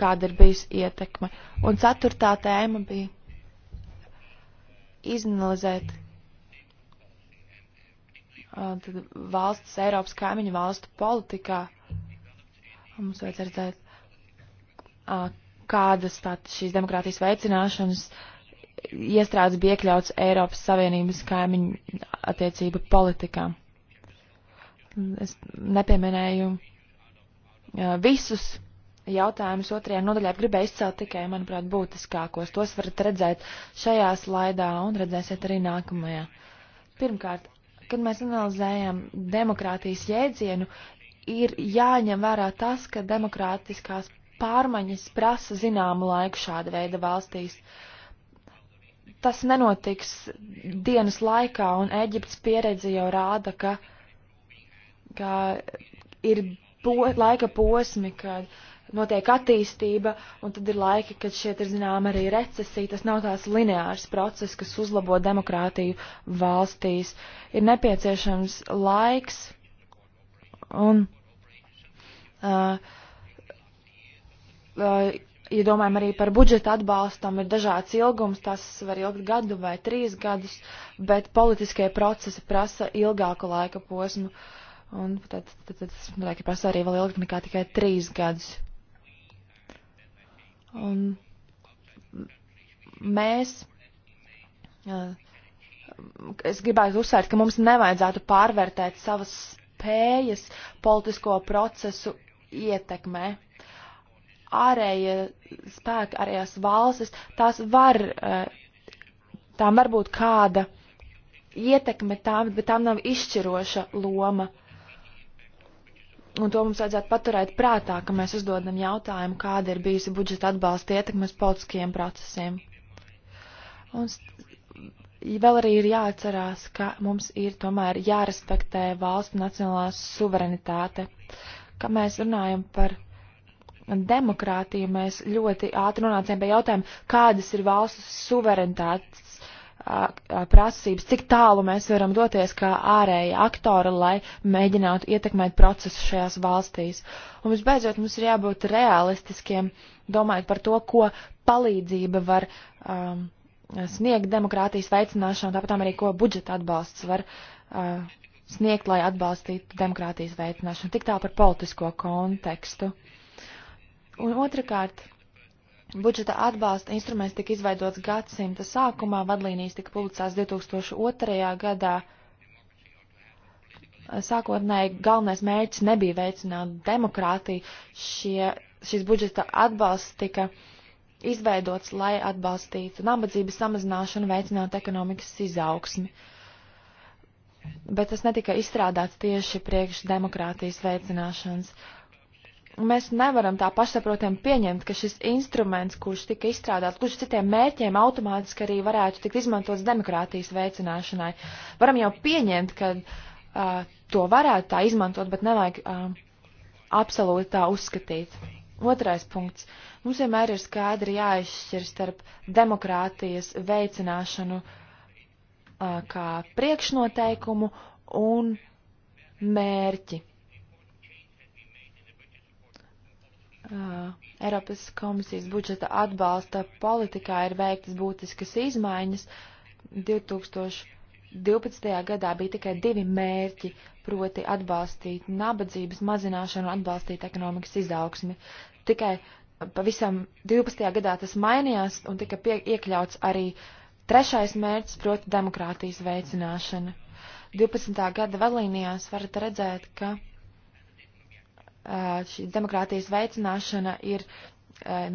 kāda ir bijusi ietekme. Un ceturtā tēma bija izanalizēt tad valsts, Eiropas kaimiņu valstu politikā. Mums vajadzētu redzēt, kādas pat šīs demokrātijas veicināšanas iestrādes bija iekļauts Eiropas Savienības kaimiņu attiecību politikā. Es nepieminēju visus jautājumus otrajā nodaļā, gribēju izcelt tikai, manuprāt, būtiskākos. Tos varat redzēt šajā slaidā un redzēsiet arī nākamajā. Pirmkārt, kad mēs analizējam demokrātijas jēdzienu, ir jāņem vērā tas, ka demokrātiskās pārmaiņas prasa zināmu laiku šāda veida valstīs. Tas nenotiks dienas laikā, un Eģiptes pieredze jau rāda, ka, ka ir po, laika posmi, kad notiek attīstība, un tad ir laiki, kad šeit ir zinām arī recesija. Tas nav tās lineārs process, kas uzlabo demokrātiju valstīs. Ir nepieciešams laiks, un. Uh, Eh, ja domājam arī par budžeta atbalstam, ir dažāds ilgums, tas var ilgt gadu vai trīs gadus, bet politiskie procesi prasa ilgāku laika posmu, un tad, tad, tad es domāju, ka prasa arī vēl ilgāk nekā tikai trīs gadus. Un mēs. Eh, es gribētu uzsvērt, ka mums nevajadzētu pārvērtēt savas spējas politisko procesu ietekmē ārējie spēki, ārējās valstis, tās var, eh, tām var būt kāda ietekme tām, bet tām nav izšķiroša loma. Un to mums vajadzētu paturēt prātā, ka mēs uzdodam jautājumu, kāda ir bijusi budžeta atbalsta ietekmes politiskiem procesiem. Un vēl arī ir jāatcerās, ka mums ir tomēr jārespektē valsts nacionālās suverenitāte. Kad mēs runājam par demokrātiju mēs ļoti ātri nonācām pie jautājuma, kādas ir valsts suverenitātes prasības, cik tālu mēs varam doties kā ārēja aktora, lai mēģinātu ietekmēt procesu šajās valstīs. Un visbeidzot, mums ir jābūt realistiskiem, domājot par to, ko palīdzība var um, sniegt demokrātijas veicināšanu, tāpat arī, ko budžeta atbalsts var uh, sniegt, lai atbalstītu demokrātijas veicināšanu. Tik tā par politisko kontekstu. Uh, Un otrkārt, budžeta atbalsta instruments tika izveidots gadsimta sākumā, vadlīnijas tika publicēts 2002. gadā. Sākotnēji galvenais mērķis nebija veicināt demokrātiju. Šie, šis budžeta atbalsts tika izveidots, lai atbalstītu nabadzības samazināšanu, veicinātu ekonomikas izaugsmi. Bet tas netika izstrādāts tieši priekš demokrātijas veicināšanas. Uh, mēs nevaram tā pašsaprotami pieņemt, ka šis instruments, kurš tika izstrādāts, kurš citiem mērķiem automātiski arī varētu tikt izmantots demokrātijas veicināšanai. Varam jau pieņemt, ka uh, to varētu tā izmantot, bet nevajag uh, absolūti tā uzskatīt. Otrais punkts. Mums vienmēr ir skaidri jāizšķir starp demokrātijas veicināšanu uh, kā priekšnoteikumu un mērķi Uh, Eiropas komisijas budžeta atbalsta politikā ir veiktas būtiskas izmaiņas. 2012. gadā bija tikai divi mērķi, proti atbalstīt nabadzības mazināšanu un atbalstīt ekonomikas izaugsmi. Tikai pavisam 12. gadā tas mainījās un tika pie, iekļauts arī trešais mērķis, proti demokrātijas veicināšana. 12. gada vadlīnijās varat redzēt, ka šī demokrātijas veicināšana ir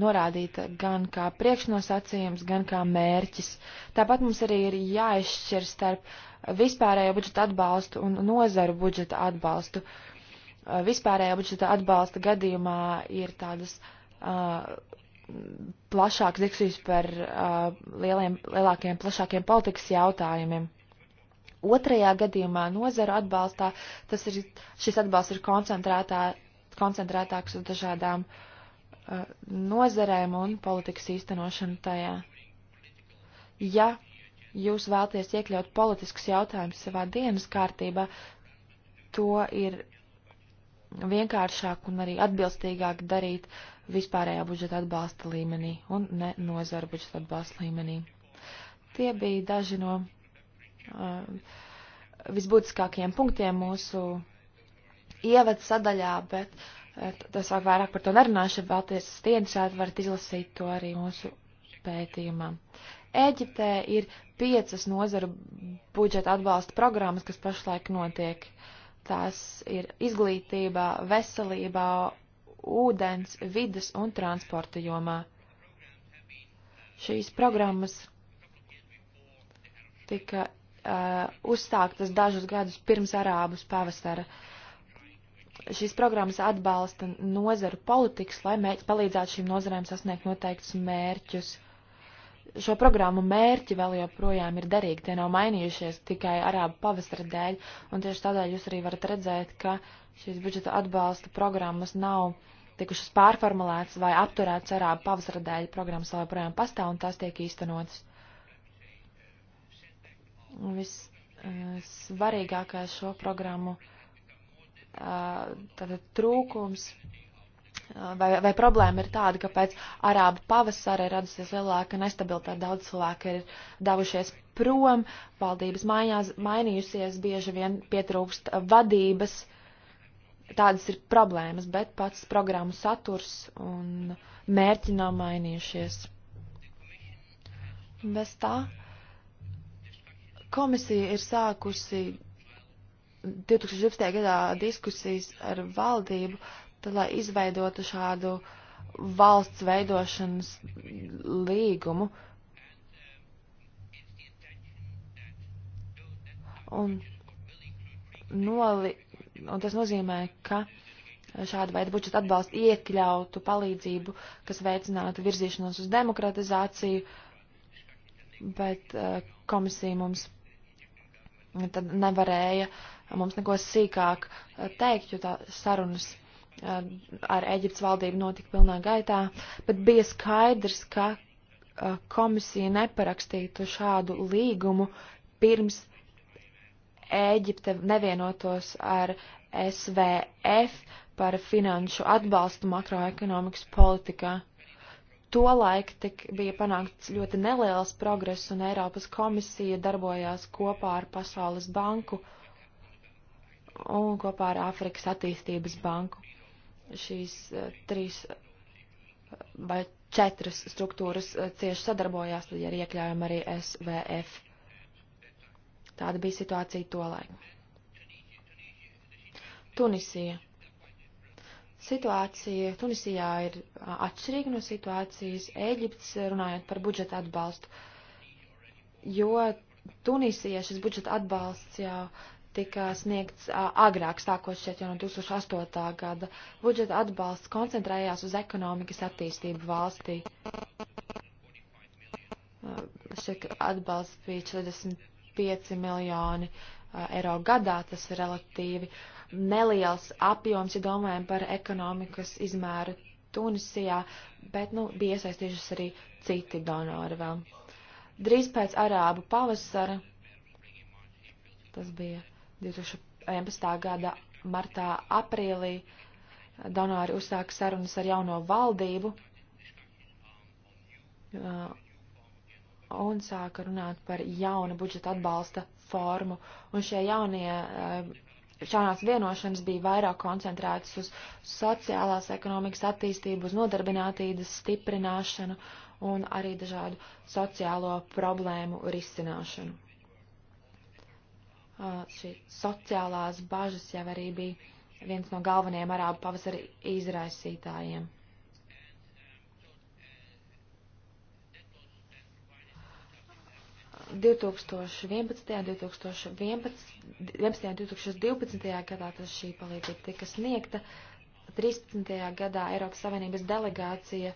norādīta gan kā priekšnosacījums, gan kā mērķis. Tāpat mums arī ir jāizšķir starp vispārējo budžeta atbalstu un nozaru budžeta atbalstu. Vispārējā budžeta atbalsta gadījumā ir tādas uh, plašākas diskusijas par uh, lieliem, lielākiem, plašākiem politikas jautājumiem. Otrajā gadījumā nozaru atbalstā tas ir, šis atbalsts ir koncentrētā, koncentrētāks uz dažādām uh, nozerēm un politikas īstenošanu tajā. Ja jūs vēlties iekļaut politiskus jautājumus savā dienas kārtībā, to ir vienkāršāk un arī atbilstīgāk darīt vispārējā budžeta atbalsta līmenī un ne nozara budžeta atbalsta līmenī. Tie bija daži no uh, visbūtiskākajiem punktiem mūsu ievads sadaļā, bet eh, tas vēl vairāk par to nerunāšu, vēlties stieņu šādi varat izlasīt to arī mūsu pētījumā. Ēģiptē ir piecas nozaru budžeta atbalsta programmas, kas pašlaik notiek. Tās ir izglītībā, veselībā, ūdens, vidas un transporta jomā. Šīs programmas tika uh, uzstāktas dažus gadus pirms arābus pavasara. Uh, šīs programmas atbalsta nozaru politikas, lai mērķi, palīdzētu šīm nozarēm sasniegt noteiktus mērķus. Šo programmu mērķi vēl joprojām ir derīgi, tie nav mainījušies tikai arābu pavasara dēļ, un tieši tādēļ jūs arī varat redzēt, ka šīs budžeta atbalsta programmas nav tikušas pārformulētas vai apturētas arābu pavasara dēļ, programmas vēl joprojām pastāv un tās tiek īstenotas. Viss svarīgākais šo programmu uh, tātad trūkums vai, vai problēma ir tāda, ka pēc arābu pavasara ir radusies lielāka nestabilitāte, daudz cilvēku ir devušies prom, valdības mājās mainījusies, bieži vien pietrūkst vadības. Tādas ir problēmas, bet pats programmu saturs un mērķi nav mainījušies. Bez tā komisija ir sākusi 2012. gadā diskusijas ar valdību, tad, lai izveidotu šādu valsts veidošanas līgumu. Un, noli, un tas nozīmē, ka šāda veida budžeta atbalsts iekļautu palīdzību, kas veicinātu virzīšanos uz demokratizāciju, bet eh, komisija mums tad nevarēja uh, mums neko sīkāk eh, teikt, jo tā sarunas eh, ar Eģiptes valdību notika pilnā gaitā, bet bija skaidrs, ka eh, komisija neparakstītu šādu līgumu pirms Eģipte nevienotos ar SVF par finanšu atbalstu makroekonomikas politikā. Tolaik tik bija panākts ļoti neliels progress un Eiropas komisija darbojās kopā ar Pasaules banku uh, un kopā ar Āfrikas attīstības banku. Šīs eh, trīs eh, vai četras struktūras eh, cieši sadarbojās, tad ir iekļaujama arī SVF. Tāda bija situācija tolaik. Tunisija. Situācija Tunisijā ir atšķirīga no situācijas Ēģiptes, runājot par budžeta atbalstu, jo Tunisijā šis budžeta atbalsts jau tika sniegts agrāk stākot šeit jau no 2008. gada. Budžeta atbalsts koncentrējās uz ekonomikas attīstību valstī. Šeit atbalsts bija 45 miljoni eiro gadā, tas ir relatīvi neliels apjoms, ja domājam par ekonomikas izmēru Tunisijā, bet, nu, bija iesaistījušas arī citi donori vēl. Drīz pēc arābu pavasara, tas bija 2011. gada martā, aprīlī donori uzsāka sarunas ar jauno valdību uh, un sāka runāt par jaunu budžeta atbalsta formu. Un šie jaunie, šaunās uh, vienošanas bija vairāk koncentrētas uz sociālās ekonomikas attīstību, uz nodarbinātības stiprināšanu un arī dažādu sociālo problēmu risināšanu šī sociālās bažas jau arī bija viens no galvenajiem arābu pavasara izraisītājiem. un 2012. gadā tas šī palīdzība tika sniegta. 13. gadā Eiropas Savienības delegācija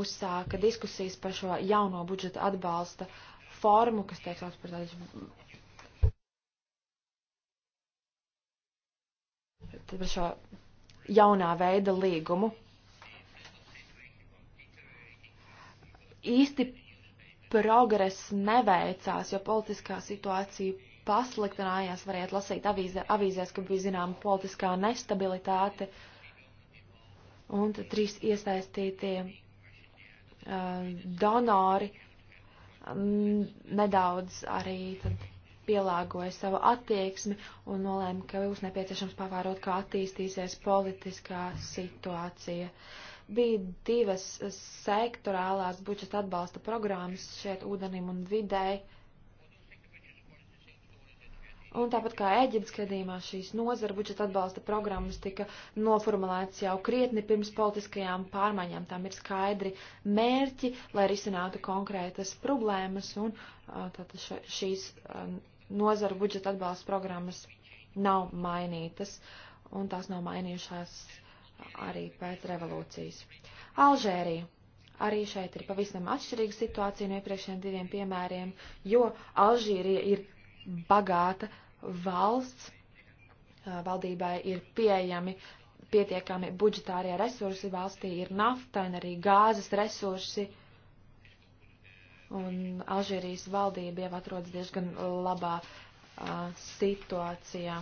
uzsāka diskusijas par šo jauno budžeta atbalsta formu, kas tiek sauc par tādu par šo jaunā veida līgumu. Īsti progress neveicās, jo politiskā situācija pasliktinājās, varētu lasīt avīzē, avīzēs, ka bija zināma politiskā nestabilitāte, un tad trīs iesaistītie uh, donori um, nedaudz arī tad pielāgoja savu attieksmi un nolēma, ka būs nepieciešams pavērot, kā attīstīsies politiskā situācija. Bija divas sektorālās budžeta atbalsta programmas šeit ūdenim un videi. Un tāpat kā Eģiptes gadījumā šīs nozara budžeta atbalsta programmas tika noformulētas jau krietni pirms politiskajām pārmaiņām. Tam ir skaidri mērķi, lai risinātu konkrētas problēmas, un uh, tātad šīs uh, nozaru budžeta atbalsta programmas nav mainītas, un tās nav mainījušās arī pēc revolūcijas. Alžērija. Arī šeit ir pavisam atšķirīga situācija no iepriekšējiem diviem piemēriem, jo Alžīrija ir bagāta valsts, valdībai ir pieejami pietiekami budžetārie resursi, valstī ir nafta un arī gāzes resursi, uh, un Alžērijas valdība jau atrodas diezgan labā uh, situācijā.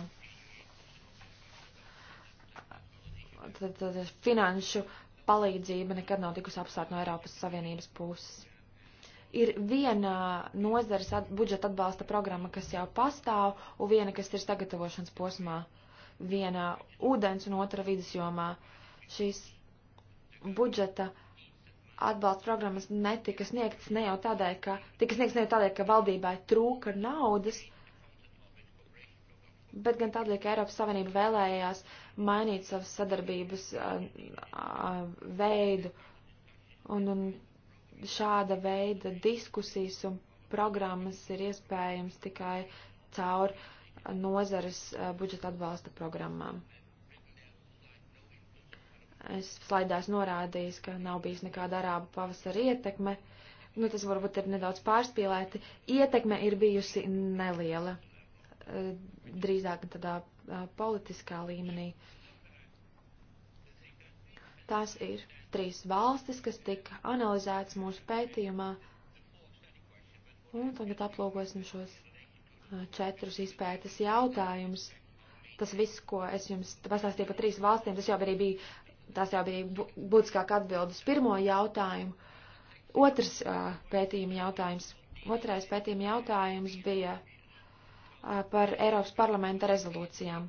Tad, tad finanšu palīdzība nekad nav tikusi apsvērta no Eiropas Savienības puses. Ir viena nozares at, budžeta atbalsta programma, kas jau pastāv, un viena, kas ir sagatavošanas posmā. Viena ūdens un otra vidusjomā. Šīs budžeta uh, atbalsta programmas netika sniegtas ne jau tādēļ, ka tika sniegts ne jau tādēļ, ka valdībai trūka naudas, bet gan tādēļ, ka Eiropas Savienība vēlējās mainīt savas sadarbības a, uh, a, uh, veidu un, un šāda veida diskusijas un programmas ir iespējams tikai caur nozares uh, budžeta atbalsta programmām es slaidās norādījis, ka nav bijis nekāda arābu pavasara ietekme. Nu, tas varbūt ir nedaudz pārspīlēti. Ietekme ir bijusi neliela, eh, drīzāk tādā eh, politiskā līmenī. Tās ir trīs valstis, kas tika analizētas mūsu pētījumā. Un tagad aplūkosim šos eh, četrus izpētes jautājumus tas viss, ko es jums pastāstīju par trīs valstīm, tas jau arī bija tas jau bija būtiskāk atbildes pirmo jautājumu. Otrs uh, pētījuma jautājums. Otrais pētījuma jautājums bija uh, par Eiropas parlamenta rezolūcijām.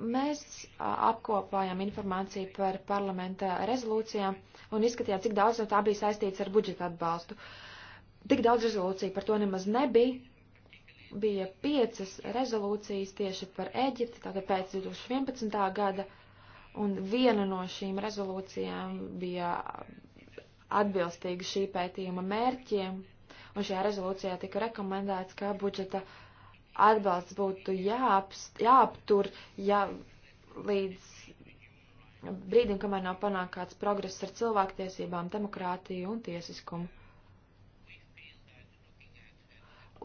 Mēs uh, apkopājām informāciju par parlamenta rezolūcijām un izskatījām, cik daudz no tā bija saistīts ar budžeta atbalstu. Tik daudz rezolūciju par to nemaz nebija. Bija piecas rezolūcijas tieši par Eģipti, tātad pēc 2011. gada. Uh, Un viena no šīm rezolūcijām bija atbilstīga šī pētījuma mērķiem, un šajā rezolūcijā tika rekomendēts, ka budžeta atbalsts būtu jāapst, jāaptur, ja līdz brīdim, kamēr nav panākt kāds progress ar cilvēktiesībām, demokrātiju un tiesiskumu.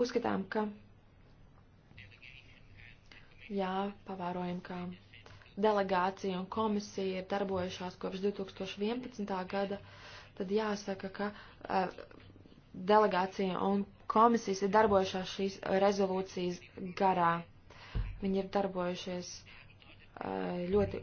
Uzskatām, ka jā, pavērojam, ka delegācija un komisija ir darbojušās kopš 2011. gada, tad jāsaka, ka uh, delegācija un komisijas ir darbojušās šīs rezolūcijas garā. Viņi ir darbojušies uh, ļoti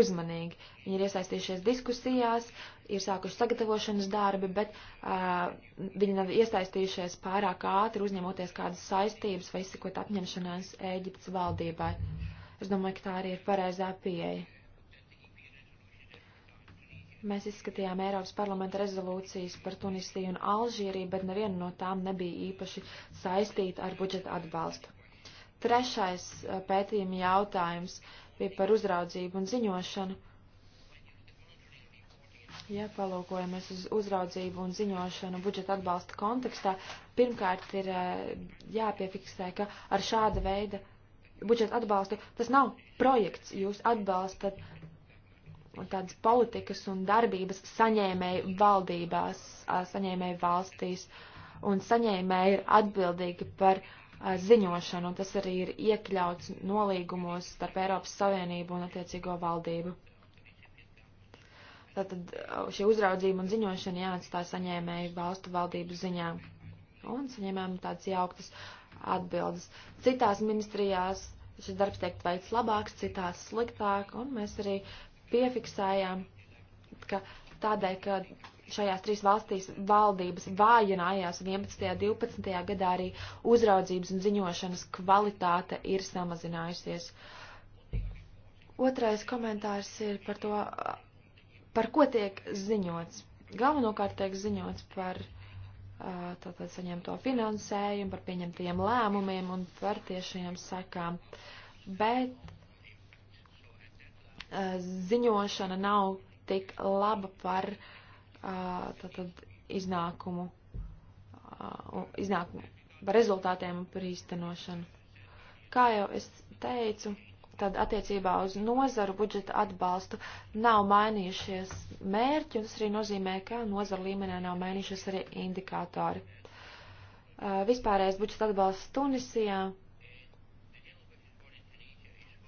uzmanīgi. Viņi ir iesaistījušies diskusijās, ir sākuši sagatavošanas darbi, bet uh, viņi nav iesaistījušies pārāk ātri, uzņemoties kādas saistības vai izsakot apņemšanās Ēģiptes valdībai. Uh, Es domāju, ka tā arī ir pareizā pieeja. Mēs izskatījām Eiropas parlamenta rezolūcijas par Tunisiju un Alžīriju, bet neviena no tām nebija īpaši saistīta ar budžeta atbalstu. Trešais eh, pētījuma jautājums bija par uzraudzību un ziņošanu. Ja palūkojamies uz uzraudzību un ziņošanu budžeta atbalsta kontekstā, pirmkārt ir eh, jāpiefiksē, ka ar šāda veida budžeta atbalstu, tas nav projekts, jūs atbalstat tādas politikas un darbības saņēmēju valdībās, saņēmēju valstīs, un saņēmēji ir atbildīgi par ziņošanu, un tas arī ir iekļauts nolīgumos starp Eiropas Savienību un attiecīgo valdību. Tātad šī uzraudzība un ziņošana jāatstāja saņēmēju valstu valdību ziņā. Un saņēmējām tādas jauktas uh, atbildes. Citās ministrijās šis darbs tiek veikts labāks, citās sliktāk, un mēs arī piefiksējām, ka tādēļ, ka šajās trīs valstīs valdības vājinājās un 11. un 12. gadā arī uzraudzības un ziņošanas kvalitāte ir samazinājusies. Otrais komentārs ir par to, par ko tiek ziņots. Galvenokārt tiek ziņots par Uh, tātad saņemto finansējumu, par pieņemtajiem lēmumiem un par tiešajām sakām. Bet uh, ziņošana nav tik laba par uh, tātad iznākumu, iznākumu par rezultātiem un par īstenošanu. Kā jau es teicu, tad attiecībā uz nozaru budžeta atbalstu nav mainījušies mērķi, un tas arī nozīmē, ka nozaru līmenē nav mainījušies arī indikātori. Uh, vispārējais budžeta atbalsts Tunisijā,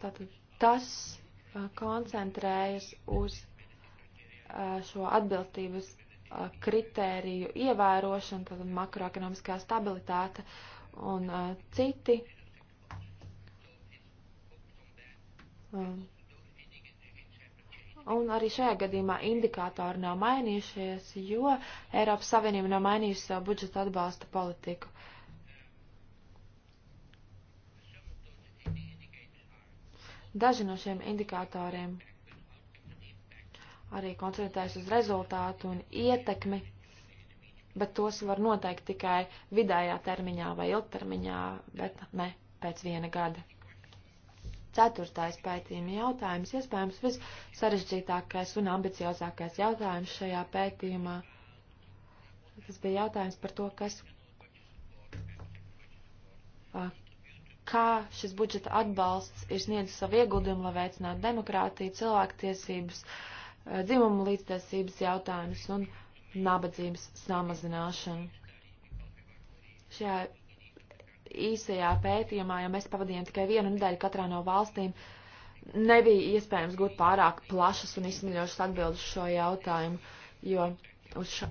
tātad tas uh, koncentrējas uz uh, šo atbilstības kritēriju ievērošanu, tātad makroekonomiskā stabilitāte un citi Um, un arī šajā gadījumā indikātori nav mainījušies, jo Eiropas Savienība nav mainījusi savu budžeta atbalsta politiku. Daži no šiem indikātoriem arī koncentrējas uz rezultātu un ietekmi, bet tos var noteikt tikai vidējā termiņā vai ilgtermiņā, bet ne pēc viena gada. Ceturtais pētījuma jautājums, iespējams, vissarežģītākais un ambiciozākais jautājums šajā pētījumā. Tas bija jautājums par to, kas, kā šis budžeta atbalsts ir sniedzis savu ieguldījumu, lai veicinātu demokrātiju, cilvēktiesības, dzimumu līdztiesības jautājumus un nabadzības samazināšanu. Šajā īsajā pētījumā, jo mēs pavadījām tikai vienu nedēļu katrā no valstīm, nebija iespējams gūt pārāk plašas un izsmeļošas atbildes uz šo jautājumu, jo uz ša...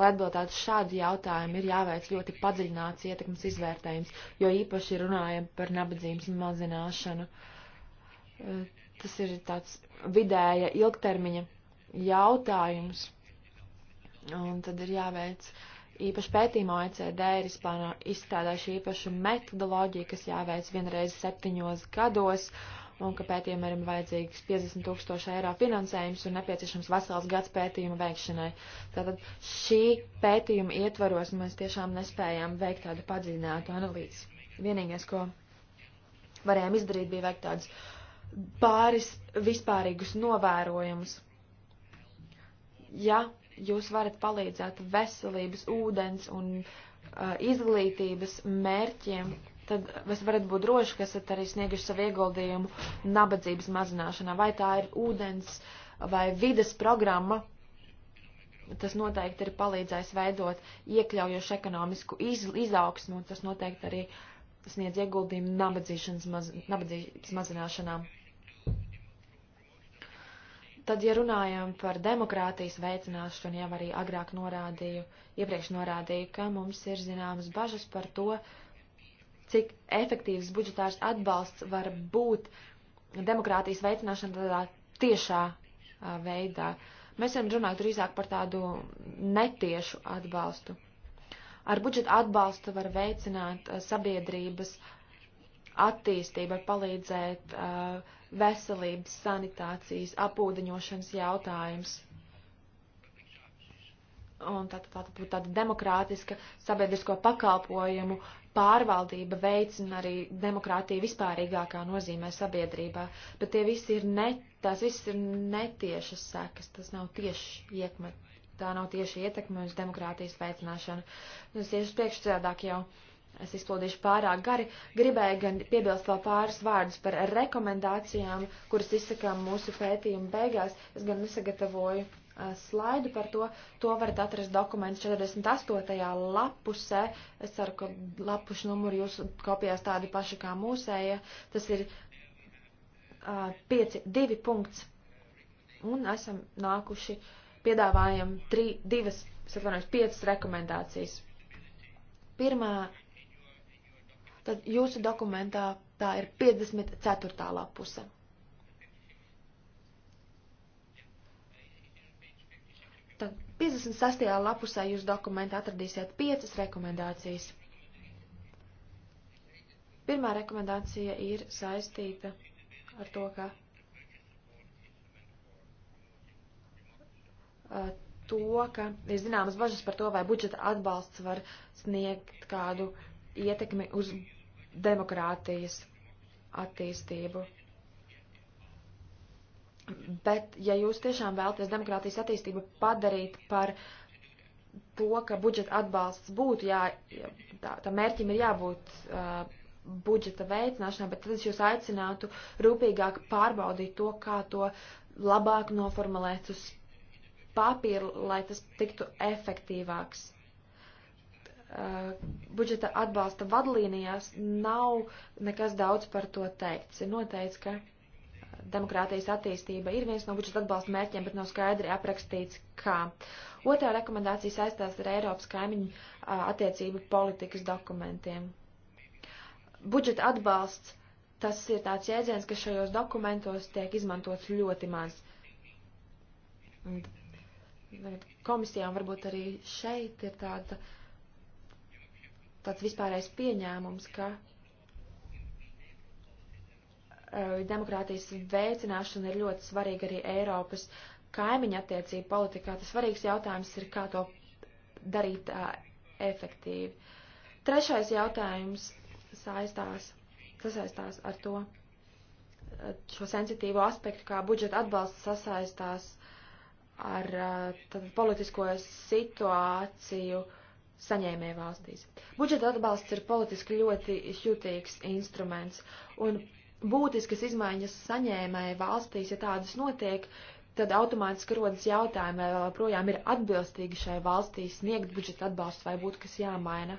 lai atbildētu šādu jautājumu ir jāveic ļoti padziļināts ietekmes izvērtējums, jo īpaši runājam par nabadzības mazināšanu. E, tas ir tāds vidēja ilgtermiņa jautājums, un tad ir jāveic uh, īpaši pētījumu OECD ir izstrādājuši īpašu metodoloģiju, kas jāveic vienreiz septiņos gados, un ka pētījumam ir vajadzīgs 50 tūkstoši eiro finansējums un nepieciešams vesels gads pētījumu veikšanai. Tātad šī pētījuma ietvaros mēs tiešām nespējām veikt tādu padziļinātu analīzi. Vienīgais, ko varējām izdarīt, bija veikt tādus pāris vispārīgus novērojumus. Ja jūs varat palīdzēt veselības, ūdens un uh, izglītības mērķiem, tad jūs varat būt droši, ka esat arī snieguši savu ieguldījumu nabadzības mazināšanā. Vai tā ir ūdens vai vides programma, tas noteikti ir palīdzējis veidot iekļaujošu ekonomisku iz, izaugsmu, un tas noteikti arī sniedz ieguldījumu nabadzības maz, mazināšanām. Tad, ja runājam par demokrātijas veicināšanu, jau arī agrāk norādīju, iepriekš norādīju, ka mums ir zināmas bažas par to, cik efektīvs budžetārs atbalsts var būt demokrātijas veicināšana tādā tiešā a, veidā. Mēs varam runāt drīzāk par tādu netiešu atbalstu. Ar budžeta atbalstu var veicināt a, sabiedrības attīstība var palīdzēt uh, veselības, sanitācijas, apūdeņošanas jautājums. Un tā, tā, tā būtu tāda demokrātiska sabiedrisko pakalpojumu pārvaldība veicina arī demokrātiju vispārīgākā nozīmē sabiedrībā. Bet tie visi ir, ne, tās visas ir netiešas sekas, tas nav tieši iekmet, tā nav tieši ietekme uz demokrātijas veicināšanu. Es tieši priekšsēdāk jau. Uh, es izplatīšu pārāk gari. Gribēju gan piebilst vēl pāris vārdus par rekomendācijām, kuras izsakām mūsu pētījuma beigās. Es gan nesagatavoju uh, slaidu par to. To varat atrast dokumentu 48. lapusē. Es ceru, ka lapušu numuru jūs kopijās tādi paši kā mūsēja. Tas ir uh, 5, 2 punkts. Un esam nākuši, piedāvājam 3, 2, 5 rekomendācijas. Pirmā Tad jūsu dokumentā tā ir 54. lapuse. Tad 56. lapusē jūs dokumentā atradīsiet piecas rekomendācijas. Pirmā rekomendācija ir saistīta ar to, ka to, ka ir zināmas bažas par to, vai budžeta atbalsts var sniegt kādu ietekmi uz demokrātijas attīstību. Bet, ja jūs tiešām vēlaties demokrātijas attīstību padarīt par to, ka budžeta atbalsts būtu, jā, tā, tā mērķim ir jābūt uh, budžeta veicināšanā, bet tad es jūs aicinātu rūpīgāk pārbaudīt to, kā to labāk noformulēt uz papīru, lai tas tiktu efektīvāks. Eh, budžeta atbalsta vadlīnijās nav nekas daudz par to teikts. Ir noteikts, ka demokrātijas attīstība ir viens no budžeta atbalsta mērķiem, bet nav skaidri aprakstīts, kā. Otrā rekomendācija saistās ar Eiropas kaimiņu eh, attiecību politikas dokumentiem. Budžeta atbalsts, tas ir tāds jēdziens, kas šajos dokumentos tiek izmantots ļoti maz. Komisijām varbūt arī šeit ir tāda uh, tāds vispārējais pieņēmums, ka eh, demokrātijas veicināšana ir ļoti svarīga arī Eiropas kaimiņa attiecību politikā. Tas svarīgs jautājums ir, kā to darīt tā, eh, efektīvi. Trešais jautājums saistās, sasaistās ar to eh, šo sensitīvo aspektu, kā budžeta atbalsts sasaistās ar tad, politisko situāciju uh, saņēmēju valstīs. Budžeta atbalsts ir politiski ļoti jutīgs instruments, un būtiskas izmaiņas saņēmēju valstīs, ja tādas notiek, tad automātiski rodas jautājumi, vai joprojām ir atbilstīgi šai valstī sniegt budžeta atbalstu, vai būtu kas jāmaina.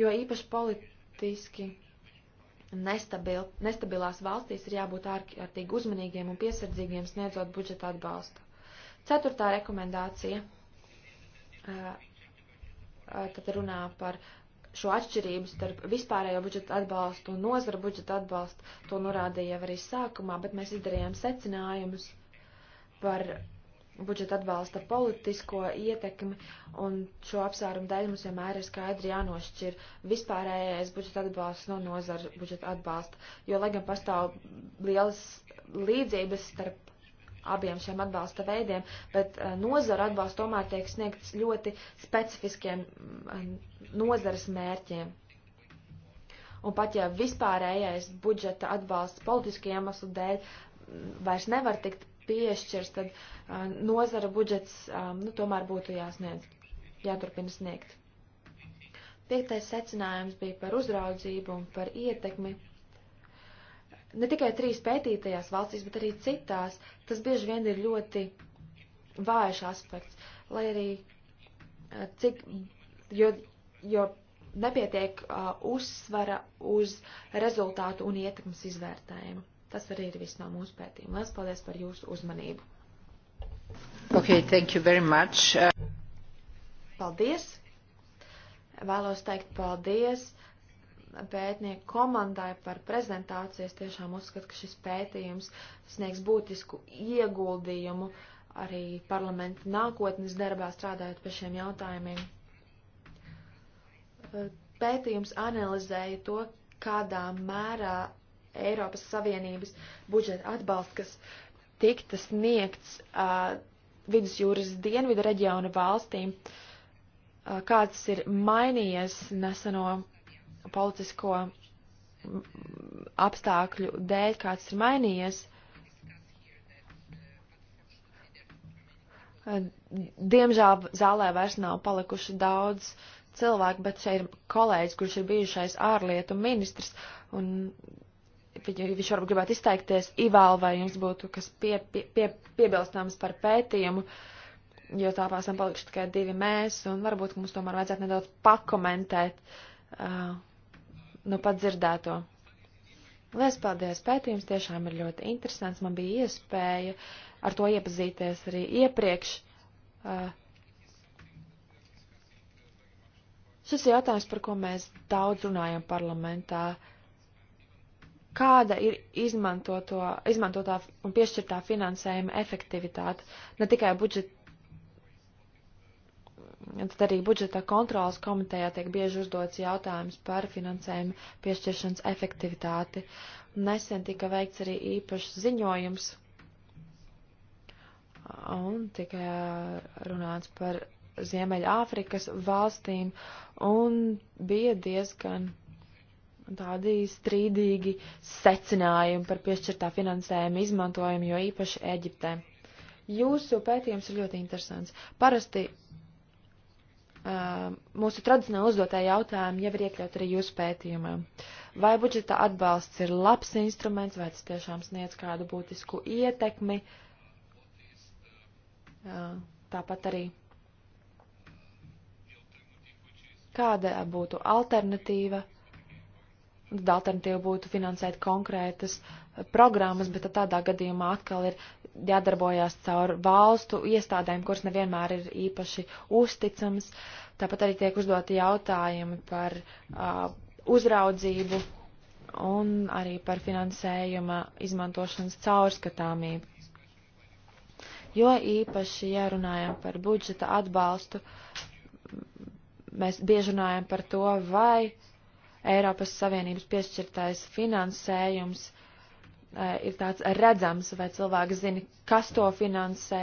Jo īpaši politiski nestabil, nestabilās valstīs ir jābūt ārkārtīgi uzmanīgiem un piesardzīgiem sniedzot budžeta atbalstu. Ceturtā rekomendācija. Uh, Eh, tad runā par šo atšķirību starp vispārējo budžeta atbalstu un nozara budžeta atbalstu. To norādīja arī sākumā, bet mēs izdarījām secinājumus par budžeta atbalsta politisko ietekmi, un šo apsvērumu dēļ mums vienmēr ir skaidri jānošķir vispārējais budžeta atbalsts no nozara budžeta atbalsta, jo, lai gan pastāv lielas līdzības starp abiem šiem atbalsta veidiem, bet eh, nozara atbalsts tomēr tiek sniegts ļoti specifiskiem mm, nozaras mērķiem. Un pat ja vispārējais budžeta atbalsts politiskiem iemeslu dēļ mm, vairs nevar tikt piešķirs, tad uh, nozara budžets um, nu, tomēr būtu jāsniedz, jāturpina sniegt. Piektais secinājums bija par uzraudzību un par ietekmi ne tikai trīs pētītajās valstīs, bet arī citās, tas bieži vien ir ļoti vājš aspekts, lai arī eh, cik, jo, jo nepietiek uh, uzsvara uz rezultātu un ietekmes izvērtējumu. Tas arī ir viss no mūsu pētījuma. Lielas paldies par jūsu uzmanību. Okay, thank you very much. Paldies. Vēlos teikt paldies pētnieku komandai par prezentācijas. Tiešām uzskatu, ka šis pētījums sniegs būtisku ieguldījumu arī parlamenta nākotnes darbā strādājot pie šiem jautājumiem. Pētījums analizēja to, kādā mērā Eiropas Savienības budžeta atbalsts, kas tikta sniegts uh, vidusjūras dienvidu reģionu valstīm, uh, kāds ir mainījies neseno politisko apstākļu dēļ, kāds ir mainījies. Diemžēl zālē vairs nav palikuši daudz cilvēku, bet šeit ir kolēģis, kurš ir bijušais ārlietu ministrs, un viņš varbūt gribētu izteikties. Ivēl, vai jums būtu kas pie, pie, pie, piebilstams par pētījumu, jo tāpā esam palikuši tikai divi mēs, un varbūt mums tomēr vajadzētu nedaudz pakomentēt. Uh, nu pat dzirdēto. Lies paldies, pētījums tiešām ir ļoti interesants. Man bija iespēja ar to iepazīties arī iepriekš. Uh, šis jautājums, par ko mēs daudz runājam parlamentā, kāda ir izmantotā un piešķirtā finansējuma efektivitāte ne tikai budžeta tad arī budžeta kontrolas komitejā tiek bieži uzdots jautājums par finansējumu piešķiršanas efektivitāti. Nesen tika veikts arī īpašs ziņojums un tika runāts par Ziemeļāfrikas valstīm un bija diezgan tādi strīdīgi secinājumi par piešķirtā finansējuma izmantojumu, jo īpaši Eģiptē. Jūsu pētījums ir ļoti interesants. Parasti mūsu tradicionāli uzdotā jautājuma jau ir iekļaut arī jūsu pētījumā. Vai budžeta atbalsts ir labs instruments, vai tas tiešām sniedz kādu būtisku ietekmi? Tāpat arī. Kāda būtu alternatīva? Tad alternatīva būtu finansēt konkrētas programmas, bet tādā gadījumā atkal ir jādarbojās caur valstu iestādēm, kuras nevienmēr ir īpaši uzticams. Tāpat arī tiek uzdoti jautājumi par uh, uzraudzību un arī par finansējuma izmantošanas caurskatāmību. Jo īpaši, ja runājam par budžeta atbalstu, mēs bieži runājam par to, vai Eiropas Savienības piešķirtais finansējums ir tāds redzams, vai cilvēks zina, kas to finansē,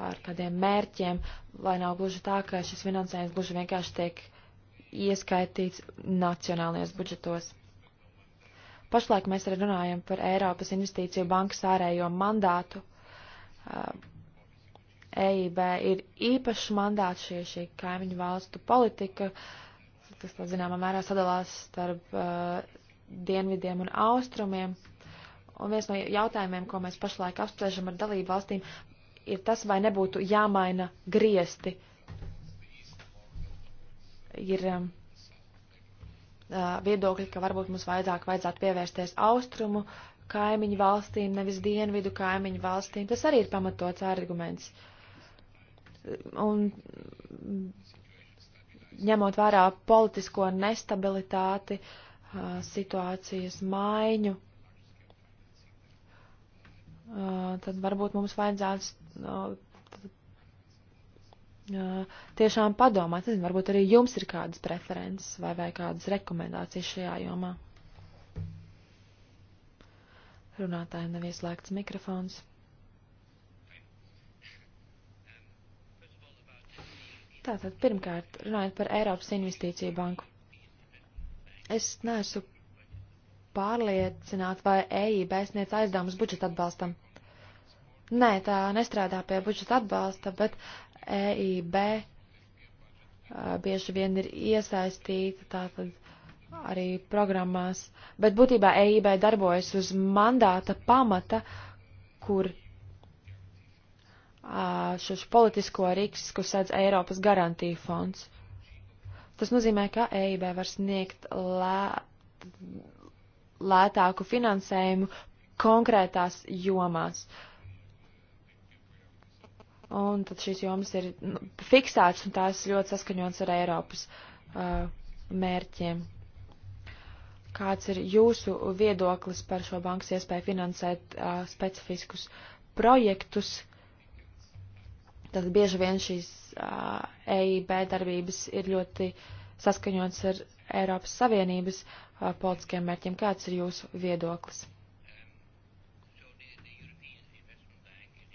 ar kādiem mērķiem, lai nav gluži tā, ka šis finansējums gluži vienkārši tiek ieskaitīts nacionālajos budžetos. Pašlaik mēs arī runājam par Eiropas investīciju bankas ārējo mandātu. EIB ir īpašs mandāts šie šī kaimiņu valstu politika, kas, tā zināmā mērā, sadalās starp uh, dienvidiem un austrumiem. Uh, Un viens no jautājumiem, ko mēs pašlaik apspriežam ar dalību valstīm, ir tas, vai nebūtu jāmaina griesti. Ir um, viedokļi, ka varbūt mums vajadzāk vajadzētu pievērsties austrumu kaimiņu valstīm, nevis dienvidu kaimiņu valstīm. Tas arī ir pamatots arguments. Un ņemot vērā politisko nestabilitāti, situācijas maiņu tad varbūt mums vajadzētu tiešām padomāt, nezinu, varbūt arī jums ir kādas preferences vai, vai kādas rekomendācijas šajā jomā. Runātājiem nav ieslēgts mikrofons. Tātad, pirmkārt, runājot par Eiropas investīciju banku. Es neesmu pārliecināts, vai EIB sniedz aizdevumus budžeta atbalstam. Nē, tā nestrādā pie budžeta atbalsta, bet EIB bieži vien ir iesaistīta tātad arī programmās, bet būtībā EIB darbojas uz mandāta pamata, kur šos politisko risku sēdz Eiropas garantija fonds. Tas nozīmē, ka EIB var sniegt lē, lētāku finansējumu konkrētās jomās. Un tad šīs jomas ir nu, fiksētas un tās ļoti saskaņotas ar Eiropas uh, mērķiem. Kāds ir jūsu viedoklis par šo bankas iespēju finansēt uh, specifiskus projektus? Tad bieži vien šīs uh, EIB darbības ir ļoti saskaņotas ar Eiropas Savienības uh, politiskiem mērķiem. Kāds ir jūsu viedoklis?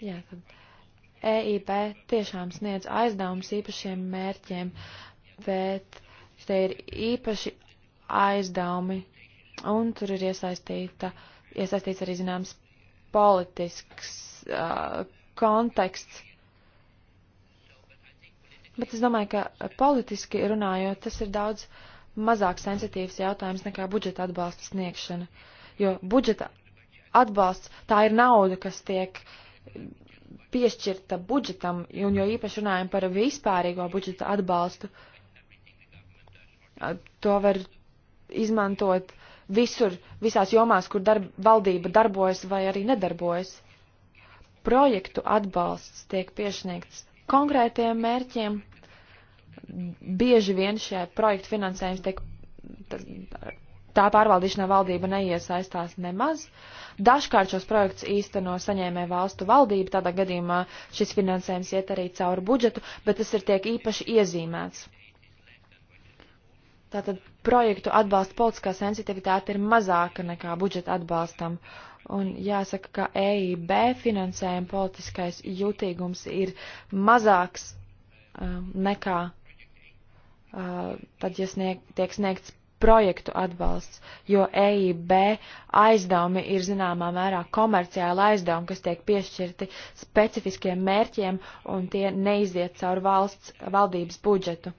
Jā, tad EIB tiešām sniedz aizdevumus īpašiem mērķiem, bet te ir īpaši aizdevumi, un tur ir iesaistīta, iesaistīts arī zināms politisks uh, konteksts. Bet es domāju, ka politiski runājot, tas ir daudz uh, mazāk sensitīvs jautājums nekā budžeta atbalsta sniegšana, jo budžeta atbalsts tā ir nauda, kas tiek piešķirta budžetam, un jo īpaši runājam par vispārīgo budžeta atbalstu, to var izmantot visur, visās jomās, kur darb, valdība darbojas vai arī nedarbojas. Projektu atbalsts tiek piešniegts konkrētiem mērķiem, bieži vien šie projektu finansējums tiek, tā pārvaldīšanā valdība neiesaistās nemaz. Dažkārt šos projektus īsteno saņēmē valstu valdība, tādā gadījumā šis finansējums iet arī cauri budžetu, bet tas ir tiek īpaši iezīmēts. Tātad projektu atbalsta politiskā sensitivitāte ir mazāka nekā budžeta atbalstam. Un jāsaka, ka EIB finansējuma politiskais jūtīgums ir mazāks um, nekā Uh, tad, ja snieg, tiek sniegts projektu atbalsts, jo EIB aizdevumi ir zināmā mērā komerciāli aizdevumi, kas tiek piešķirti specifiskiem mērķiem un tie neiziet caur valsts valdības budžetu.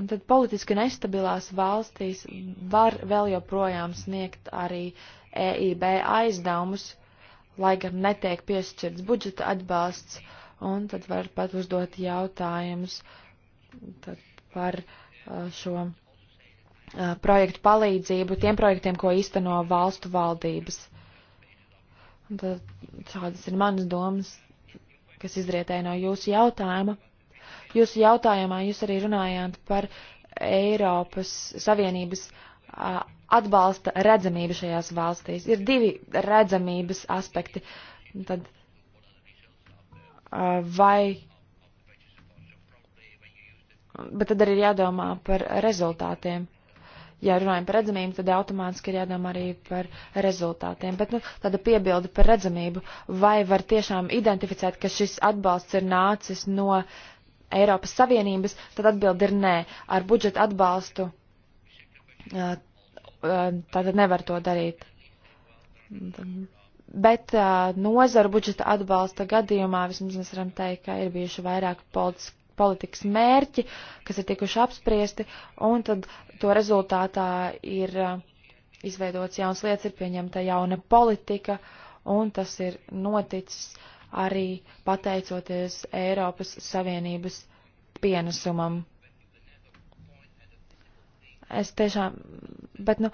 Un tad politiski nestabilās valstīs var vēl joprojām sniegt arī EIB aizdevumus, lai gan netiek piešķirts budžeta atbalsts. Uh, un tad var pat uzdot jautājumus par uh, šo uh, projektu palīdzību tiem projektiem, ko īsteno valstu valdības. Tad šādas ir manas domas, kas izrietēja no jūsu jautājuma. Jūsu jautājumā jūs arī runājāt par Eiropas Savienības uh, atbalsta redzamību šajās valstīs. Ir divi redzamības aspekti. Tad Uh, vai. Bet tad arī ir jādomā par rezultātiem. Ja runājam par redzamību, tad automātiski ir jādomā arī par rezultātiem. Bet nu, tāda piebilde par redzamību, vai var tiešām identificēt, ka šis atbalsts ir nācis no Eiropas Savienības, tad atbildi ir nē. Ar budžeta atbalstu uh, uh, tātad nevar to darīt. Bet uh, nozaru budžeta atbalsta gadījumā vismaz mēs varam teikt, ka ir bijuši vairāk politis, politikas mērķi, kas ir tikuši apspriesti, un tad to rezultātā ir uh, izveidots jauns lietas, ir pieņemta jauna politika, un tas ir noticis arī pateicoties Eiropas Savienības pienesumam es tiešām, bet, nu,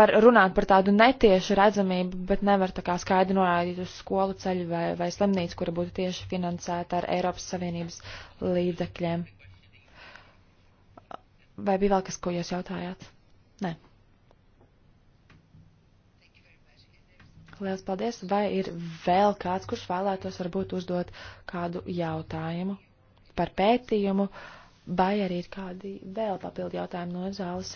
var runāt par tādu netiešu redzamību, bet nevar tā kā skaidri norādīt uz skolu ceļu vai, vai slimnīcu, kura būtu tieši finansēta ar Eiropas Savienības līdzekļiem. Vai bija vēl kas, ko jūs jautājāt? Nē. Liels paldies. Vai ir vēl kāds, kurš vēlētos varbūt uzdot kādu jautājumu par pētījumu? Uh, Vai arī ir kādi vēl papildu jautājumi no zāles?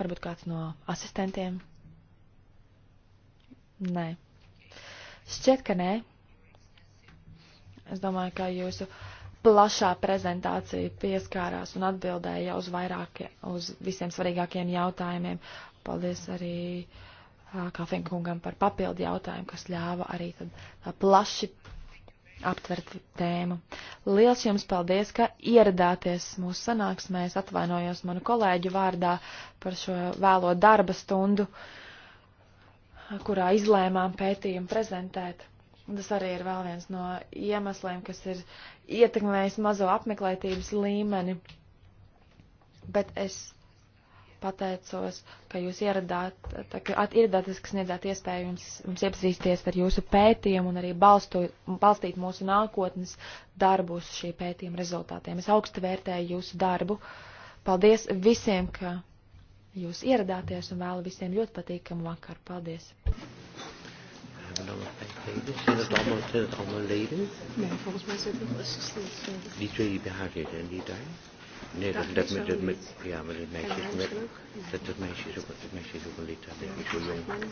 Varbūt kāds no asistentiem? Nē. Šķiet, ka nē. Es domāju, ka jūsu plašā prezentācija pieskārās un atbildēja uz vairākiem, uz visiem svarīgākiem jautājumiem. Paldies arī Kāfenkungam par papildu jautājumu, kas ļāva arī tad plaši aptvert tēmu. Liels jums paldies, ka ieradāties mūsu sanāksmē. Es atvainojos manu kolēģu vārdā par šo vēlo darba stundu, kurā izlēmām pētījumu prezentēt. Tas arī ir vēl viens no iemesliem, kas ir ietekmējis mazo apmeklētības līmeni. Bet es pateicos, ka jūs ieradāt, tā, ka ieradāties, ka sniedzāt iespēju jums, jums iepazīsties ar jūsu pētījumu un arī balstu, balstīt mūsu nākotnes darbu uz šī pētījuma rezultātiem. Es augstu vērtēju jūsu darbu. Paldies visiem, ka jūs ieradāties un vēlu visiem ļoti patīkamu vakaru. Paldies! Nee, volgens mij zit er assistent. Die twee die behaard heeft en die daar. Nee, dat, dat, dat, dat, ja, maar dat meisje is, dat, dat meisje is ook, dat meisje is ook een lid, dat is niet zo jong.